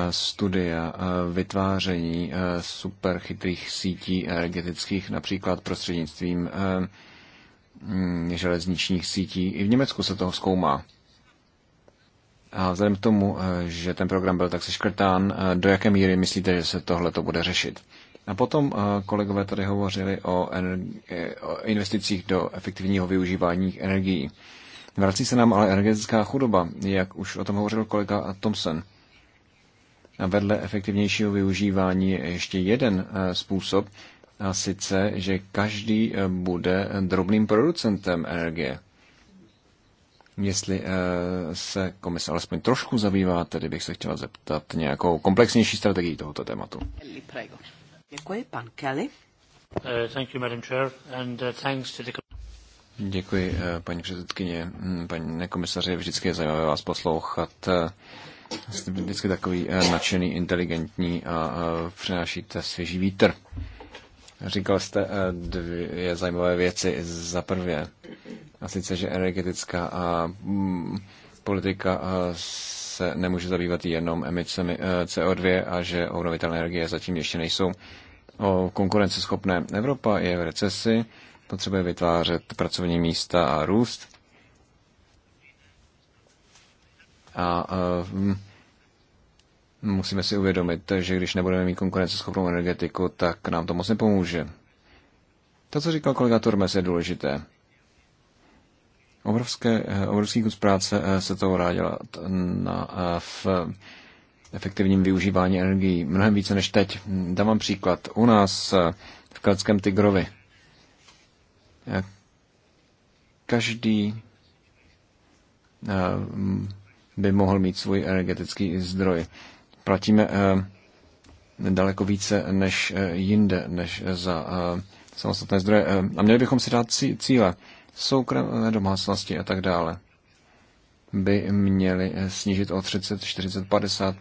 studia vytváření superchytrých sítí energetických, například prostřednictvím hm, železničních sítí. I v Německu se toho zkoumá. A vzhledem k tomu, eh, že ten program byl tak seškrtán, eh, do jaké míry myslíte, že se tohle to bude řešit? A potom eh, kolegové tady hovořili o, o investicích do efektivního využívání energií. Vrací se nám ale energetická chudoba, jak už o tom hovořil kolega Thompson. A vedle efektivnějšího využívání je ještě jeden způsob, a sice, že každý bude drobným producentem energie. Jestli eh, se komise alespoň trošku zabývá, tedy bych se chtěla zeptat nějakou komplexnější strategii tohoto tématu. Děkuji, pan Kelly. Eh, eh, Děkuji, paní předsedkyně. Mm, paní komisaři, vždycky je zajímavé vás poslouchat. Jste vždycky takový nadšený, inteligentní a přinášíte svěží vítr. Říkal jste eh, dvě zajímavé věci. Za prvé, a sice, že energetická a, mm, politika eh, se nemůže zabývat jenom emicemi eh, CO2 a že obnovitelné energie zatím ještě nejsou o konkurenceschopné. Evropa je v recesi, potřebuje vytvářet pracovní místa a růst. A, a mm, Musíme si uvědomit, že když nebudeme mít konkurenceschopnou energetiku, tak nám to moc nepomůže. To, co říkal kolega Turmes, je důležité. Obrovské, eh, obrovský kus práce eh, se to dá dělat na, eh, v efektivním využívání energií mnohem více než teď. Dám vám příklad. U nás v Keltském Tigrovi každý by mohl mít svůj energetický zdroj platíme eh, daleko více než eh, jinde, než eh, za samostatné zdroje. A měli bychom si dát cíle. Soukromé domácnosti a tak dále by měli snížit o 30, 40, 50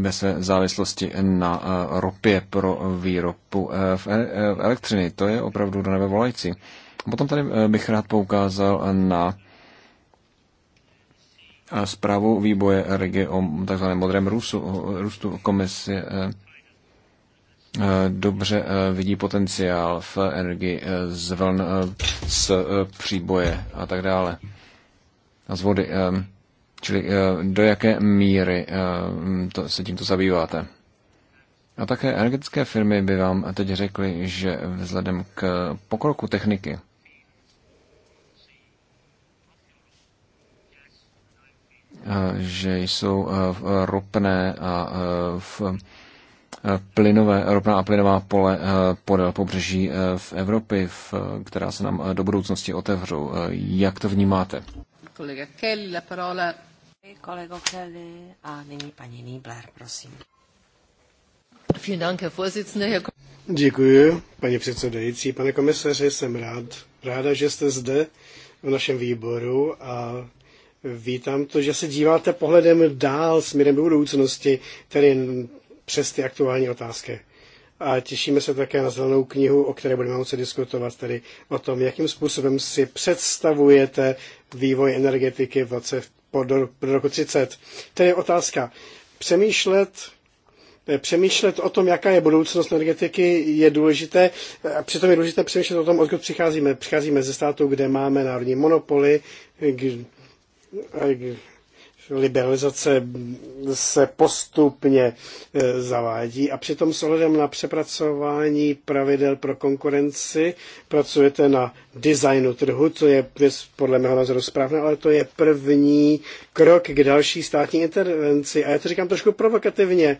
ve své závislosti na ropě pro výrobu e, v elektřiny. To je opravdu do nebe volající. Potom tady bych rád poukázal na zprávu výboje RG o tzv. modrém růstu, růstu komise eh, eh, dobře eh, vidí potenciál v energii z vln, z příboje a tak dále a z vody. Čili do jaké míry se tímto zabýváte? A také energetické firmy by vám teď řekly, že vzhledem k pokroku techniky že jsou eh, eh, ropné a eh, v plynové, ropná a plynová pole podél pobřeží v Evropě, v, která se nám do budoucnosti otevřou. Jak to vnímáte? Kolega Kelly, la parola. Kolego Kelly a nyní paní Nýbler, prosím. Děkuji, paní předsedající. Pane komisaři, jsem rád, ráda, že jste zde v našem výboru a Vítám to, že se díváte pohledem dál směrem do budoucnosti, tedy přes ty aktuální otázky. A těšíme se také na zelenou knihu, o které budeme moci diskutovat, tedy o tom, jakým způsobem si představujete vývoj energetiky v roce po do, do roku 30. Tedy otázka. Přemýšlet přemýšlet o tom, jaká je budoucnost energetiky, je důležité. A přitom je důležité přemýšlet o tom, odkud přicházíme. Přicházíme ze států, kde máme národní monopoly, liberalizace se postupně e, zavádí a přitom s ohledem na přepracování pravidel pro konkurenci pracujete na designu trhu, co je podle mého názoru správné, ale to je první krok k další státní intervenci. A já to říkám trošku provokativně.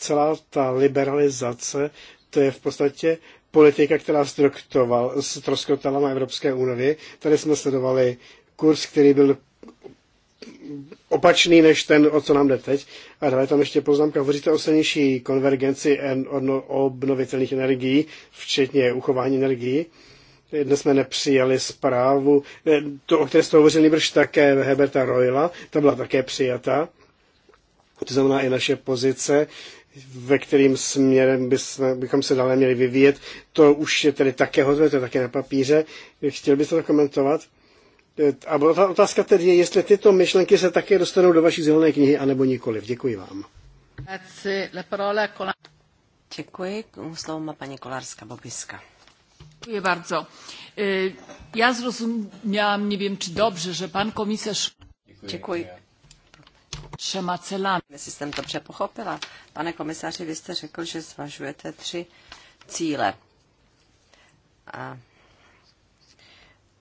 Celá ta liberalizace, to je v podstatě politika, která stroskotala na Evropské unii. Tady jsme sledovali kurz, který byl opačný než ten, o co nám jde teď. A dále tam ještě poznámka. Hovoříte o silnější konvergenci obnovitelných energií, včetně uchování energií. Dnes jsme nepřijali zprávu, e, to, o které jste hovořil nejbrž také Herberta Royla, ta byla také přijata. To znamená i naše pozice, ve kterým směrem bychom se dále měli vyvíjet. To už je tedy také hotové, to je také na papíře. Chtěl byste to komentovat? Eh, a otázka tedy je, jestli tyto myšlenky se také dostanou do vaší zelené knihy, anebo nikoliv. Děkuji vám. Děkuji. Slovo má paní Kolarska Bobiska. Děkuji bardzo. E, Já zrozumiałam, nevím, či dobře, že pan komisař... Děkuji. Třema celami. Jestli jsem to přepochopila. Pane komisaři, vy jste řekl, že zvažujete tři cíle. A,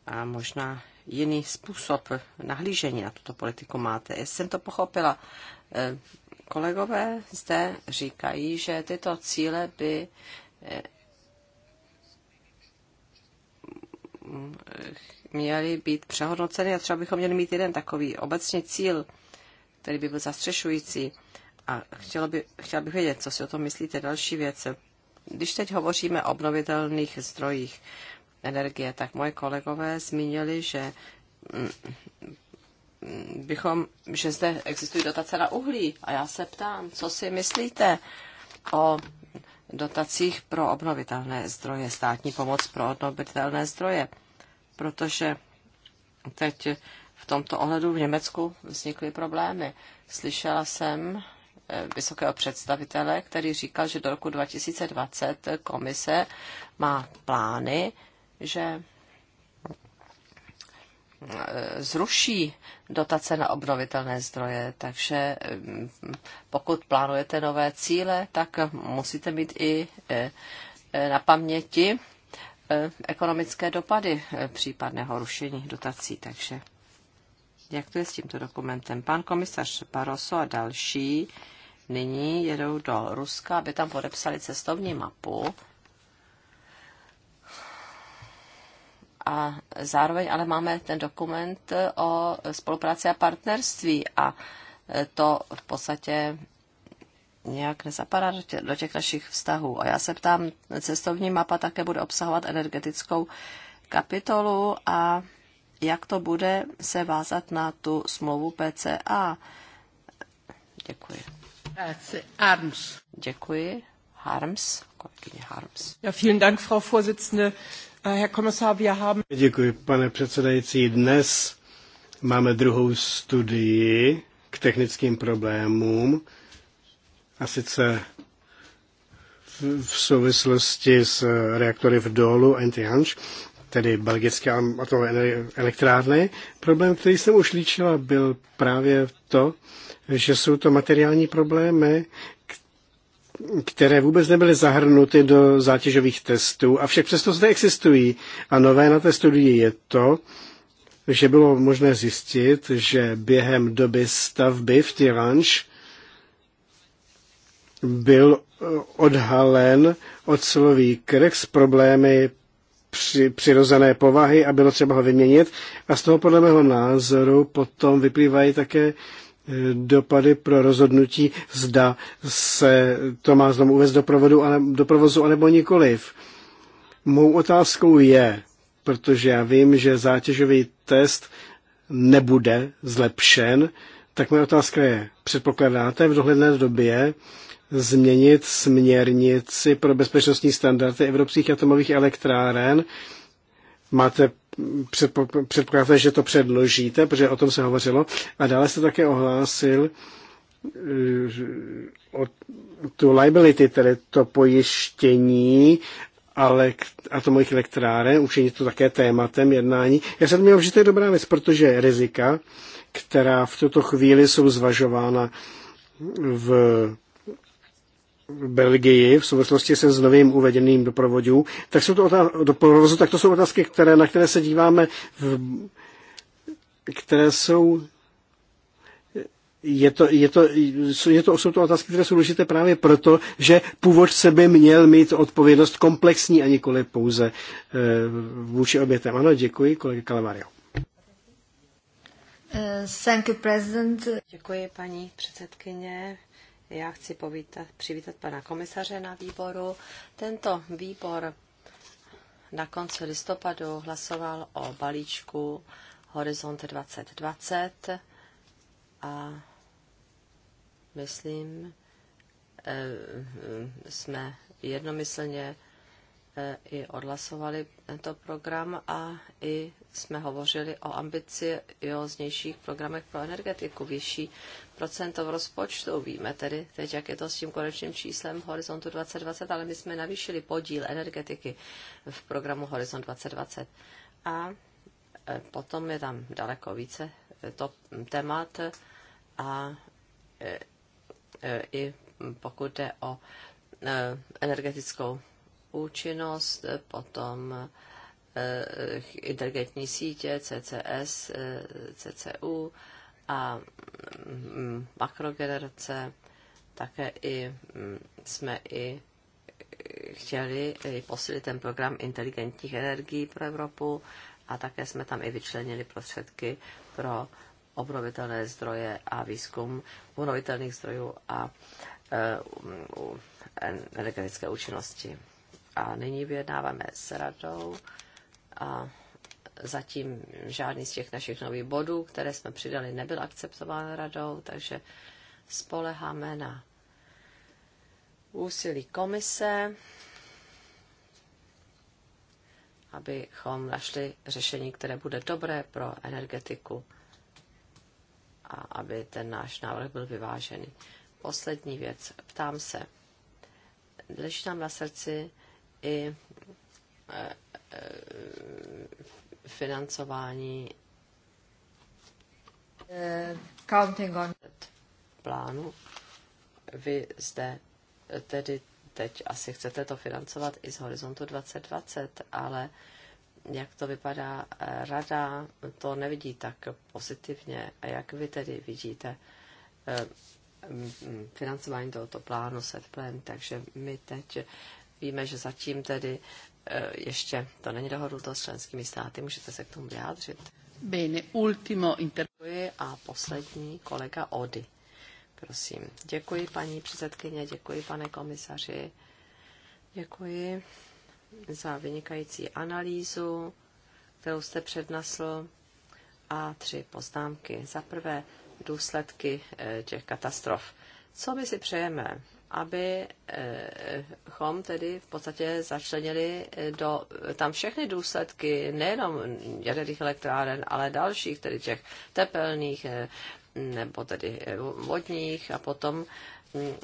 a možná, jiný způsob nahlížení na tuto politiku máte. Jestli jsem to pochopila, eh, kolegové zde říkají, že tyto cíle by eh, měly být přehodnoceny a třeba bychom měli mít jeden takový obecný cíl, který by byl zastřešující. A chtělo by, chtěla bych vědět, co si o tom myslíte. Další věc. Když teď hovoříme o obnovitelných zdrojích, energie, tak moje kolegové zmínili, že mm, mm, bychom, že zde existují dotace na uhlí. A já se ptám, co si myslíte o dotacích pro obnovitelné zdroje, státní pomoc pro obnovitelné zdroje. Protože teď v tomto ohledu v Německu vznikly problémy. Slyšela jsem eh, vysokého představitele, který říkal, že do roku 2020 komise má plány že eh, zruší dotace na obnovitelné zdroje, takže eh, pokud plánujete nové cíle, tak musíte mít i eh, na paměti ekonomické dopady případného rušení dotací. Takže jak to je s tímto dokumentem? Pan komisař Paroso a další nyní jedou do Ruska, aby tam podepsali cestovní mapu a zároveň ale máme ten dokument e, o spolupráci a partnerství a e, to v podstatě nějak nezapadá do tě, do těch našich vztahů. A já se ptám, cestovní mapa také bude obsahovat energetickou kapitolu a jak to bude se vázat na tu smlouvu PCA. Děkuji. Arms. Děkuji. Harms, Harms. Ja, vielen Dank, Frau Vorsitzende. Děkuji, pane předsedající. Dnes máme druhou studii k technickým problémům a sice v souvislosti s reaktory v dolu Antihanš, tedy belgické atomové elektrárny. Problém, který jsem už líčila, byl právě to, že jsou to materiální problémy, které vůbec nebyly zahrnuty do zátěžových testů, avšak přesto zde existují. A nové na té studii je to, že bylo možné zjistit, že během doby stavby v Tiranš byl eh, odhalen ocelový krk s problémy při, přirozené povahy a bylo třeba ho vyměnit. A z toho podle mého názoru potom vyplývají také dopady pro rozhodnutí, zda se to má znovu uvést do, provodu, do provozu anebo nikoliv. Mou otázkou je, protože já vím, že zátěžový test nebude zlepšen, tak moje otázka je, předpokládáte v dohledné době změnit směrnici pro bezpečnostní standardy evropských atomových elektráren? Máte předpokládáte, že to předložíte, protože o tom se hovořilo. A dále jste také ohlásil e, o tu liability, tedy to pojištění ale atomových elektráren, je to také tématem jednání. Já jsem měl, že to je dobrá věc, protože rizika, která v tuto chvíli jsou zvažována v Belgii v souvislosti se novým uvedeným doprovodů, tak jsou to, otázky, tak to jsou otázky, které, na které se díváme, v, které jsou je to, je to, je to, jsou to otázky, které jsou důležité právě proto, že původce by měl mít odpovědnost komplexní a nikoli pouze e, vůči obětem. Ano, děkuji, kolega Kalamario. Eh, thank you, president. Děkuji, paní předsedkyně. Já chci povítat, přivítat pana komisaře na výboru. Tento výbor na konci listopadu hlasoval o balíčku Horizont 2020 a myslím, eh, jsme jednomyslně eh, i odhlasovali tento program a i jsme hovořili o ambicioznějších programech pro energetiku, vyšší procento v rozpočtu. Víme tedy teď, jak je to s tím konečným číslem Horizontu 2020, ale my jsme navýšili podíl energetiky v programu Horizont 2020. A e, potom je tam daleko více e, to témat a e, i pokud jde o energetickou účinnost, potom Eh, inteligentní sítě, CCS, eh, CCU a mm, makrogenerace. Také i mm, jsme i chtěli posílit ten program inteligentních energií pro Evropu a také jsme tam i vyčlenili prostředky pro obnovitelné zdroje a výzkum obnovitelných zdrojů a eh, energetické účinnosti. A nyní vyjednáváme s radou a zatím žádný z těch našich nových bodů, které jsme přidali, nebyl akceptován radou, takže spoleháme na úsilí komise, abychom našli řešení, které bude dobré pro energetiku a aby ten náš návrh byl vyvážený. Poslední věc. Ptám se. Leží nám na srdci i eh, Eh, financování eh, counting on plánu. Vy zde tedy teď asi chcete to financovat i z horizontu 2020, ale jak to vypadá rada, to nevidí tak pozitivně. A jak vy tedy vidíte eh, financování tohoto plánu set plan, takže my teď víme, že zatím tedy Eh, ještě to není dohodnuto s členskými státy, můžete se k tomu vyjádřit. Bene, ultimo interpoje a poslední kolega Ody. Prosím. Děkuji, paní předsedkyně, děkuji, pane komisaři. Děkuji za vynikající analýzu, kterou jste přednesl a tři poznámky. Za prvé důsledky eh, těch katastrof. Co my si přejeme abychom tedy v podstatě začlenili do, tam všechny důsledky nejenom jaderných elektráren, ale dalších, tedy těch tepelných eh, nebo tedy eh, vodních a potom mm,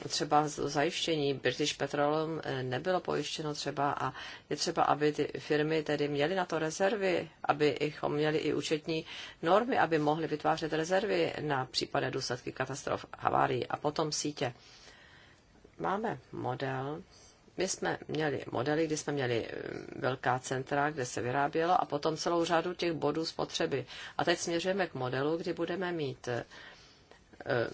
třeba zajištění British Petroleum eh, nebylo pojištěno třeba a je třeba, aby ty firmy tedy měly na to rezervy, aby měli i účetní normy, aby mohly vytvářet rezervy na případné důsledky katastrof, havárií a potom sítě máme model, my jsme měli modely, kdy jsme měli eh, velká centra, kde se vyrábělo a potom celou řadu těch bodů spotřeby. A teď směřujeme k modelu, kdy budeme mít eh, eh,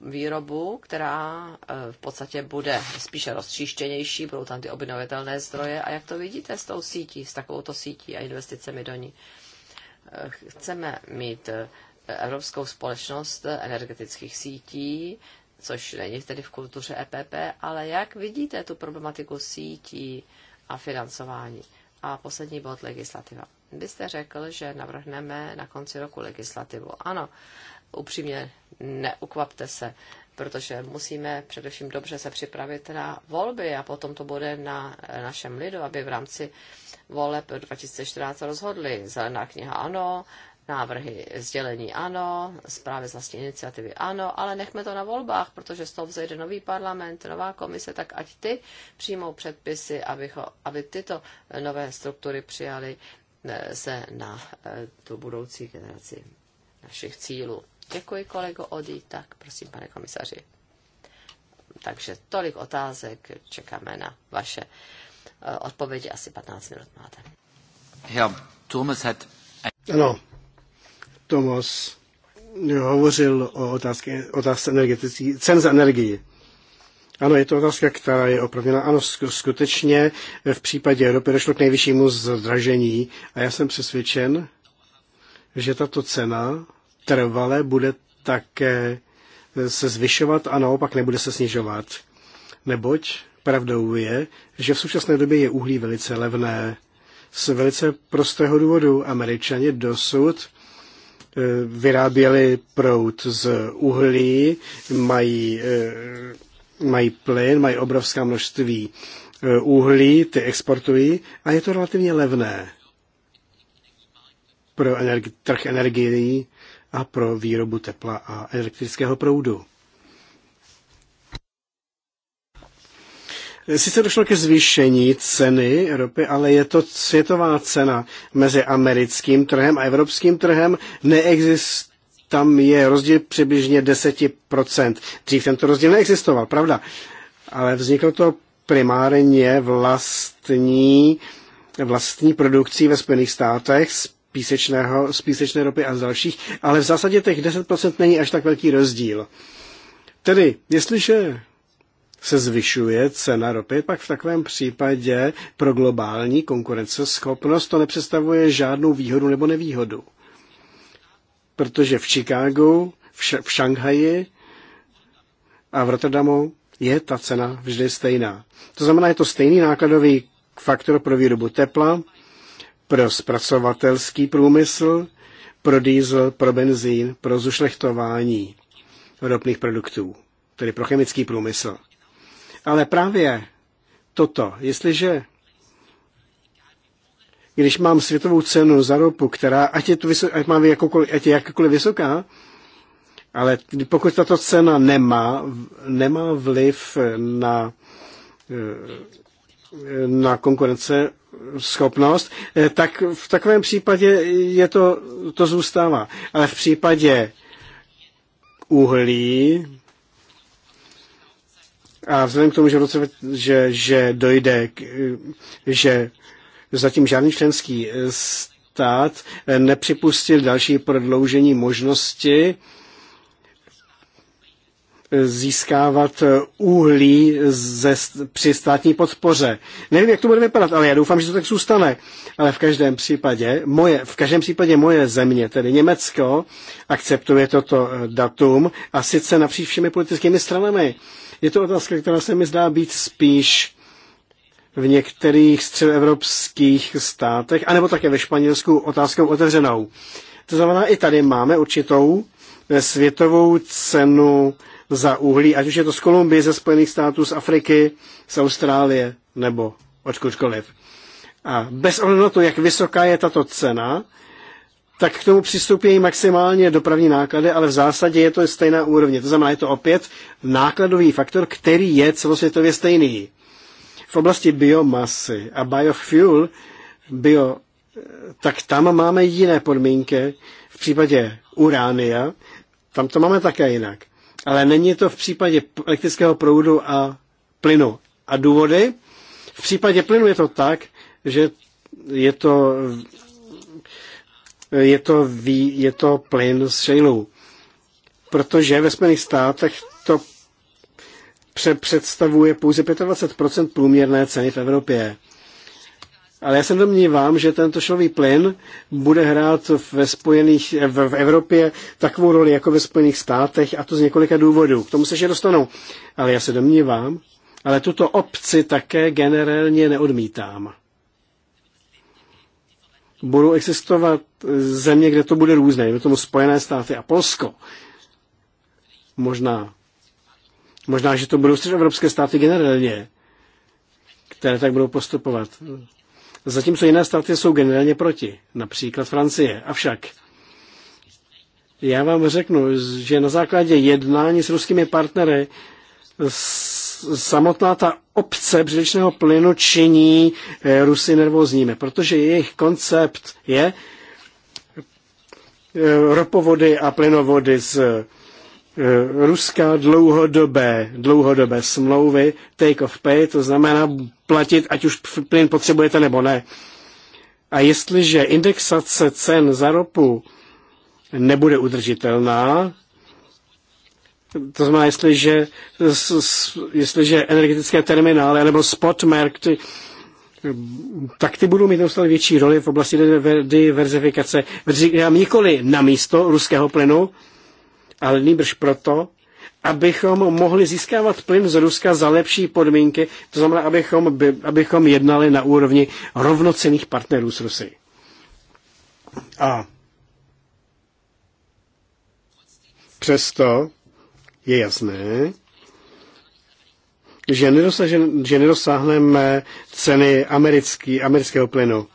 výrobu, která v podstatě bude spíše rozčištěnější, budou tam ty obnovitelné zdroje a jak to vidíte s tou sítí, s takovouto sítí a investicemi do ní. Chceme mít Evropskou společnost energetických sítí, což není tedy v kultuře EPP, ale jak vidíte tu problematiku sítí a financování? A poslední bod legislativa. Vy jste řekl, že navrhneme na konci roku legislativu. Ano, upřímně neukvapte se, protože musíme především dobře se připravit na volby a potom to bude na našem lidu, aby v rámci voleb 2014 rozhodli. Zelená kniha ano, návrhy sdělení ano, zprávy z vlastní iniciativy ano, ale nechme to na volbách, protože z toho vzejde nový parlament, nová komise, tak ať ty přijmou předpisy, aby, ho, aby tyto nové struktury přijaly eh, se na eh, tu budoucí generaci našich cílů. Děkuji, kolego Odí. Tak, prosím, pane komisaři. Takže tolik otázek, čekáme na vaše eh, odpovědi. Asi 15 minut máte. Herr Turmes hat... Ano, Tomos hovořil o otázce, otázce energetický, cen za energii. Ano, je to otázka, která je opravněna. Ano, skutečně v případě ropy došlo k nejvyššímu zdražení a já jsem přesvědčen, že tato cena trvale bude také se zvyšovat a naopak nebude se snižovat. Neboť pravdou je, že v současné době je uhlí velice levné. Z velice prostého důvodu američani dosud Eh, vyráběli prout z uhlí, mají, eh, mají plyn, mají obrovská množství eh, uhlí, ty exportují a je to relativně levné pro energi- trh energií a pro výrobu tepla a elektrického proudu. Sice došlo ke zvýšení ceny ropy, ale je to světová cena mezi americkým trhem a evropským trhem. Neexist, tam je rozdíl přibližně 10%. Dřív tento rozdíl neexistoval, pravda. Ale vzniklo to primárně vlastní, vlastní produkcí ve Spojených státech z, písečného, z písečné ropy a z dalších, ale v zásadě těch 10% není až tak velký rozdíl. Tedy, jestliže se zvyšuje cena ropy, pak v takovém případě pro globální konkurenceschopnost to nepředstavuje žádnou výhodu nebo nevýhodu. Protože v Chicagu, v, Š- v Šanghaji a v Rotterdamu je ta cena vždy stejná. To znamená, je to stejný nákladový faktor pro výrobu tepla, pro zpracovatelský průmysl, pro diesel, pro benzín, pro zušlechtování ropných produktů, tedy pro chemický průmysl. Ale právě toto, jestliže když mám světovou cenu za ropu, která, ať je, to vysoká, ať mám jakoukoliv, ať je jakkoliv vysoká, ale pokud tato cena nemá, nemá vliv na, eh, na konkurence schopnost, eh, tak v takovém případě je to, to zůstává. Ale v případě uhlí, a vzhledem k tomu, že, roce, že, že dojde, k, že zatím žádný členský stát nepřipustil další prodloužení možnosti získávat eh, uhlí ze, při státní podpoře. Nevím, jak to bude vypadat, ale já doufám, že to tak zůstane. Ale v každém případě moje, v každém případě moje země, tedy Německo, akceptuje toto eh, datum a sice napříč všemi politickými stranami. Je to otázka, která se mi zdá být spíš v některých středoevropských státech, anebo také ve Španělsku otázkou otevřenou. To znamená, i tady máme určitou eh, světovou cenu za uhlí, ať už je to z Kolumbie, ze Spojených států, z Afriky, z Austrálie nebo odkudkoliv. A bez ohledu na to, jak vysoká je tato cena, tak k tomu přistupují maximálně dopravní náklady, ale v zásadě je to stejná úrovně. To znamená, je to opět nákladový faktor, který je celosvětově stejný. V oblasti biomasy a biofuel, bio, tak tam máme jiné podmínky. V případě uránia, tam to máme také jinak ale není to v případě elektrického proudu a plynu. A důvody? V případě plynu je to tak, že je to, je to, ví, je to plyn z šejlů. Protože ve Spojených státech to představuje pouze 25 průměrné ceny v Evropě. Ale já se domnívám, že tento šový plyn bude hrát ve spojených, v, v Evropě takovou roli jako ve Spojených státech a to z několika důvodů. K tomu se ještě dostanou. Ale já se domnívám, ale tuto obci také generálně neodmítám. Budou existovat země, kde to bude různé, dejme tomu Spojené státy a Polsko. Možná, možná, že to budou evropské státy generálně, které tak budou postupovat zatímco jiné státy jsou generálně proti, například Francie. Avšak já vám řeknu, že na základě jednání s ruskými partnery samotná ta obce břidličného plynu činí eh, Rusy nervózními, protože jejich koncept je eh, ropovody a plynovody z Eh, Ruska dlouhodobé, dlouhodobé smlouvy, take of pay, to znamená platit, ať už plyn potřebujete nebo ne. A jestliže indexace cen za ropu nebude udržitelná, to znamená, jestliže, jestliže energetické terminály nebo spot markety, tak ty budou mít neustále větší roli v oblasti diverzifikace. Říkám nikoli na místo ruského plynu, ale nýbrž proto, abychom mohli získávat plyn z Ruska za lepší podmínky, to znamená, abychom, by, abychom jednali na úrovni rovnocených partnerů s Rusy. A přesto je jasné, že, nedosažen, že nedosáhneme ceny americký, amerického plynu.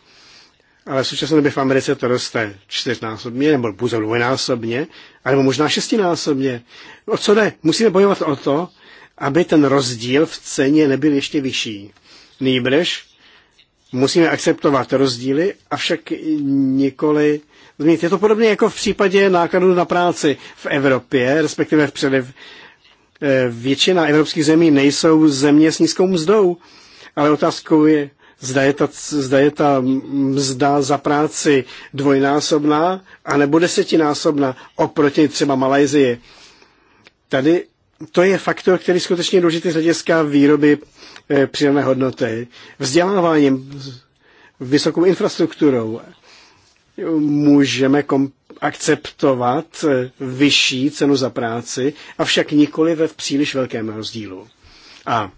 Ale v současné době v Americe to roste čtyřnásobně nebo pouze dvojnásobně anebo možná šestinásobně. O no, co ne? Musíme bojovat o to, aby ten rozdíl v ceně nebyl ještě vyšší. Nýbrž musíme akceptovat rozdíly, avšak nikoli změnit. Je to podobné jako v případě nákladů na práci v Evropě, respektive v předev... Eh, většina evropských zemí nejsou země s nízkou mzdou, ale otázkou je, zda je, ta, zda je ta mzda za práci dvojnásobná a nebo desetinásobná oproti třeba Malajzii. Tady to je faktor, který skutečně je důležitý z hlediska výroby eh, přidané hodnoty. Vzděláváním, vysokou infrastrukturou můžeme kom- akceptovat eh, vyšší cenu za práci, avšak nikoli ve příliš velkém rozdílu. A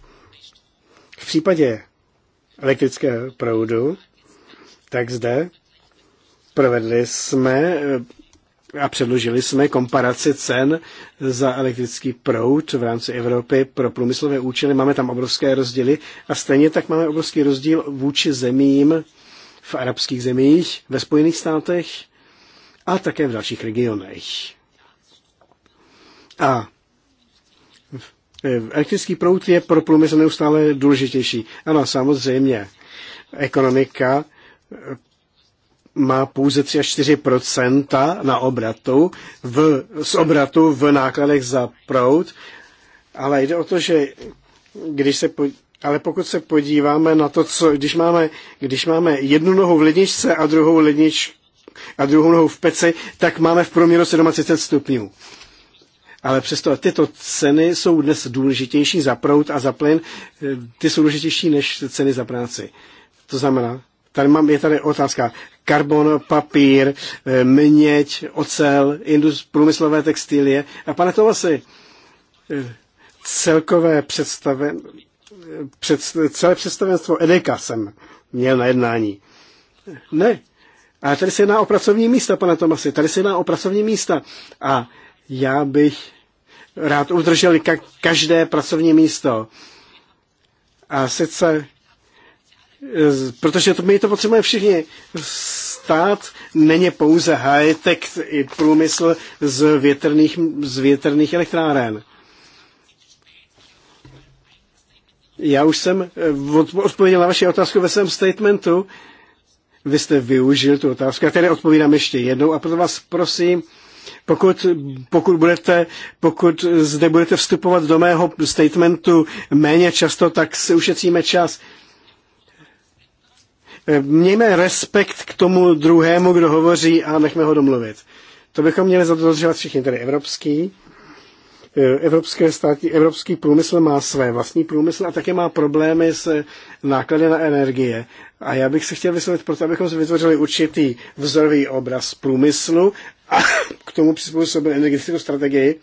v případě elektrického proudu, tak zde provedli jsme eh, a předložili jsme komparaci cen za elektrický proud v rámci Evropy pro průmyslové účely. Máme tam obrovské rozdíly a stejně tak máme obrovský rozdíl vůči zemím v arabských zemích, ve Spojených státech a také v dalších regionech. A Eh, elektrický proud je pro průmysl neustále důležitější. Ano, samozřejmě. Ekonomika eh, má pouze 3 až 4 na obratu v, z obratu v nákladech za proud, ale jde o to, že když se po, ale pokud se podíváme na to, co, když máme, když máme jednu nohu v ledničce a druhou lednič, a druhou nohu v peci, tak máme v průměru 37 stupňů ale přesto tyto ceny jsou dnes důležitější za prout a za plyn, ty jsou důležitější než ceny za práci. To znamená, tady mám, je tady otázka, karbon, papír, eh, měď, ocel, indus, průmyslové textilie. A pane Tomasi, eh, celkové představen, eh, před, celé představenstvo Edeka jsem měl na jednání. Ne, ale tady se jedná o pracovní místa, pane Tomasi, tady se jedná o pracovní místa. A já bych rád udržel ka- každé pracovní místo. A sice, e, protože to, my to potřebujeme všichni. Stát není pouze high-tech průmysl z větrných, z větrných elektráren. Já už jsem e, odpověděl na vaši otázku ve svém statementu. Vy jste využil tu otázku. Já tedy odpovídám ještě jednou a proto vás prosím, pokud, pokud, budete, pokud zde budete vstupovat do mého statementu méně často, tak si ušetříme čas. Mějme respekt k tomu druhému, kdo hovoří a nechme ho domluvit. To bychom měli zadržovat všichni, tedy evropský Eh, evropské státy, evropský průmysl má své vlastní průmysl a také má problémy s náklady na energie. A já bych se chtěl vyslovit proto, abychom si vytvořili určitý vzorový obraz průmyslu a k tomu přizpůsobili energetickou strategii,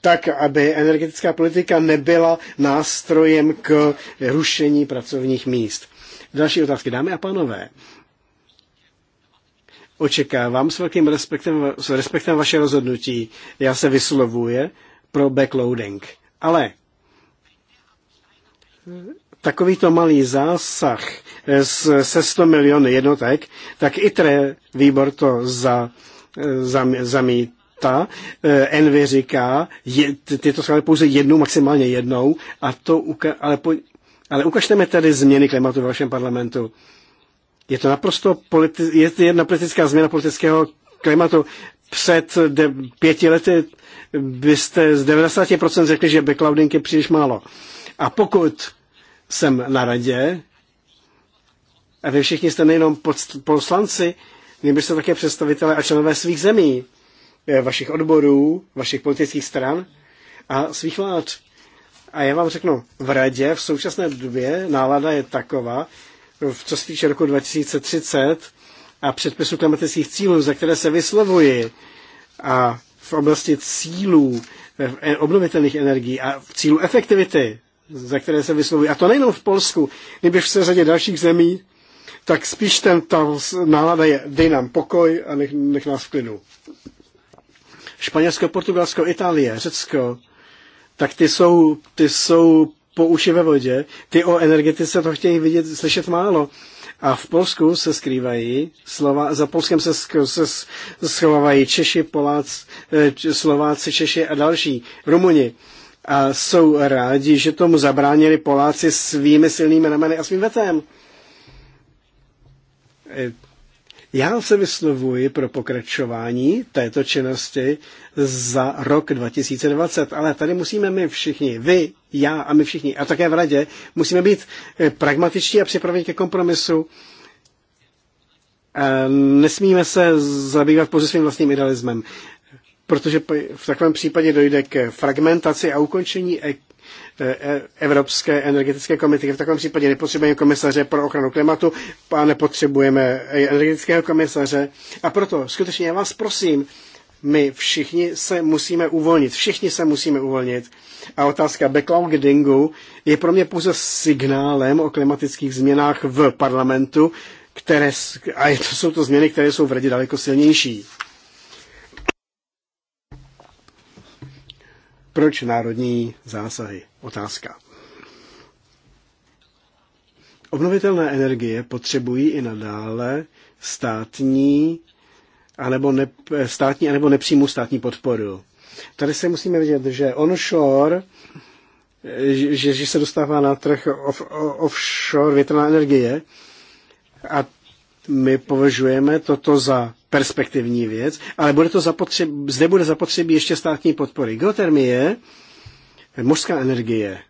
tak, aby energetická politika nebyla nástrojem k rušení pracovních míst. Další otázky, dámy a pánové. Očekávám s velkým respektem, s respektem vaše rozhodnutí. Já se vyslovuje, pro backloading. Ale takovýto malý zásah se 100 miliony jednotek, tak ITRE výbor to za, za, zamít, ta Envy eh, říká, je, ty to schválili pouze jednou, maximálně jednou, a to uka- ale, po- ale ukažte mi tady změny klimatu ve vašem parlamentu. Je to naprosto politi- je jedna politická změna politického klimatu před de, pěti lety byste z 90% řekli, že backloading je příliš málo. A pokud jsem na radě, a vy všichni jste nejenom poslanci, nebo jste také představitelé a členové svých zemí, eh, vašich odborů, vašich politických stran a svých vlád. A já vám řeknu, v radě v současné době nálada je taková, co se týče roku 2030, a předpisu klimatických cílů, za které se vyslovuji, a v oblasti cílů e, obnovitelných energií a v cílu efektivity, za které se vyslovují, a to nejenom v Polsku, nebo v se řadě dalších zemí, tak spíš ten, ta nálada je, dej nám pokoj a nech, nech nás v klidu. Španělsko, Portugalsko, Itálie, Řecko, tak ty jsou, ty jsou po uši ve vodě. Ty o energetice to chtějí vidět, slyšet málo. A v Polsku se skrývají, Slova, za Polskem se, se schovávají Češi, Poláci, eh, Slováci, Češi a další, Rumuni. A jsou rádi, že tomu zabránili Poláci svými silnými rameny a svým vetem eh, já se vyslovuji pro pokračování této činnosti za rok 2020, ale tady musíme my všichni, vy, já a my všichni, a také v radě, musíme být eh, pragmatičtí a připraveni ke kompromisu. Eh, nesmíme se zabývat pouze svým vlastním idealismem protože v takovém případě dojde k fragmentaci a ukončení E, e, Evropské energetické komisie V takovém případě nepotřebujeme komisaře pro ochranu klimatu a nepotřebujeme energetického komisaře. A proto skutečně já vás prosím, my všichni se musíme uvolnit. Všichni se musíme uvolnit. A otázka backloadingu je pro mě pouze signálem o klimatických změnách v parlamentu, které, a jsou to změny, které jsou v radě daleko silnější. Proč národní zásahy? Otázka. Obnovitelné energie potřebují i nadále státní anebo ne, státní anebo nepřímou státní podporu. Tady se musíme vidět, že onshore, že, že se dostává na trh off, offshore větrná energie a my považujeme toto za perspektivní věc, ale bude to zapotřebí, zde bude zapotřebí ještě státní podpory. Geotermie, mořská energie,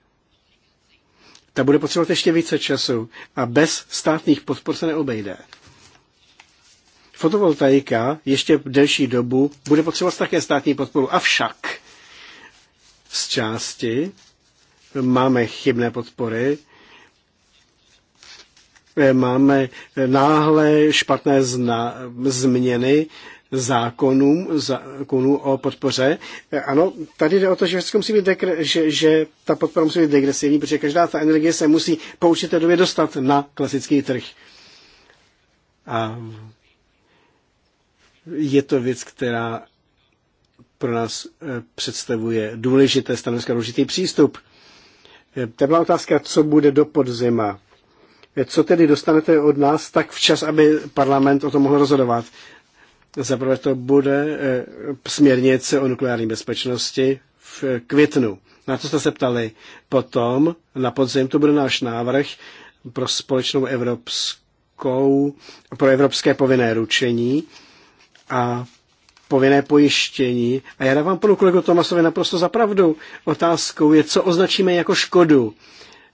ta bude potřebovat ještě více času a bez státních podpor se neobejde. Fotovoltaika ještě delší dobu bude potřebovat také státní podporu. Avšak z části máme chybné podpory, Eh, máme náhle špatné zna, změny zákonům, zákonů o podpoře. Eh, ano, tady jde o to, že všechno musí být dekre, že, že ta podpora musí být degresivní, protože každá ta energie se musí po určité době dostat na klasický trh. A je to věc, která pro nás eh, představuje důležité stanovisko, důležitý přístup. teplá otázka, co bude do podzima co tedy dostanete od nás tak včas, aby parlament o tom mohl rozhodovat. Zaprvé to bude eh, směrnice o nukleární bezpečnosti v květnu. Na to jste se ptali. Potom na podzim to bude náš návrh pro společnou evropskou, pro evropské povinné ručení a povinné pojištění. A já dávám panu kolegu Tomasovi naprosto za pravdu. Otázkou je, co označíme jako škodu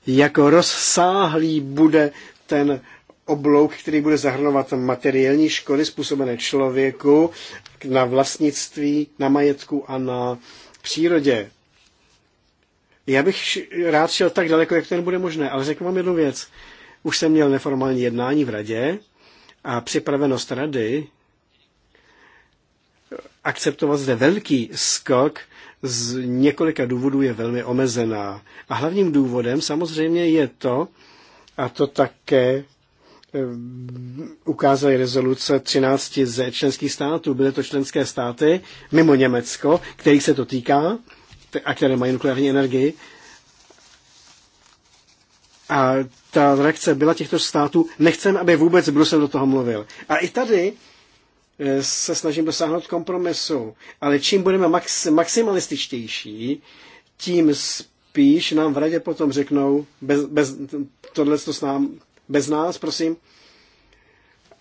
jak rozsáhlý bude ten oblouk, který bude zahrnovat materiální škody způsobené člověku na vlastnictví, na majetku a na přírodě. Já bych rád šel tak daleko, jak ten bude možné, ale řeknu vám jednu věc. Už jsem měl neformální jednání v radě a připravenost rady akceptovat zde velký skok z několika důvodů je velmi omezená. A hlavním důvodem samozřejmě je to, a to také eh, ukázaly rezoluce 13 ze členských států. Byly to členské státy mimo Německo, kterých se to týká a které mají nukleární energii. A ta reakce byla těchto států, nechcem, aby vůbec Brusel do toho mluvil. A i tady Eh, se snažím dosáhnout kompromisu. Ale čím budeme max, maximalističtější, tím spíš nám v radě potom řeknou, bez, bez, tohle to s nám, bez nás, prosím,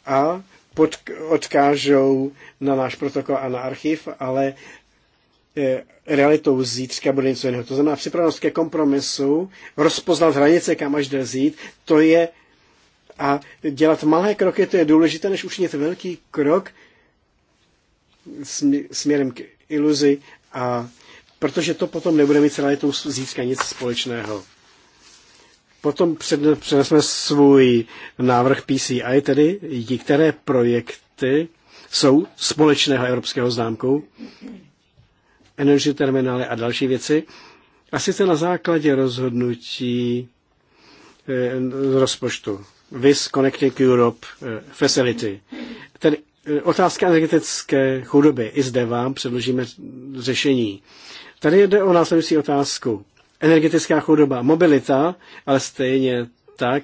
a pod, odkážou na náš protokol a na archiv, ale eh, realitou zítřka bude něco jiného. To znamená připravenost ke kompromisu, rozpoznat hranice, kam až jde zít, to je a dělat malé kroky, to je důležité, než učinit velký krok, směrem k iluzi a protože to potom nebude mít s realitou získat nic společného. Potom přenesme svůj návrh PCI, tedy které projekty jsou společného evropského známku, energy terminály a další věci. A sice na základě rozhodnutí z eh, rozpočtu. Vis Connecting Europe eh, Facility. Tedy Eh, Otázka energetické chudoby. I zde vám předložíme řešení. Tady jde o následující otázku. Energetická chudoba, mobilita, ale stejně tak,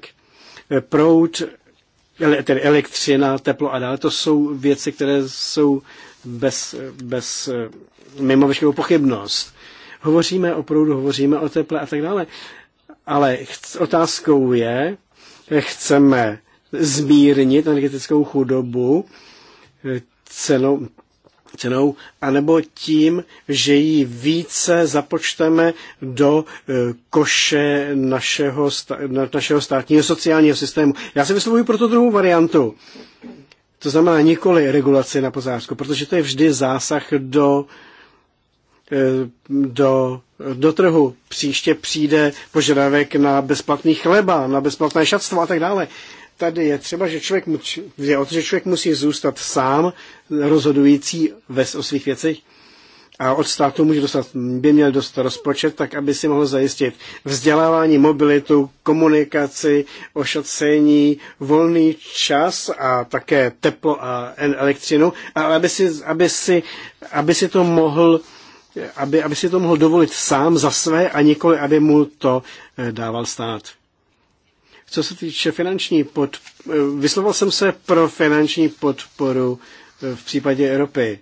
eh, proud, tedy elektřina, teplo a dále, to jsou věci, které jsou bez, bez eh, mimo veškerou pochybnost. Hovoříme o proudu, hovoříme o teple a tak dále. Ale otázkou je, chceme zmírnit energetickou chudobu, cenou, cenou, anebo tím, že ji více započteme do e, koše našeho, našeho státního sociálního systému. Já si vyslovuji pro tu druhou variantu. To znamená nikoli regulaci na pozářku, protože to je vždy zásah do, e, do, do trhu. Příště přijde požadavek na bezplatný chleba, na bezplatné šatstvo a tak dále tady je třeba, že člověk, že, o to, že člověk musí zůstat sám rozhodující ve, o svých věcech a od státu může dostat, by měl dostat rozpočet, tak aby si mohl zajistit vzdělávání, mobilitu, komunikaci, ošacení, volný čas a také teplo a elektřinu, ale aby si, aby si, aby si to mohl aby, aby si to mohl dovolit sám za své a nikoli, aby mu to eh, dával stát. Co se týče finanční pod... Vyslovil jsem se pro finanční podporu eh, v případě ropy.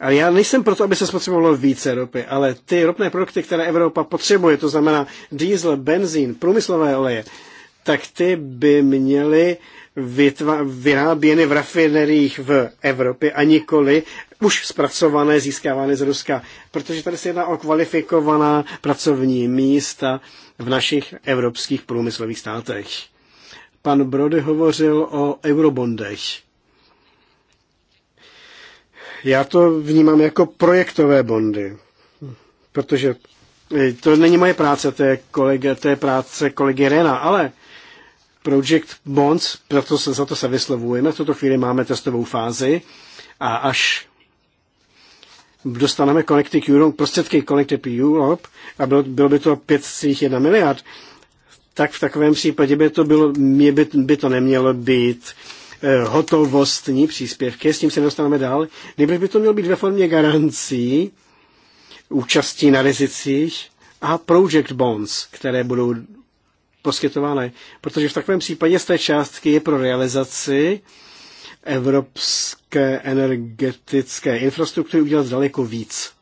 Ale já nejsem proto, aby se spotřebovalo více ropy, ale ty ropné produkty, které Evropa potřebuje, to znamená diesel, benzín, průmyslové oleje, tak ty by měly vytva- vyráběny v rafineriích v Evropě a nikoli už zpracované, získávány z Ruska. Protože tady se jedná o kvalifikovaná pracovní místa v našich evropských průmyslových státech. Pan Brody hovořil o eurobondech. Já to vnímám jako projektové bondy, protože to není moje práce, to je, kolega, to je práce kolegy Rena, ale Project Bonds, proto se, za to se vyslovujeme. V tuto chvíli máme testovou fázi a až dostaneme Connected Europe, prostředky Connected Europe a bylo, bylo by to 5,1 miliard, tak v takovém případě by to, bylo, by, by to nemělo být eh, hotovostní příspěvky, s tím se dostaneme dál. Nejprve by to mělo být ve formě garancí, účastí na rizicích a project bonds, které budou poskytovány. Protože v takovém případě z té částky je pro realizaci evropské energetické infrastruktury udělat daleko víc.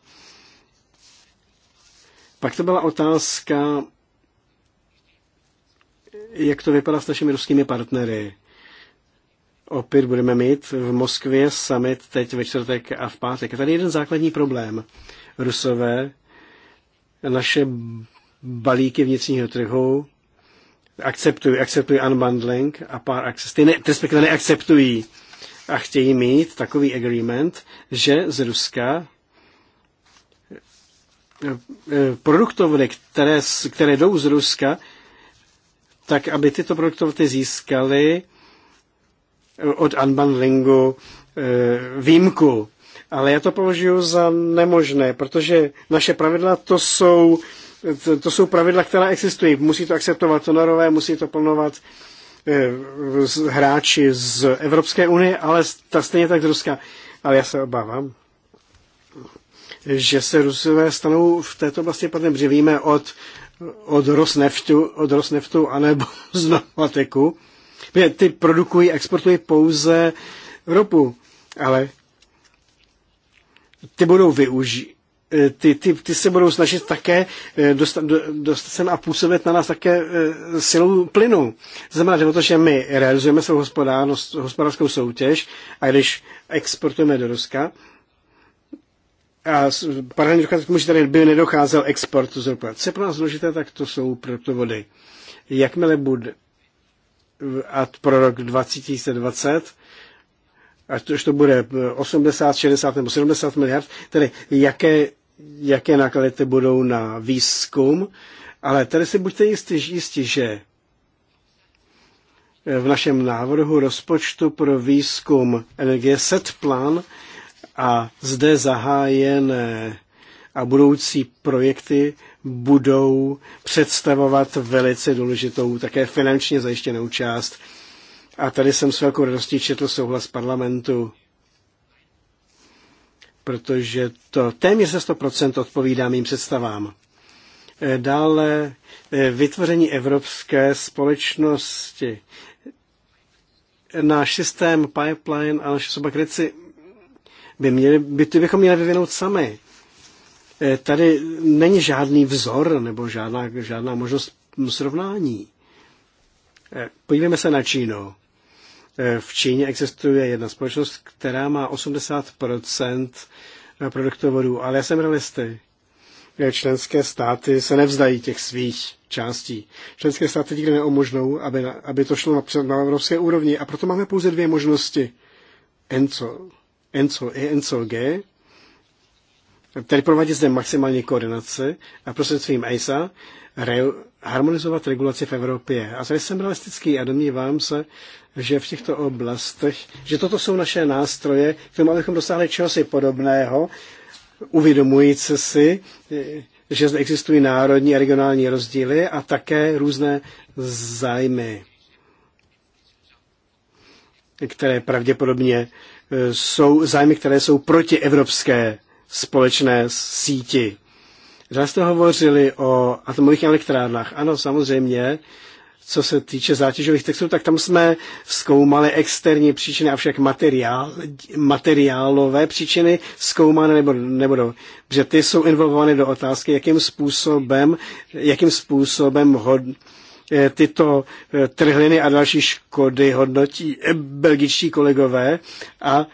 Pak to byla otázka, jak to vypadá s našimi ruskými partnery. Opět budeme mít v Moskvě summit teď ve čtvrtek a v pátek. Je tady jeden základní problém. Rusové naše balíky vnitřního trhu akceptují, akceptují unbundling a pár access, ne, respektive neakceptují a chtějí mít takový agreement, že z Ruska eh, eh, produktovny, které, které jdou z Ruska, tak aby tyto produktovny získaly eh, od unbundlingu výjimku. Ale já to považuji za nemožné, protože naše pravidla to jsou to, to jsou pravidla, která existují. Musí to akceptovat honorové, musí to plnovat eh, hráči z Evropské unie, ale ta stejně tak z Ruska. Ale já se obávám, že se Rusové stanou v této oblasti partnerem, protože víme od, od Rosneftu, od Rosneftu anebo z Novateku, ty produkují, exportují pouze ropu, ale ty budou využít Eh, ty, ty, ty se budou snažit také dostat, eh, dostat sem a působit na nás také eh, silou plynu. Znamená, že protože my realizujeme svou hospodářskou soutěž a když exportujeme do Ruska, a paralelně dochází k tomu, že tady by nedocházel export z ropa. Co je pro nás důležité, tak to jsou vody. Jakmile bude a pro rok 2020, ať to, to bude 80, 60 nebo 70 miliard, tedy jaké jaké náklady budou na výzkum, ale tady si buďte jistí, jistí že v našem návrhu rozpočtu pro výzkum energie set plán a zde zahájené a budoucí projekty budou představovat velice důležitou, také finančně zajištěnou část. A tady jsem s velkou radostí četl souhlas parlamentu protože to téměř ze 100% odpovídá mým představám. E, dále e, vytvoření evropské společnosti. Náš systém pipeline a naše sobakryci by, měli, by ty bychom měli vyvinout sami. E, tady není žádný vzor nebo žádná, žádná možnost srovnání. Podívejme se na Čínu. E, v Číně existuje jedna společnost, která má 80% e, produktovodů, ale já jsem realisty. E, členské státy se nevzdají těch svých částí. Členské státy nikdy neumožnou, aby, aby to šlo na, na evropské úrovni a proto máme pouze dvě možnosti. ENCO, ENCO, G tedy provádět zde maximální koordinaci a prostřednictvím EISA re, harmonizovat regulaci v Evropě. A tady jsem realistický a domnívám se, že v těchto oblastech, že toto jsou naše nástroje, k tomu, abychom dosáhli čehosi podobného, uvědomující si, že zde existují národní a regionální rozdíly a také různé zájmy, které pravděpodobně e, jsou zájmy, které jsou protievropské. evropské společné síti. Dále jste hovořili o atomových elektrárnách. Ano, samozřejmě, co se týče zátěžových textů, tak tam jsme zkoumali externí příčiny, avšak materiál, materiálové příčiny zkoumány nebo, do, Protože ty jsou involvovány do otázky, jakým způsobem, jakým způsobem hod, eh, tyto eh, trhliny a další škody hodnotí eh, belgičtí kolegové a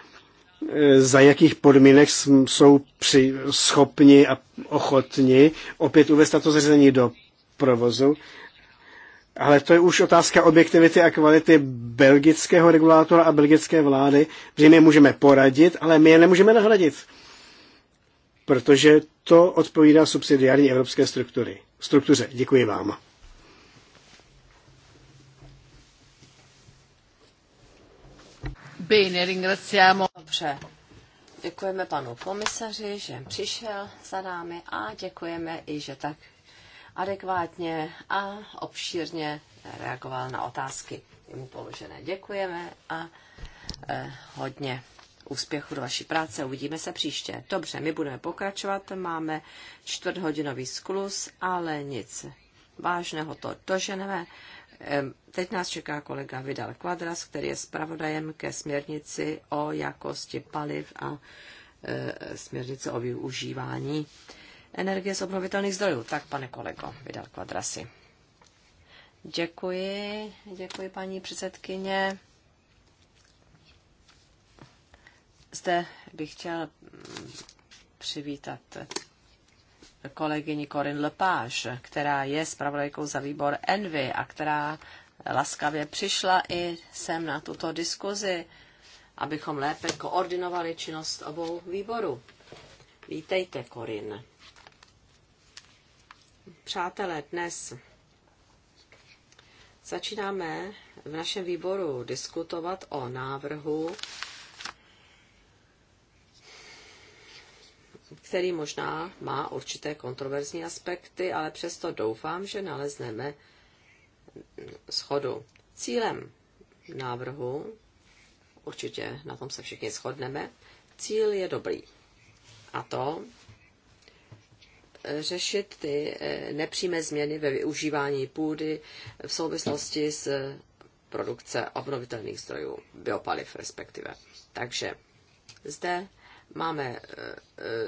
E, za jakých podmínek jsou při, schopni a ochotni opět uvést tato zařízení do provozu. Ale to je už otázka objektivity a kvality belgického regulátora a belgické vlády, že my můžeme poradit, ale my je nemůžeme nahradit. Protože to odpovídá subsidiární evropské struktury. struktuře. Děkuji vám. Bene, ringraziamo. Dobře. Děkujeme panu komisaři, že přišel za námi a děkujeme i, že tak adekvátně a obšírně reagoval na otázky jemu položené. Děkujeme a eh, hodně úspěchu do vaší práce. Uvidíme se příště. Dobře, my budeme pokračovat. Máme čtvrthodinový sklus, ale nic vážného to doženeme. Teď nás čeká kolega Vidal Quadras, který je zpravodajem ke směrnici o jakosti paliv a e, směrnice o využívání energie z obnovitelných zdrojů. Tak, pane kolego, Vidal Quadrasi. Děkuji, děkuji paní předsedkyně. Zde bych chtěl mm, přivítat kolegyni Corinne Lepage, která je zpravodajkou za výbor Envy a která laskavě přišla i sem na tuto diskuzi, abychom lépe koordinovali činnost obou výborů. Vítejte, Korin. Přátelé, dnes začínáme v našem výboru diskutovat o návrhu který možná má určité kontroverzní aspekty, ale přesto doufám, že nalezneme schodu. Cílem návrhu, určitě na tom se všichni shodneme, cíl je dobrý. A to řešit ty eh, nepřímé změny ve využívání půdy v souvislosti s produkce obnovitelných zdrojů, biopaliv respektive. Takže zde Máme eh,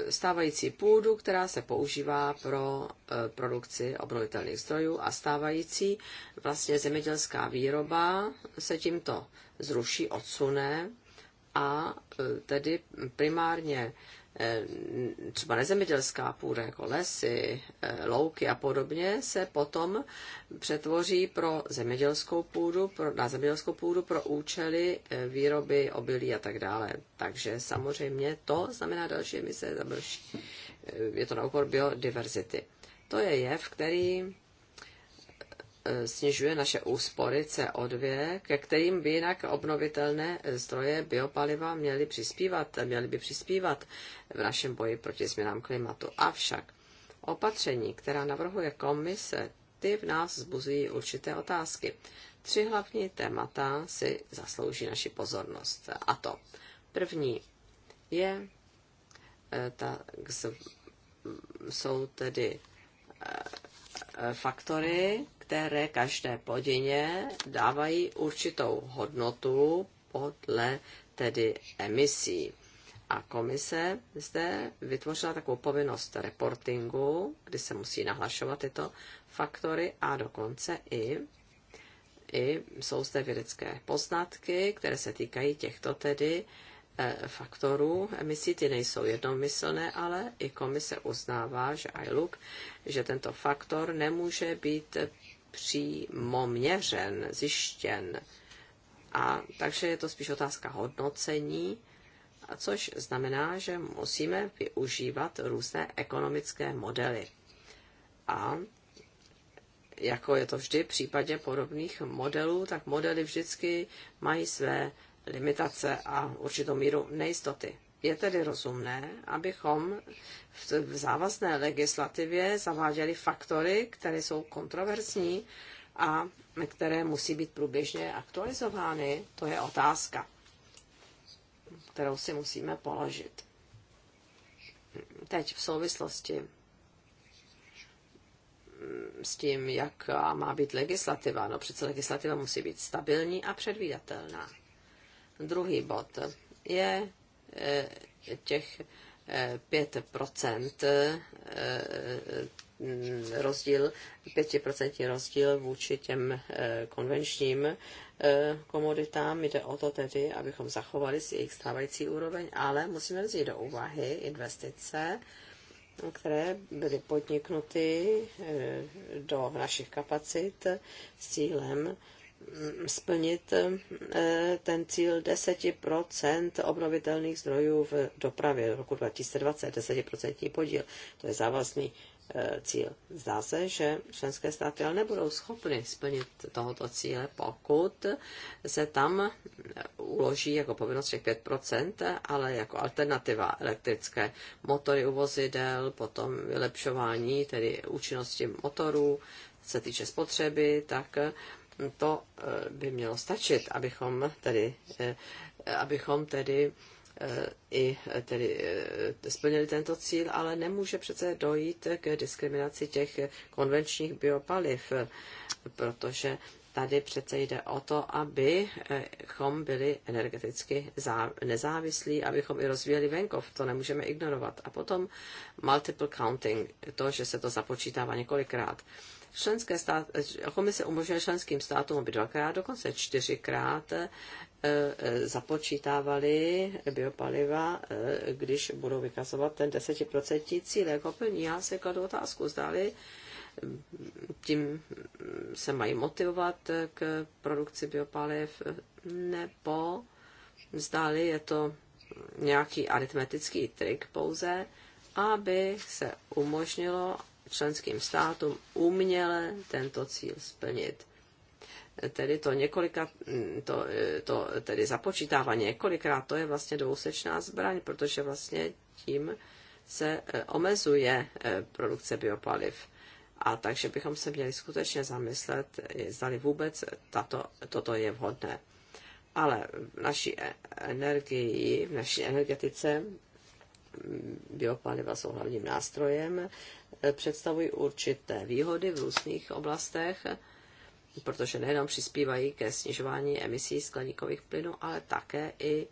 eh, stávající půdu, která se používá pro eh, produkci obnovitelných zdrojů a stávající vlastně zemědělská výroba se tímto zruší, odsune a tedy primárně Ehm, třeba nezemědělská půda, jako lesy, eh, louky a podobně, se potom přetvoří pro zemědělskou půdu, pro, na zemědělskou půdu pro účely eh, výroby obilí a tak dále. Takže samozřejmě to znamená další emise, eh, je to na úkor biodiverzity. To je jev, který Eh, snižuje naše úspory CO2, ke kterým by jinak obnovitelné eh, zdroje biopaliva měly přispívat, měly by přispívat v našem boji proti změnám klimatu. Avšak opatření, která navrhuje komise, ty v nás zbuzují určité otázky. Tři hlavní témata si zaslouží naši pozornost. A to první je, eh, ta, jsou tedy faktory, které každé plodině dávají určitou hodnotu podle tedy emisí. A komise zde vytvořila takovou povinnost reportingu, kdy se musí nahlašovat tyto faktory a dokonce i, i jsou zde vědecké poznatky, které se týkají těchto tedy eh, faktorů emisí, ty nejsou jednomyslné, ale i komise uznává, že ILUK, že tento faktor nemůže být přímo měřen, zjištěn. A takže je to spíš otázka hodnocení, a což znamená, že musíme využívat různé ekonomické modely. A jako je to vždy v případě podobných modelů, tak modely vždycky mají své limitace a určitou míru nejistoty. Je tedy rozumné, abychom v závazné legislativě zaváděli faktory, které jsou kontroverzní a které musí být průběžně aktualizovány. To je otázka, kterou si musíme položit. Teď v souvislosti s tím, jak má být legislativa. No přece legislativa musí být stabilní a předvídatelná. Druhý bod je Eh, těch 5% eh, eh, rozdíl, 5% rozdíl vůči těm konvenčním komoditám. Jde o to tedy, abychom zachovali si jejich stávající úroveň, ale musíme vzít do úvahy investice, které byly podniknuty do našich kapacit s cílem splnit eh, ten cíl 10% obnovitelných zdrojů v dopravě v roku 2020, 10% podíl. To je závazný eh, cíl. Zdá se, že členské státy ale nebudou schopny splnit tohoto cíle, pokud se tam eh, uloží jako povinnost těch 5%, ale jako alternativa elektrické motory u vozidel, potom vylepšování tedy účinnosti motorů, se týče spotřeby, tak to eh, by mělo stačit, abychom tedy, eh, abychom tedy eh, i tedy splnili tento cíl, ale nemůže přece dojít k diskriminaci těch konvenčních biopaliv, protože tady přece jde o to, abychom byli energeticky nezávislí, abychom i rozvíjeli venkov. To nemůžeme ignorovat. A potom multiple counting, to, že se to započítává několikrát. Členské stát, komise umožňuje členským státům, aby dvakrát, dokonce čtyřikrát eh, eh, započítávali biopaliva, eh, když budou vykazovat ten desetiprocentní cíl. Jako plní, já se kladu otázku, zdáli, hm, tím se mají motivovat k produkci biopaliv, nebo zdáli, je to nějaký aritmetický trik pouze, aby se umožnilo, členským státům uměle tento cíl splnit. Tedy to, několika, to, to tedy započítávání několikrát, to je vlastně dvousečná zbraň, protože vlastně tím se e, omezuje e, produkce biopaliv. A takže bychom se měli skutečně zamyslet, zdali vůbec tato, toto je vhodné. Ale v naší e, energii, v naší energetice biopaliva jsou hlavním nástrojem, eh, představují určité výhody v různých oblastech, protože nejenom přispívají ke snižování emisí skleníkových plynů, ale také i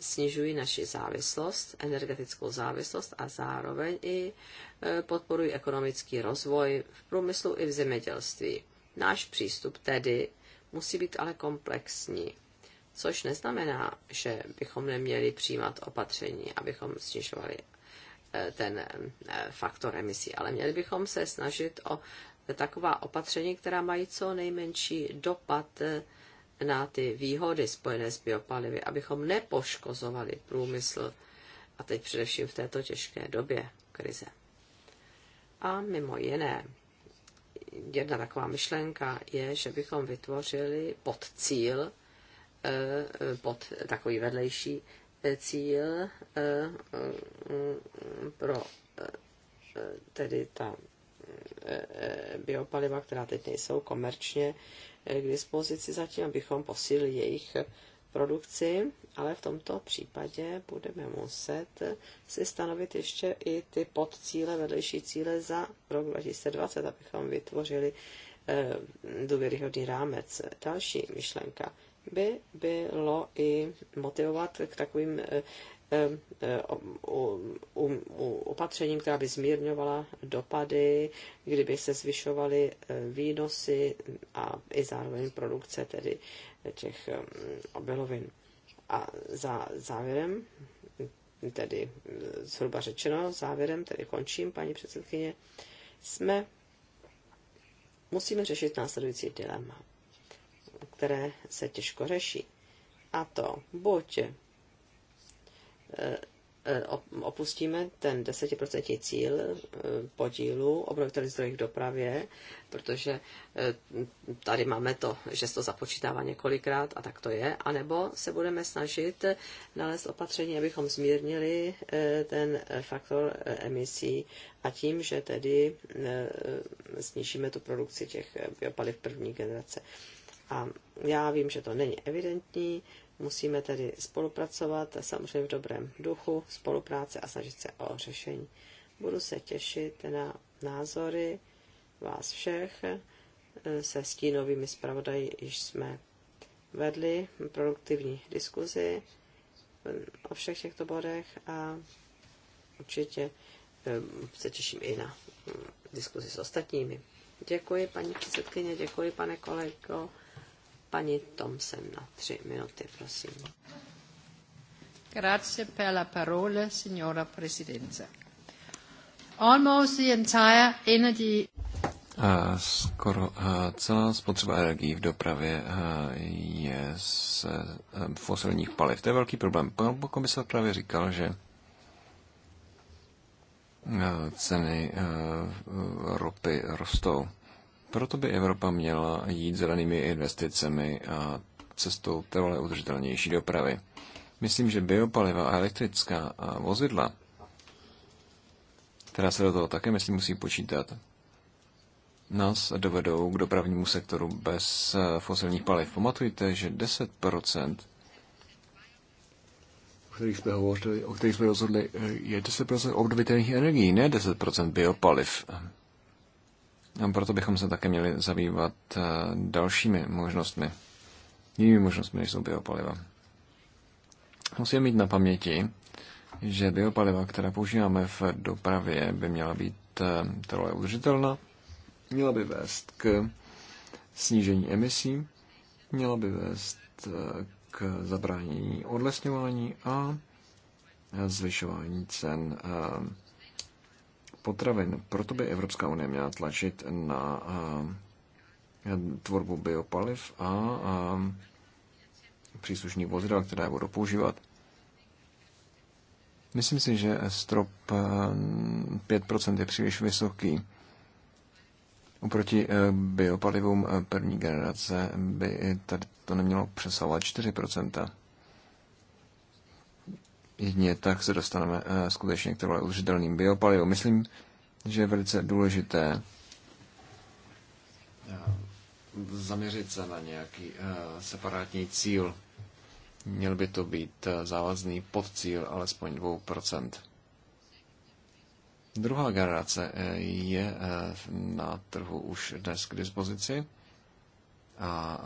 snižují naši závislost, energetickou závislost a zároveň i eh, podporují ekonomický rozvoj v průmyslu i v zemědělství. Náš přístup tedy musí být ale komplexní což neznamená, že bychom neměli přijímat opatření, abychom snižovali eh, ten eh, faktor emisí, ale měli bychom se snažit o taková opatření, která mají co nejmenší dopad eh, na ty výhody spojené s biopalivy, abychom nepoškozovali průmysl, a teď především v této těžké době krize. A mimo jiné, jedna taková myšlenka je, že bychom vytvořili podcíl Eh, pod takový vedlejší eh, cíl eh, mm, pro tedy ta biopaliva, která teď nejsou komerčně k dispozici zatím, abychom posílili jejich produkci, ale v tomto případě budeme muset si stanovit ještě i ty podcíle, vedlejší cíle za rok 2020, abychom vytvořili důvěryhodný rámec. Další myšlenka by bylo i motivovat k takovým eh, eh, opatřením, která by zmírňovala dopady, kdyby se zvyšovaly eh, výnosy a i zároveň produkce tedy těch obilovin. A za závěrem, tedy zhruba řečeno, závěrem, tedy končím, paní předsedkyně, jsme musíme řešit následující dilema které se těžko řeší. A to buď e, e, opustíme ten 10% cíl e, podílu obnovitelných zdrojů v dopravě, protože tady máme to, že se to započítává několikrát a tak to je, anebo se budeme snažit nalézt opatření, abychom zmírnili ten faktor emisí a tím, že tedy snížíme tu produkci těch biopaliv první generace. A já vím, že to není evidentní, musíme tedy spolupracovat, samozřejmě v dobrém duchu spolupráce a snažit se o řešení. Budu se těšit na názory vás všech. Eh, se stínovými zpravodaji již jsme vedli produktivní diskuzi eh, o všech těchto bodech a určitě eh, se těším i na mm, diskuzi s ostatními. Děkuji, paní předsedkyně, děkuji, pane kolego paní Thompson na tři minuty, prosím. Grazie per la parola, signora Presidenza. Almost the entire energy Skoro celá spotřeba energií v dopravě je z fosilních paliv. To je velký problém. Pan komisar právě říkal, že ceny ropy rostou. Proto by Evropa měla jít zelenými investicemi a cestou trvalé udržitelnější dopravy. Myslím, že biopaliva a elektrická a vozidla, která se do toho také, myslím, musí počítat, nás dovedou k dopravnímu sektoru bez eh, fosilních paliv. Pamatujte, že 10%, o kterých jsme hovořili, o kterých jsme rozhodli, eh, je 10% obnovitelných energií, ne 10% biopaliv. A proto bychom se také měli zabývat eh, dalšími možnostmi, jinými možnostmi, jsou biopaliva. Musíme mít na paměti, že biopaliva, která používáme v dopravě, by měla být eh, trvalé udržitelná, měla by vést k snížení emisí, měla by vést eh, k zabránění odlesňování a zvyšování cen potravin. Proto by Evropská unie měla tlačit na eh, tvorbu biopaliv a příslušní vozidel, které budou používat. Myslím si, že strop 5% eh, je příliš vysoký. Oproti eh, biopalivům první generace by tady to nemělo přesahovat 4%. Jedině tak se dostaneme eh, skutečně k trvale udržitelným biopalivům. Myslím, že je velice důležité eh, zaměřit se na nějaký eh, separátní cíl. Měl by to být závazný podcíl alespoň 2%. Druhá generace je na trhu už dnes k dispozici a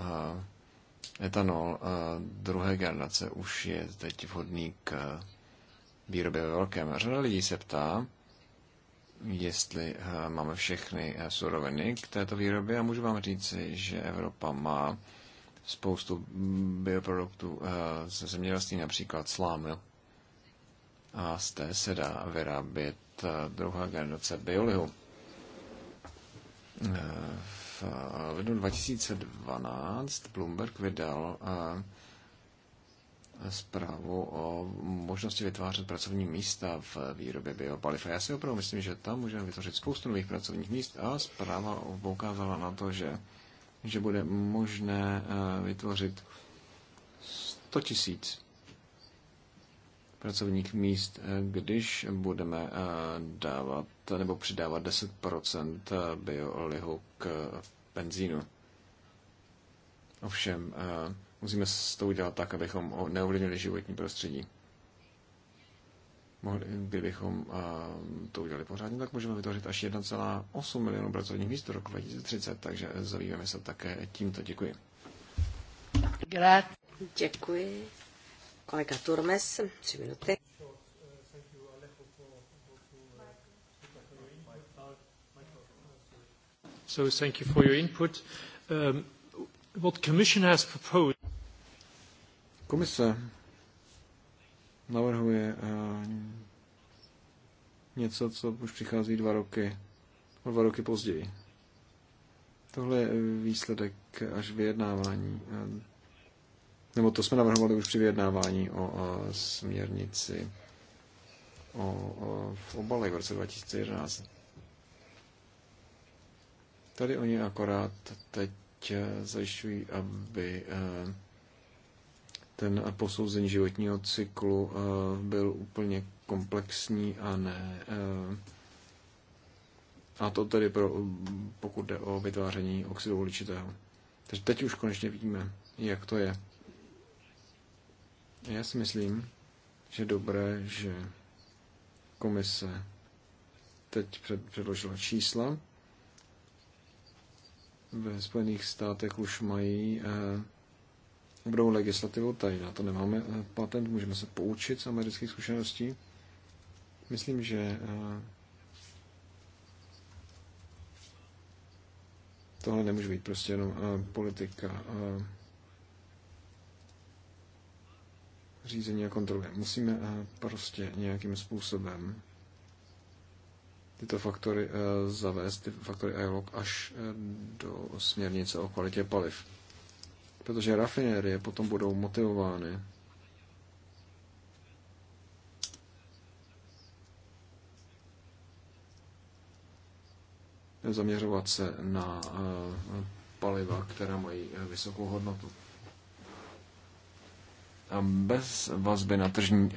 etanol druhé generace už je teď vhodný k výrobě ve velkém. Řada lidí se ptá, jestli eh, máme všechny eh, suroviny k této výrobě a můžu vám říci, že Evropa má spoustu bioproduktů eh, ze zemědělství, například slámy. A z té se dá vyrábět druhá generace biolihu v lednu 2012 Bloomberg vydal eh, zprávu o možnosti vytvářet pracovní místa v výrobě biopaliv. A já si opravdu myslím, že tam můžeme vytvořit spoustu nových pracovních míst a zpráva poukázala na to, že, že bude možné eh, vytvořit 100 tisíc pracovních míst, eh, když budeme dávat nebo přidávat 10% biolihu k benzínu. Ovšem, eh, musíme s to udělat tak, abychom neovlivnili životní prostředí. Mohli, kdybychom eh, to udělali pořádně, tak můžeme vytvořit až 1,8 milionů pracovních míst do roku 2030, takže zabýváme se také tímto. Děkuji. Děkuji. Kolega Turmes, tři minuty. So thank you for your input. Um, what Commission has proposed... Komise navrhuje uh, něco, co už přichází dva roky, dva roky později. Tohle je výsledek až vyjednávání. Uh, nebo to jsme navrhovali už při vyjednávání o, o uh, směrnici o, o v obalech v roce 2011. Tady oni akorát teď eh, zajišťují, aby eh, ten posouzení životního cyklu eh, byl úplně komplexní a ne. A to tedy pro, pokud jde o vytváření oxidu uhličitého. Takže teď už konečně vidíme, jak to je. Já si myslím, že dobré, že komise teď předložila čísla, ve Spojených státech už mají eh, dobrou legislativu, tady na to nemáme eh, patent, můžeme se poučit z amerických zkušeností. Myslím, že eh, tohle nemůže být prostě jenom politika řízení a kontroly. Musíme prostě nějakým způsobem tyto faktory eh, zavést, ty faktory ILOC až eh, do směrnice o kvalitě paliv. Protože rafinérie potom budou motivovány zaměřovat se na eh, paliva, která mají vysokou hodnotu. A bez vazby na tržní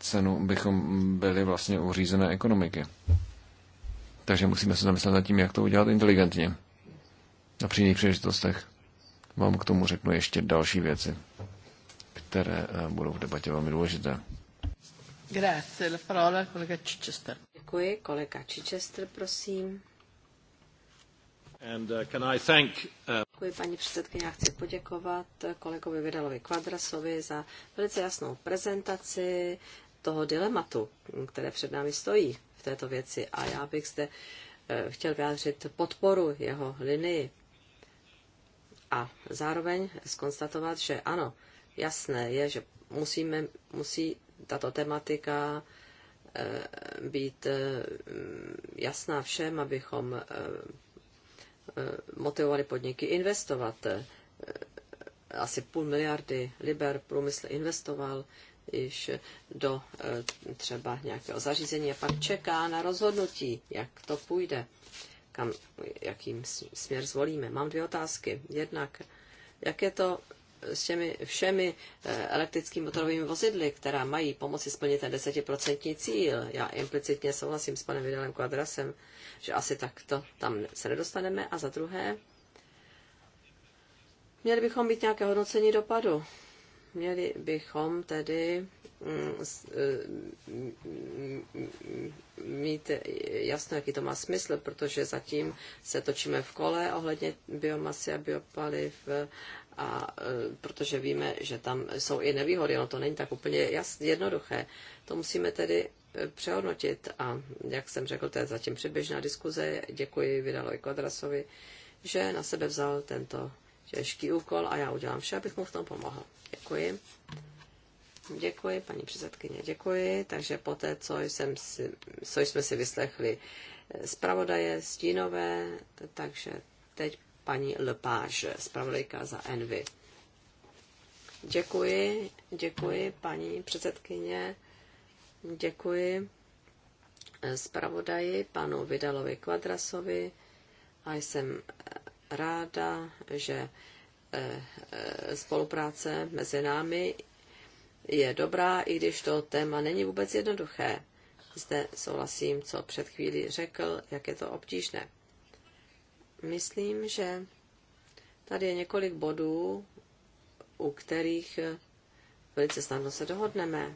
cenu bychom byli vlastně u řízené ekonomiky. Takže musíme se zamyslet nad tím, jak to udělat inteligentně. A při jiných příležitostech vám k tomu řeknu ještě další věci, které eh, budou v debatě velmi důležité. Grazie, la parola kolega Chichester. Děkuji, kolega Chichester, prosím. And, uh, can I thank, uh... Děkuji, paní předsedkyně. Já chci poděkovat kolegovi Vidalovi Kvadrasovi za velice jasnou prezentaci toho dilematu, které před námi stojí této věci a já bych zde eh, chtěl vyjádřit podporu jeho linii a zároveň skonstatovat, že ano, jasné je, že musíme, musí tato tematika eh, být eh, jasná všem, abychom motivovali podniky investovat. Asi půl miliardy liber průmysl investoval již do eh, třeba nějakého zařízení a pak čeká na rozhodnutí, jak to půjde, kam, jakým směr zvolíme. Mám dvě otázky. Jednak, jak je to s těmi všemi eh, elektrickými motorovými vozidly, která mají pomoci splnit ten desetiprocentní cíl. Já implicitně souhlasím s panem Vidalem Kvadrasem, že asi takto tam se nedostaneme. A za druhé, měli bychom být nějaké hodnocení dopadu Měli bychom tedy mm, e, mm, mít jasno, jaký to má smysl, protože zatím se točíme v kole ohledně biomasy a biopaliv, e, a, e, protože víme, že tam jsou i nevýhody, no to není tak úplně jasný, jednoduché. To musíme tedy přehodnotit a jak jsem řekl, to je zatím předběžná diskuze, děkuji Vidalovi Kvadrasovi, že na sebe vzal tento těžký úkol a já udělám vše, abych mu v tom pomohl. Děkuji. Děkuji, paní předsedkyně, děkuji. Takže poté, co, jsem si, co jsme si vyslechli eh, zpravodaje stínové, takže teď paní Lepáž, zpravodajka za Envy. Děkuji, děkuji, paní předsedkyně, děkuji eh, zpravodaji, panu Vidalovi Kvadrasovi a jsem eh, ráda, že eh, eh, spolupráce mezi námi je dobrá, i když to téma není vůbec jednoduché. Zde souhlasím, co před chvílí řekl, jak je to obtížné. Myslím, že tady je několik bodů, u kterých velice snadno se dohodneme.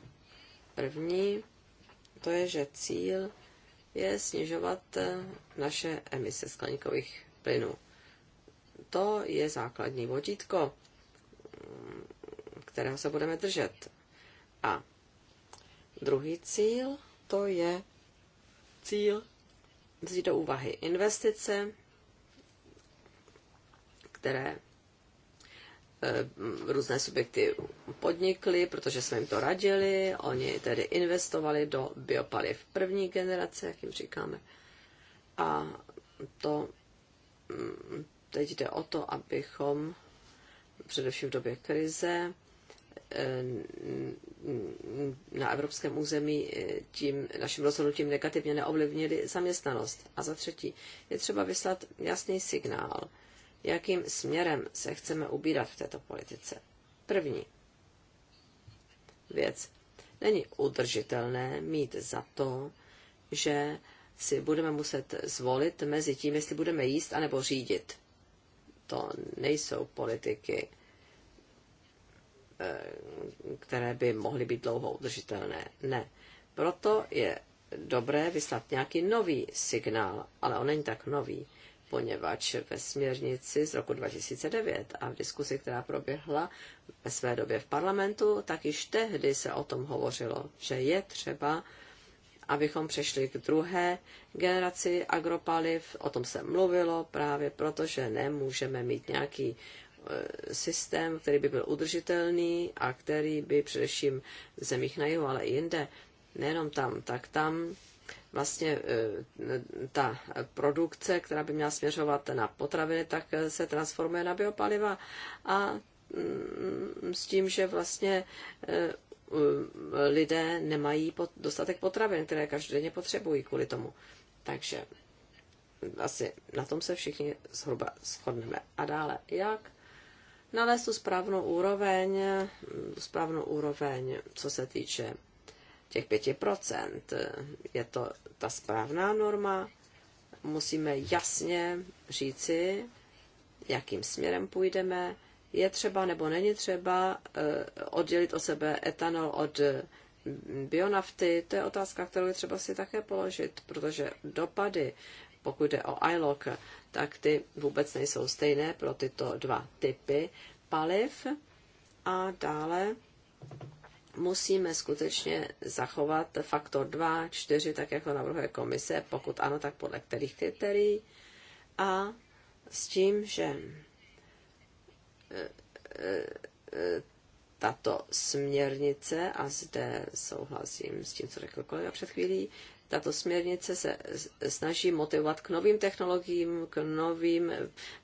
První, to je, že cíl je snižovat eh, naše emise skleníkových plynů to je základní vodítko, kterého se budeme držet. A druhý cíl, to je cíl vzít do úvahy investice, které e, různé subjekty podnikly, protože jsme jim to radili, oni tedy investovali do biopaliv první generace, jak jim říkáme. A to teď jde o to, abychom především v době krize eh, na evropském území eh, tím naším rozhodnutím negativně neovlivnili zaměstnanost. A za třetí, je třeba vyslat jasný signál, jakým směrem se chceme ubírat v této politice. První věc. Není udržitelné mít za to, že si budeme muset zvolit mezi tím, jestli budeme jíst anebo řídit to nejsou politiky, eh, které by mohly být dlouho udržitelné. Ne. Proto je dobré vyslat nějaký nový signál, ale on není tak nový, poněvadž ve směrnici z roku 2009 a v diskusi, která proběhla ve své době v parlamentu, tak již tehdy se o tom hovořilo, že je třeba uh, abychom přešli k druhé generaci agropaliv. O tom se mluvilo právě proto, že nemůžeme mít nějaký e, systém, který by byl udržitelný a který by především v zemích na jihu, ale i jinde, nejenom tam, tak tam vlastně e, ta produkce, která by měla směřovat na potraviny, tak se transformuje na biopaliva a mm, s tím, že vlastně e, Eh, lidé nemají dostatek potravin, které každodenně potřebují kvůli tomu. Takže asi na tom se všichni zhruba shodneme. A dále, jak nalézt tu správnou úroveň, eh, správnou úroveň, co se týče těch 5%. Je to ta správná norma, musíme jasně říci, jakým směrem půjdeme, je třeba nebo není třeba eh, oddělit o sebe etanol od mm, bionafty, to je otázka, kterou je třeba si také položit, protože dopady, pokud jde o ILOC, tak ty vůbec nejsou stejné pro tyto dva typy paliv. A dále musíme skutečně zachovat faktor 2, 4, tak jako navrhuje komise, pokud ano, tak podle kterých kritérií. A s tím, že tato směrnice, a zde souhlasím s tím, co řekl kolega před chvílí, tato směrnice se snaží motivovat k novým technologiím, k novým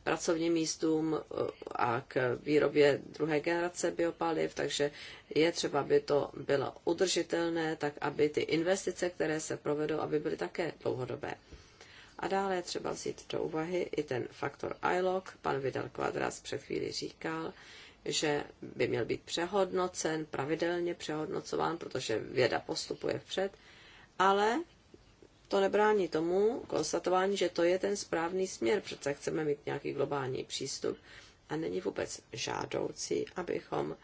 pracovním místům eh, a k výrobě druhé generace biopaliv, takže je třeba, aby to bylo udržitelné, tak aby ty investice, které se provedou, aby byly také dlouhodobé. A dále třeba vzít do úvahy i ten faktor ILOC. Pan Vidal Quadras před chvíli říkal, že by měl být přehodnocen, pravidelně přehodnocován, protože věda postupuje vpřed, ale to nebrání tomu konstatování, že to je ten správný směr. Přece chceme mít nějaký globální přístup a není vůbec žádoucí, abychom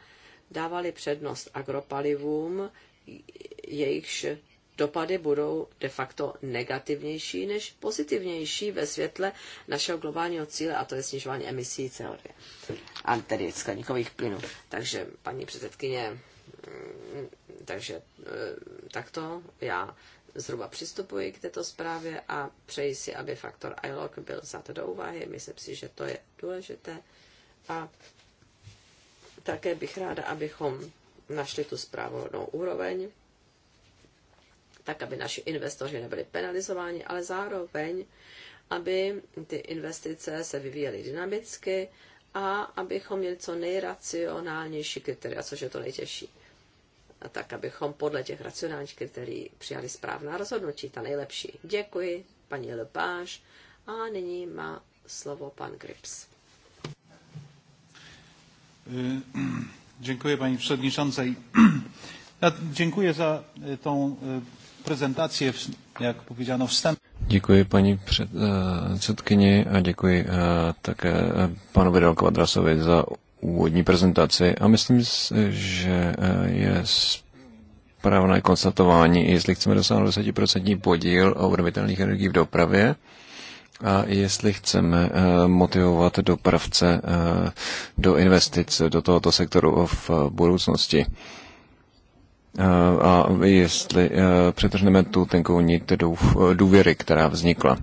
dávali přednost agropalivům, jejichž dopady budou de facto negativnější než pozitivnější ve světle našeho globálního cíle, a to je snižování emisí CO2, a tedy skleníkových plynů. Takže, paní předsedkyně, mm, takže eh, takto já zhruba přistupuji k této zprávě a přeji si, aby faktor ILOC byl to do úvahy. Myslím si, že to je důležité. A také bych ráda, abychom našli tu správnou úroveň tak aby naši investoři nebyli penalizováni, ale zároveň, aby ty investice se vyvíjely dynamicky a abychom měli co nejracionálnější kritéria, což je to nejtěžší. A tak, abychom podle těch racionálních kritérií přijali správná rozhodnutí, ta nejlepší. Děkuji, paní Lepáš. A nyní má slovo pan Grips. E, dziękuję Pani Przewodniczącej. Ja dziękuję za e, tą prezentaci, jak powiedziano, wstęp. Děkuji paní eh, předsedkyni a děkuji eh, také eh, panu Adrasovi za úvodní prezentaci a myslím, že je správné konstatování, jestli chceme dosáhnout 10% podíl obnovitelných energií v dopravě, a jestli chceme motivovat dopravce do investic do tohoto sektoru v budoucnosti. Eh, a jestli eh, přetrhneme tu tenkou nit eh, důvěry, která vznikla.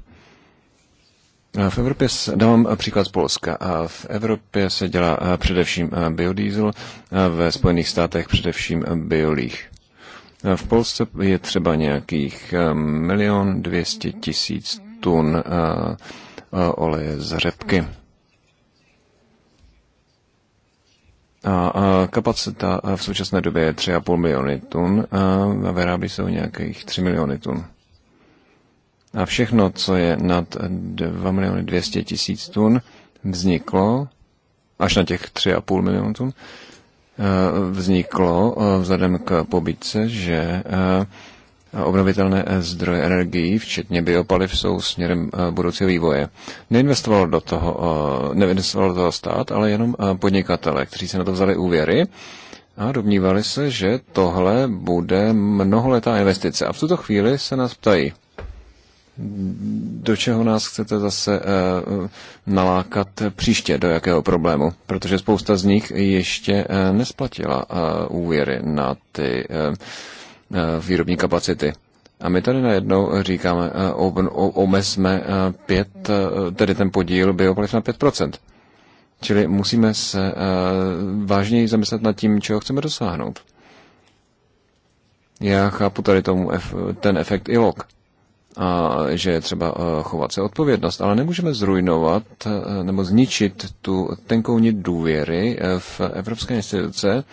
V Evropě, dávám příklad z Polska, v Evropě se dělá především biodiesel, ve Spojených státech především biolích. V Polsce je třeba nějakých milion dvěstě tisíc tun oleje z řepky. A kapacita v současné době je 3,5 miliony tun a vyrábí se o nějakých 3 miliony tun. A všechno, co je nad 2 miliony 200 tisíc tun, vzniklo až na těch 3,5 milionů tun, vzniklo vzhledem k pobytce, že obnovitelné eh, zdroje energií, včetně biopaliv, jsou směrem eh, budoucího vývoje. Neinvestoval do toho, eh, neinvestoval do toho stát, ale jenom podnikatele, kteří se na to vzali úvěry a domnívali se, že tohle bude mnoholetá investice. A v tuto chvíli se nás ptají, do čeho nás chcete zase nalákat příště, do jakého problému, protože spousta z nich ještě nesplatila úvěry na ty Eh, výrobní kapacity. A my tady najednou říkáme, eh, omezme eh, pět, tedy ten podíl biopaliv na 5%. Čili musíme se vážněji zamyslet nad tím, čeho chceme dosáhnout. Já chápu tady tomu ten efekt ILOK, a že je třeba chovat se odpovědnost, ale nemůžeme zrujnovat nebo zničit tu tenkou nit důvěry v evropské instituce,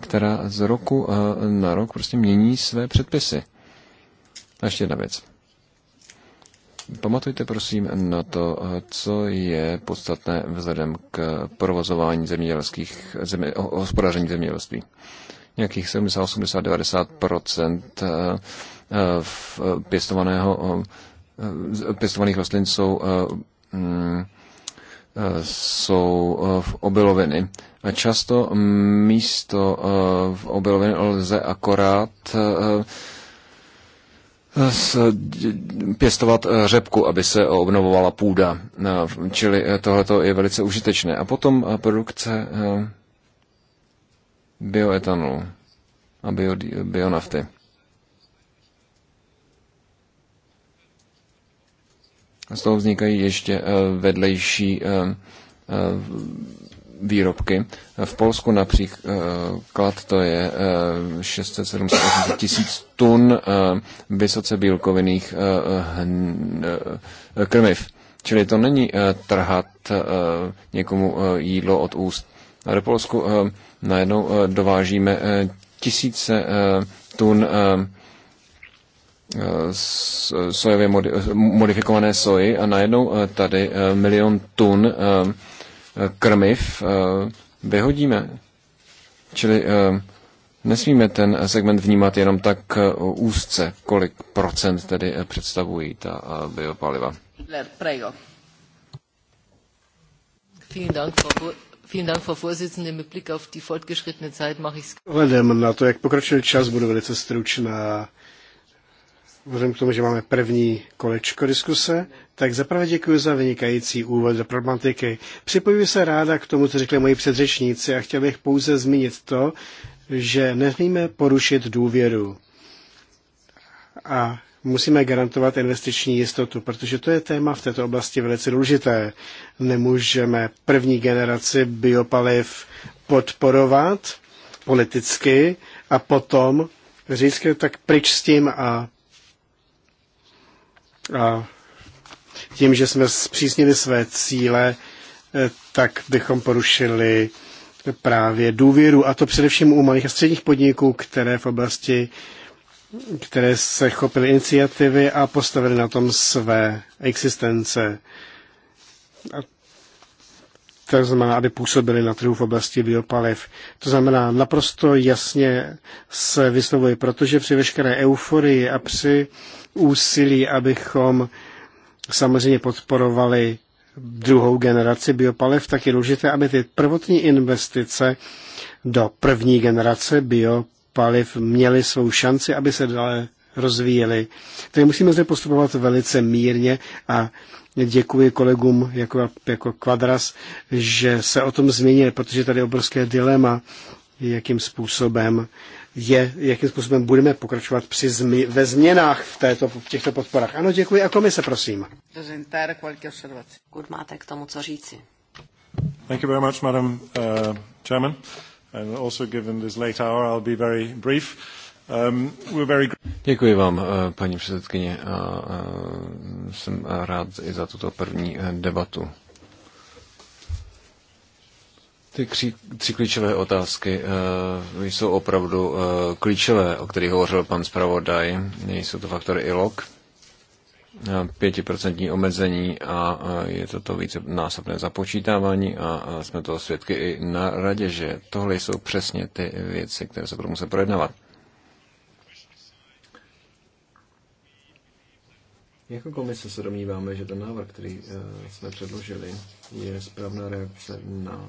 která z roku eh, na rok prostě mění své předpisy. A ještě jedna věc. Pamatujte prosím na to, eh, co je podstatné vzhledem k provozování zemědělských, země, hospodaření zemědělství. Nějakých 70, 80, 90 pěstovaného, eh, pěstovaných rostlin jsou, mm, jsou v obiloviny Často místo eh, v obilovin lze akorát eh, eh, pěstovat řepku, aby se obnovovala půda. Čili tohleto je velice užitečné. A potom produkce bioetanolu a bio, bionafty. Z toho vznikají ještě vedlejší výrobky. V Polsku například to je 600-700 eh, tisíc tun eh, vysoce bílkovinných eh, krmiv. Čili to není trhat někomu jídlo od úst. A do Polsku najednou dovážíme tisíce tun sojově modifikované soji a najednou tady milion tun krmiv eh, vyhodíme. Čili eh, nesmíme ten segment vnímat jenom tak eh, úzce, kolik procent tedy představují ta biopaliva. Prego. Vielen na to, jak pokročil čas, budu velice stručná vzhledem k tomu, že máme první kolečko diskuse, tak zaprvé děkuji za vynikající úvod do problematiky. Připojuji se ráda k tomu, co řekli moji předřečníci a chtěl bych pouze zmínit to, že nesmíme porušit důvěru. A musíme garantovat investiční jistotu, protože to je téma v této oblasti velice důležité. Nemůžeme první generaci biopaliv podporovat politicky a potom říct, tak pryč s tím a a tím, že jsme zpřísnili své cíle, eh, tak bychom porušili právě důvěru, a to především u malých a středních podniků, které v oblasti, které se chopily iniciativy a postavily na tom své existence. A to znamená, aby působili na trhu v oblasti biopaliv. To znamená, naprosto jasně se vyslovuje, protože při veškeré euforii a při úsilí, abychom samozřejmě podporovali druhou generaci biopaliv, tak je důležité, aby ty prvotní investice do první generace biopaliv měly svou šanci, aby se dále rozvíjely. Takže musíme zde postupovat velice mírně a děkuji kolegům jako, jako Kvadras, že se o tom změnili, protože tady je obrovské dilema, jakým způsobem je, jakým způsobem budeme pokračovat při zmi, ve změnách v, této, v těchto podporách. Ano, děkuji. A komise, prosím. Kud máte k tomu co říci? Thank you very much, Madam uh, Chairman. And also given this late hour, I'll be very brief. Um, we're very... Děkuji vám, uh, paní předsedkyně, a uh, jsem rád i za tuto první uh, debatu. Ty kří, tři klíčové otázky uh, jsou opravdu uh, klíčové, o kterých hovořil pan zpravodaj. Jsou to faktory ILOC, eh, pětiprocentní omezení a je to to více násobné započítávání a jsme toho svědky i na radě, že tohle jsou přesně ty věci, které se budou muset projednávat. Jako komise se domníváme, že ten návrh, který jsme předložili, je správná reakce na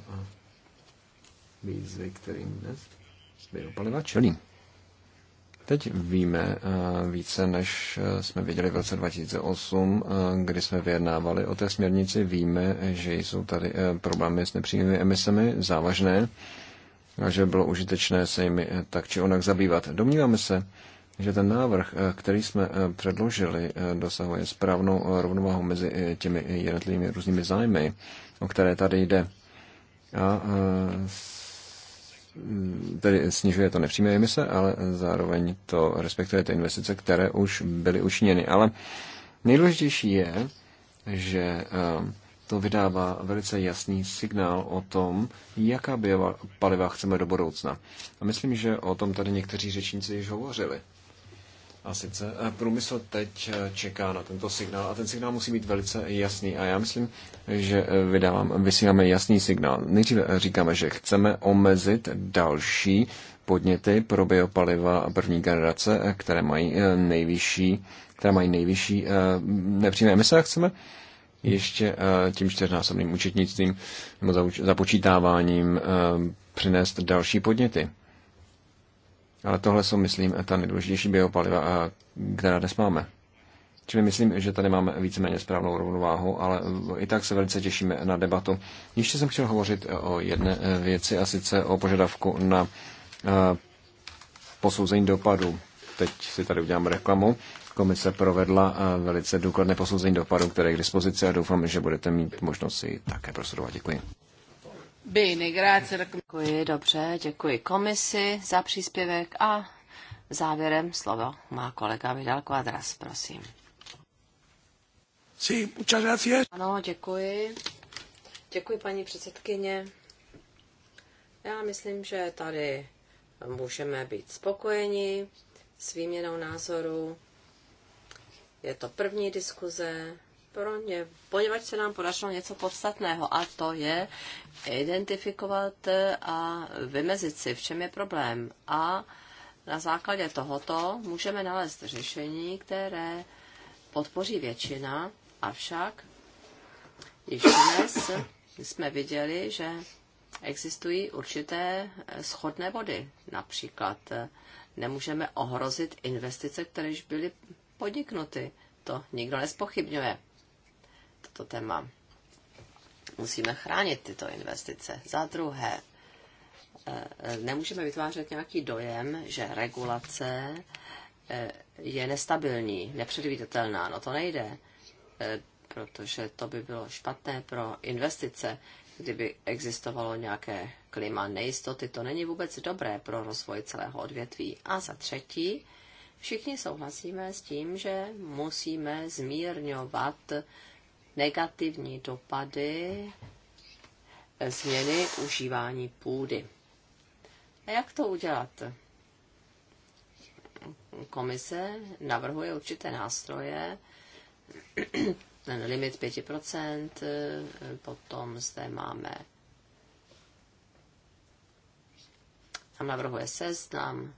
výzvy, kterým dnes biopaliva čelí. Teď víme eh, více, než eh, jsme viděli v roce 2008, eh, kdy jsme vyjednávali o té směrnici. Víme, že jsou tady problémy s nepřímými emisemi závažné a že bylo užitečné se jimi tak či onak zabývat. Domníváme se, že ten návrh, který jsme předložili, dosahuje správnou rovnováhu mezi těmi jednotlivými různými zájmy, o které tady jde. A Mm, tedy snižuje to nepřímé emise, ale zároveň to respektuje ty investice, které už byly učiněny. Ale nejdůležitější je, že ehm, to vydává velice jasný signál o tom, jaká biopaliva chceme do budoucna. A myslím, že o tom tady někteří řečníci již hovořili. A sice eh, průmysl teď eh, čeká na tento signál a ten signál musí být velice jasný. A já myslím, že eh, vydávám, vysíláme jasný signál. Nejdříve říkáme, že chceme omezit další podněty pro biopaliva první generace, které mají nejvyšší, které mají nejvyšší nepřímé emise, chceme ještě tím čtyřnásobným účetnictvím nebo započítáváním přinést další podněty. Ale tohle jsou, myslím, ta nejdůležitější biopaliva, eh, která dnes máme. Čili myslím, že tady máme víceméně správnou rovnováhu, ale i tak se velice těšíme na debatu. Ještě jsem chtěl hovořit eh, o jedné eh, věci, a sice o požadavku na posouzení dopadu. Teď si tady udělám reklamu. Komise provedla velice důkladné posouzení dopadu, které je k dispozici a doufám, že budete mít možnost si také prosudovat. Děkuji. Děkuji, dobře, děkuji komisi za příspěvek a závěrem slovo má kolega Vidal Quadras, prosím. muchas gracias. Ano, děkuji. Děkuji, paní předsedkyně. Já myslím, že tady můžeme být spokojeni s výměnou názorů. Je to první diskuze pro ně, poněvadž se nám podařilo něco podstatného a to je identifikovat a vymezit si, v čem je problém. A na základě tohoto můžeme nalézt řešení, které podpoří většina, avšak již dnes jsme viděli, že existují určité schodné body. Například nemůžeme ohrozit investice, které již byly podniknuty. To nikdo nespochybňuje to téma. Musíme chránit tyto investice. Za druhé, eh, nemůžeme vytvářet nějaký dojem, že regulace eh, je nestabilní, nepředvídatelná. No to nejde, eh, protože to by bylo špatné pro investice, kdyby existovalo nějaké klima nejistoty. To není vůbec dobré pro rozvoj celého odvětví. A za třetí, všichni souhlasíme s tím, že musíme zmírňovat negativní dopady změny užívání půdy. A jak to udělat? Komise navrhuje určité nástroje, ten limit 5%, potom zde máme tam navrhuje seznam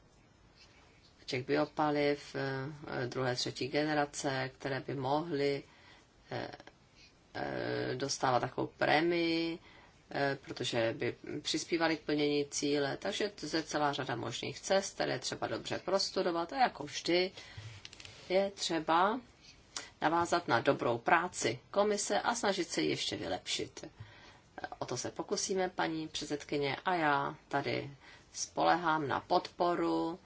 těch biopaliv eh, druhé, třetí generace, které by mohly eh, Eh, dostává takovou prémii, eh, protože by přispívali k plnění cíle. Takže to je celá řada možných cest, které je třeba dobře prostudovat a jako vždy je třeba navázat na dobrou práci komise a snažit se ji ještě vylepšit. O to se pokusíme, paní předsedkyně, a já tady spolehám na podporu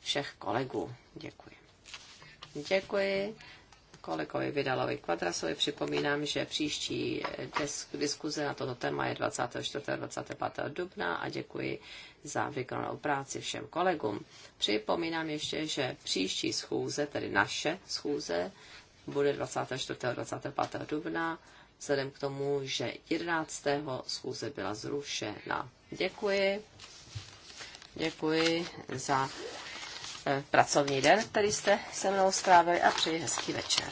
všech kolegů. Děkuji. Děkuji kolegovi Vidalovi Kvadrasovi připomínám, že příští diskuze na toto téma je 24. a 25. dubna a děkuji za vykonanou práci všem kolegům. Připomínám ještě, že příští schůze, tedy naše schůze, bude 24. a 25. dubna, vzhledem k tomu, že 11. schůze byla zrušena. Děkuji. Děkuji za Eh, pracovní den, který jste se mnou strávili a přeji hezký večer.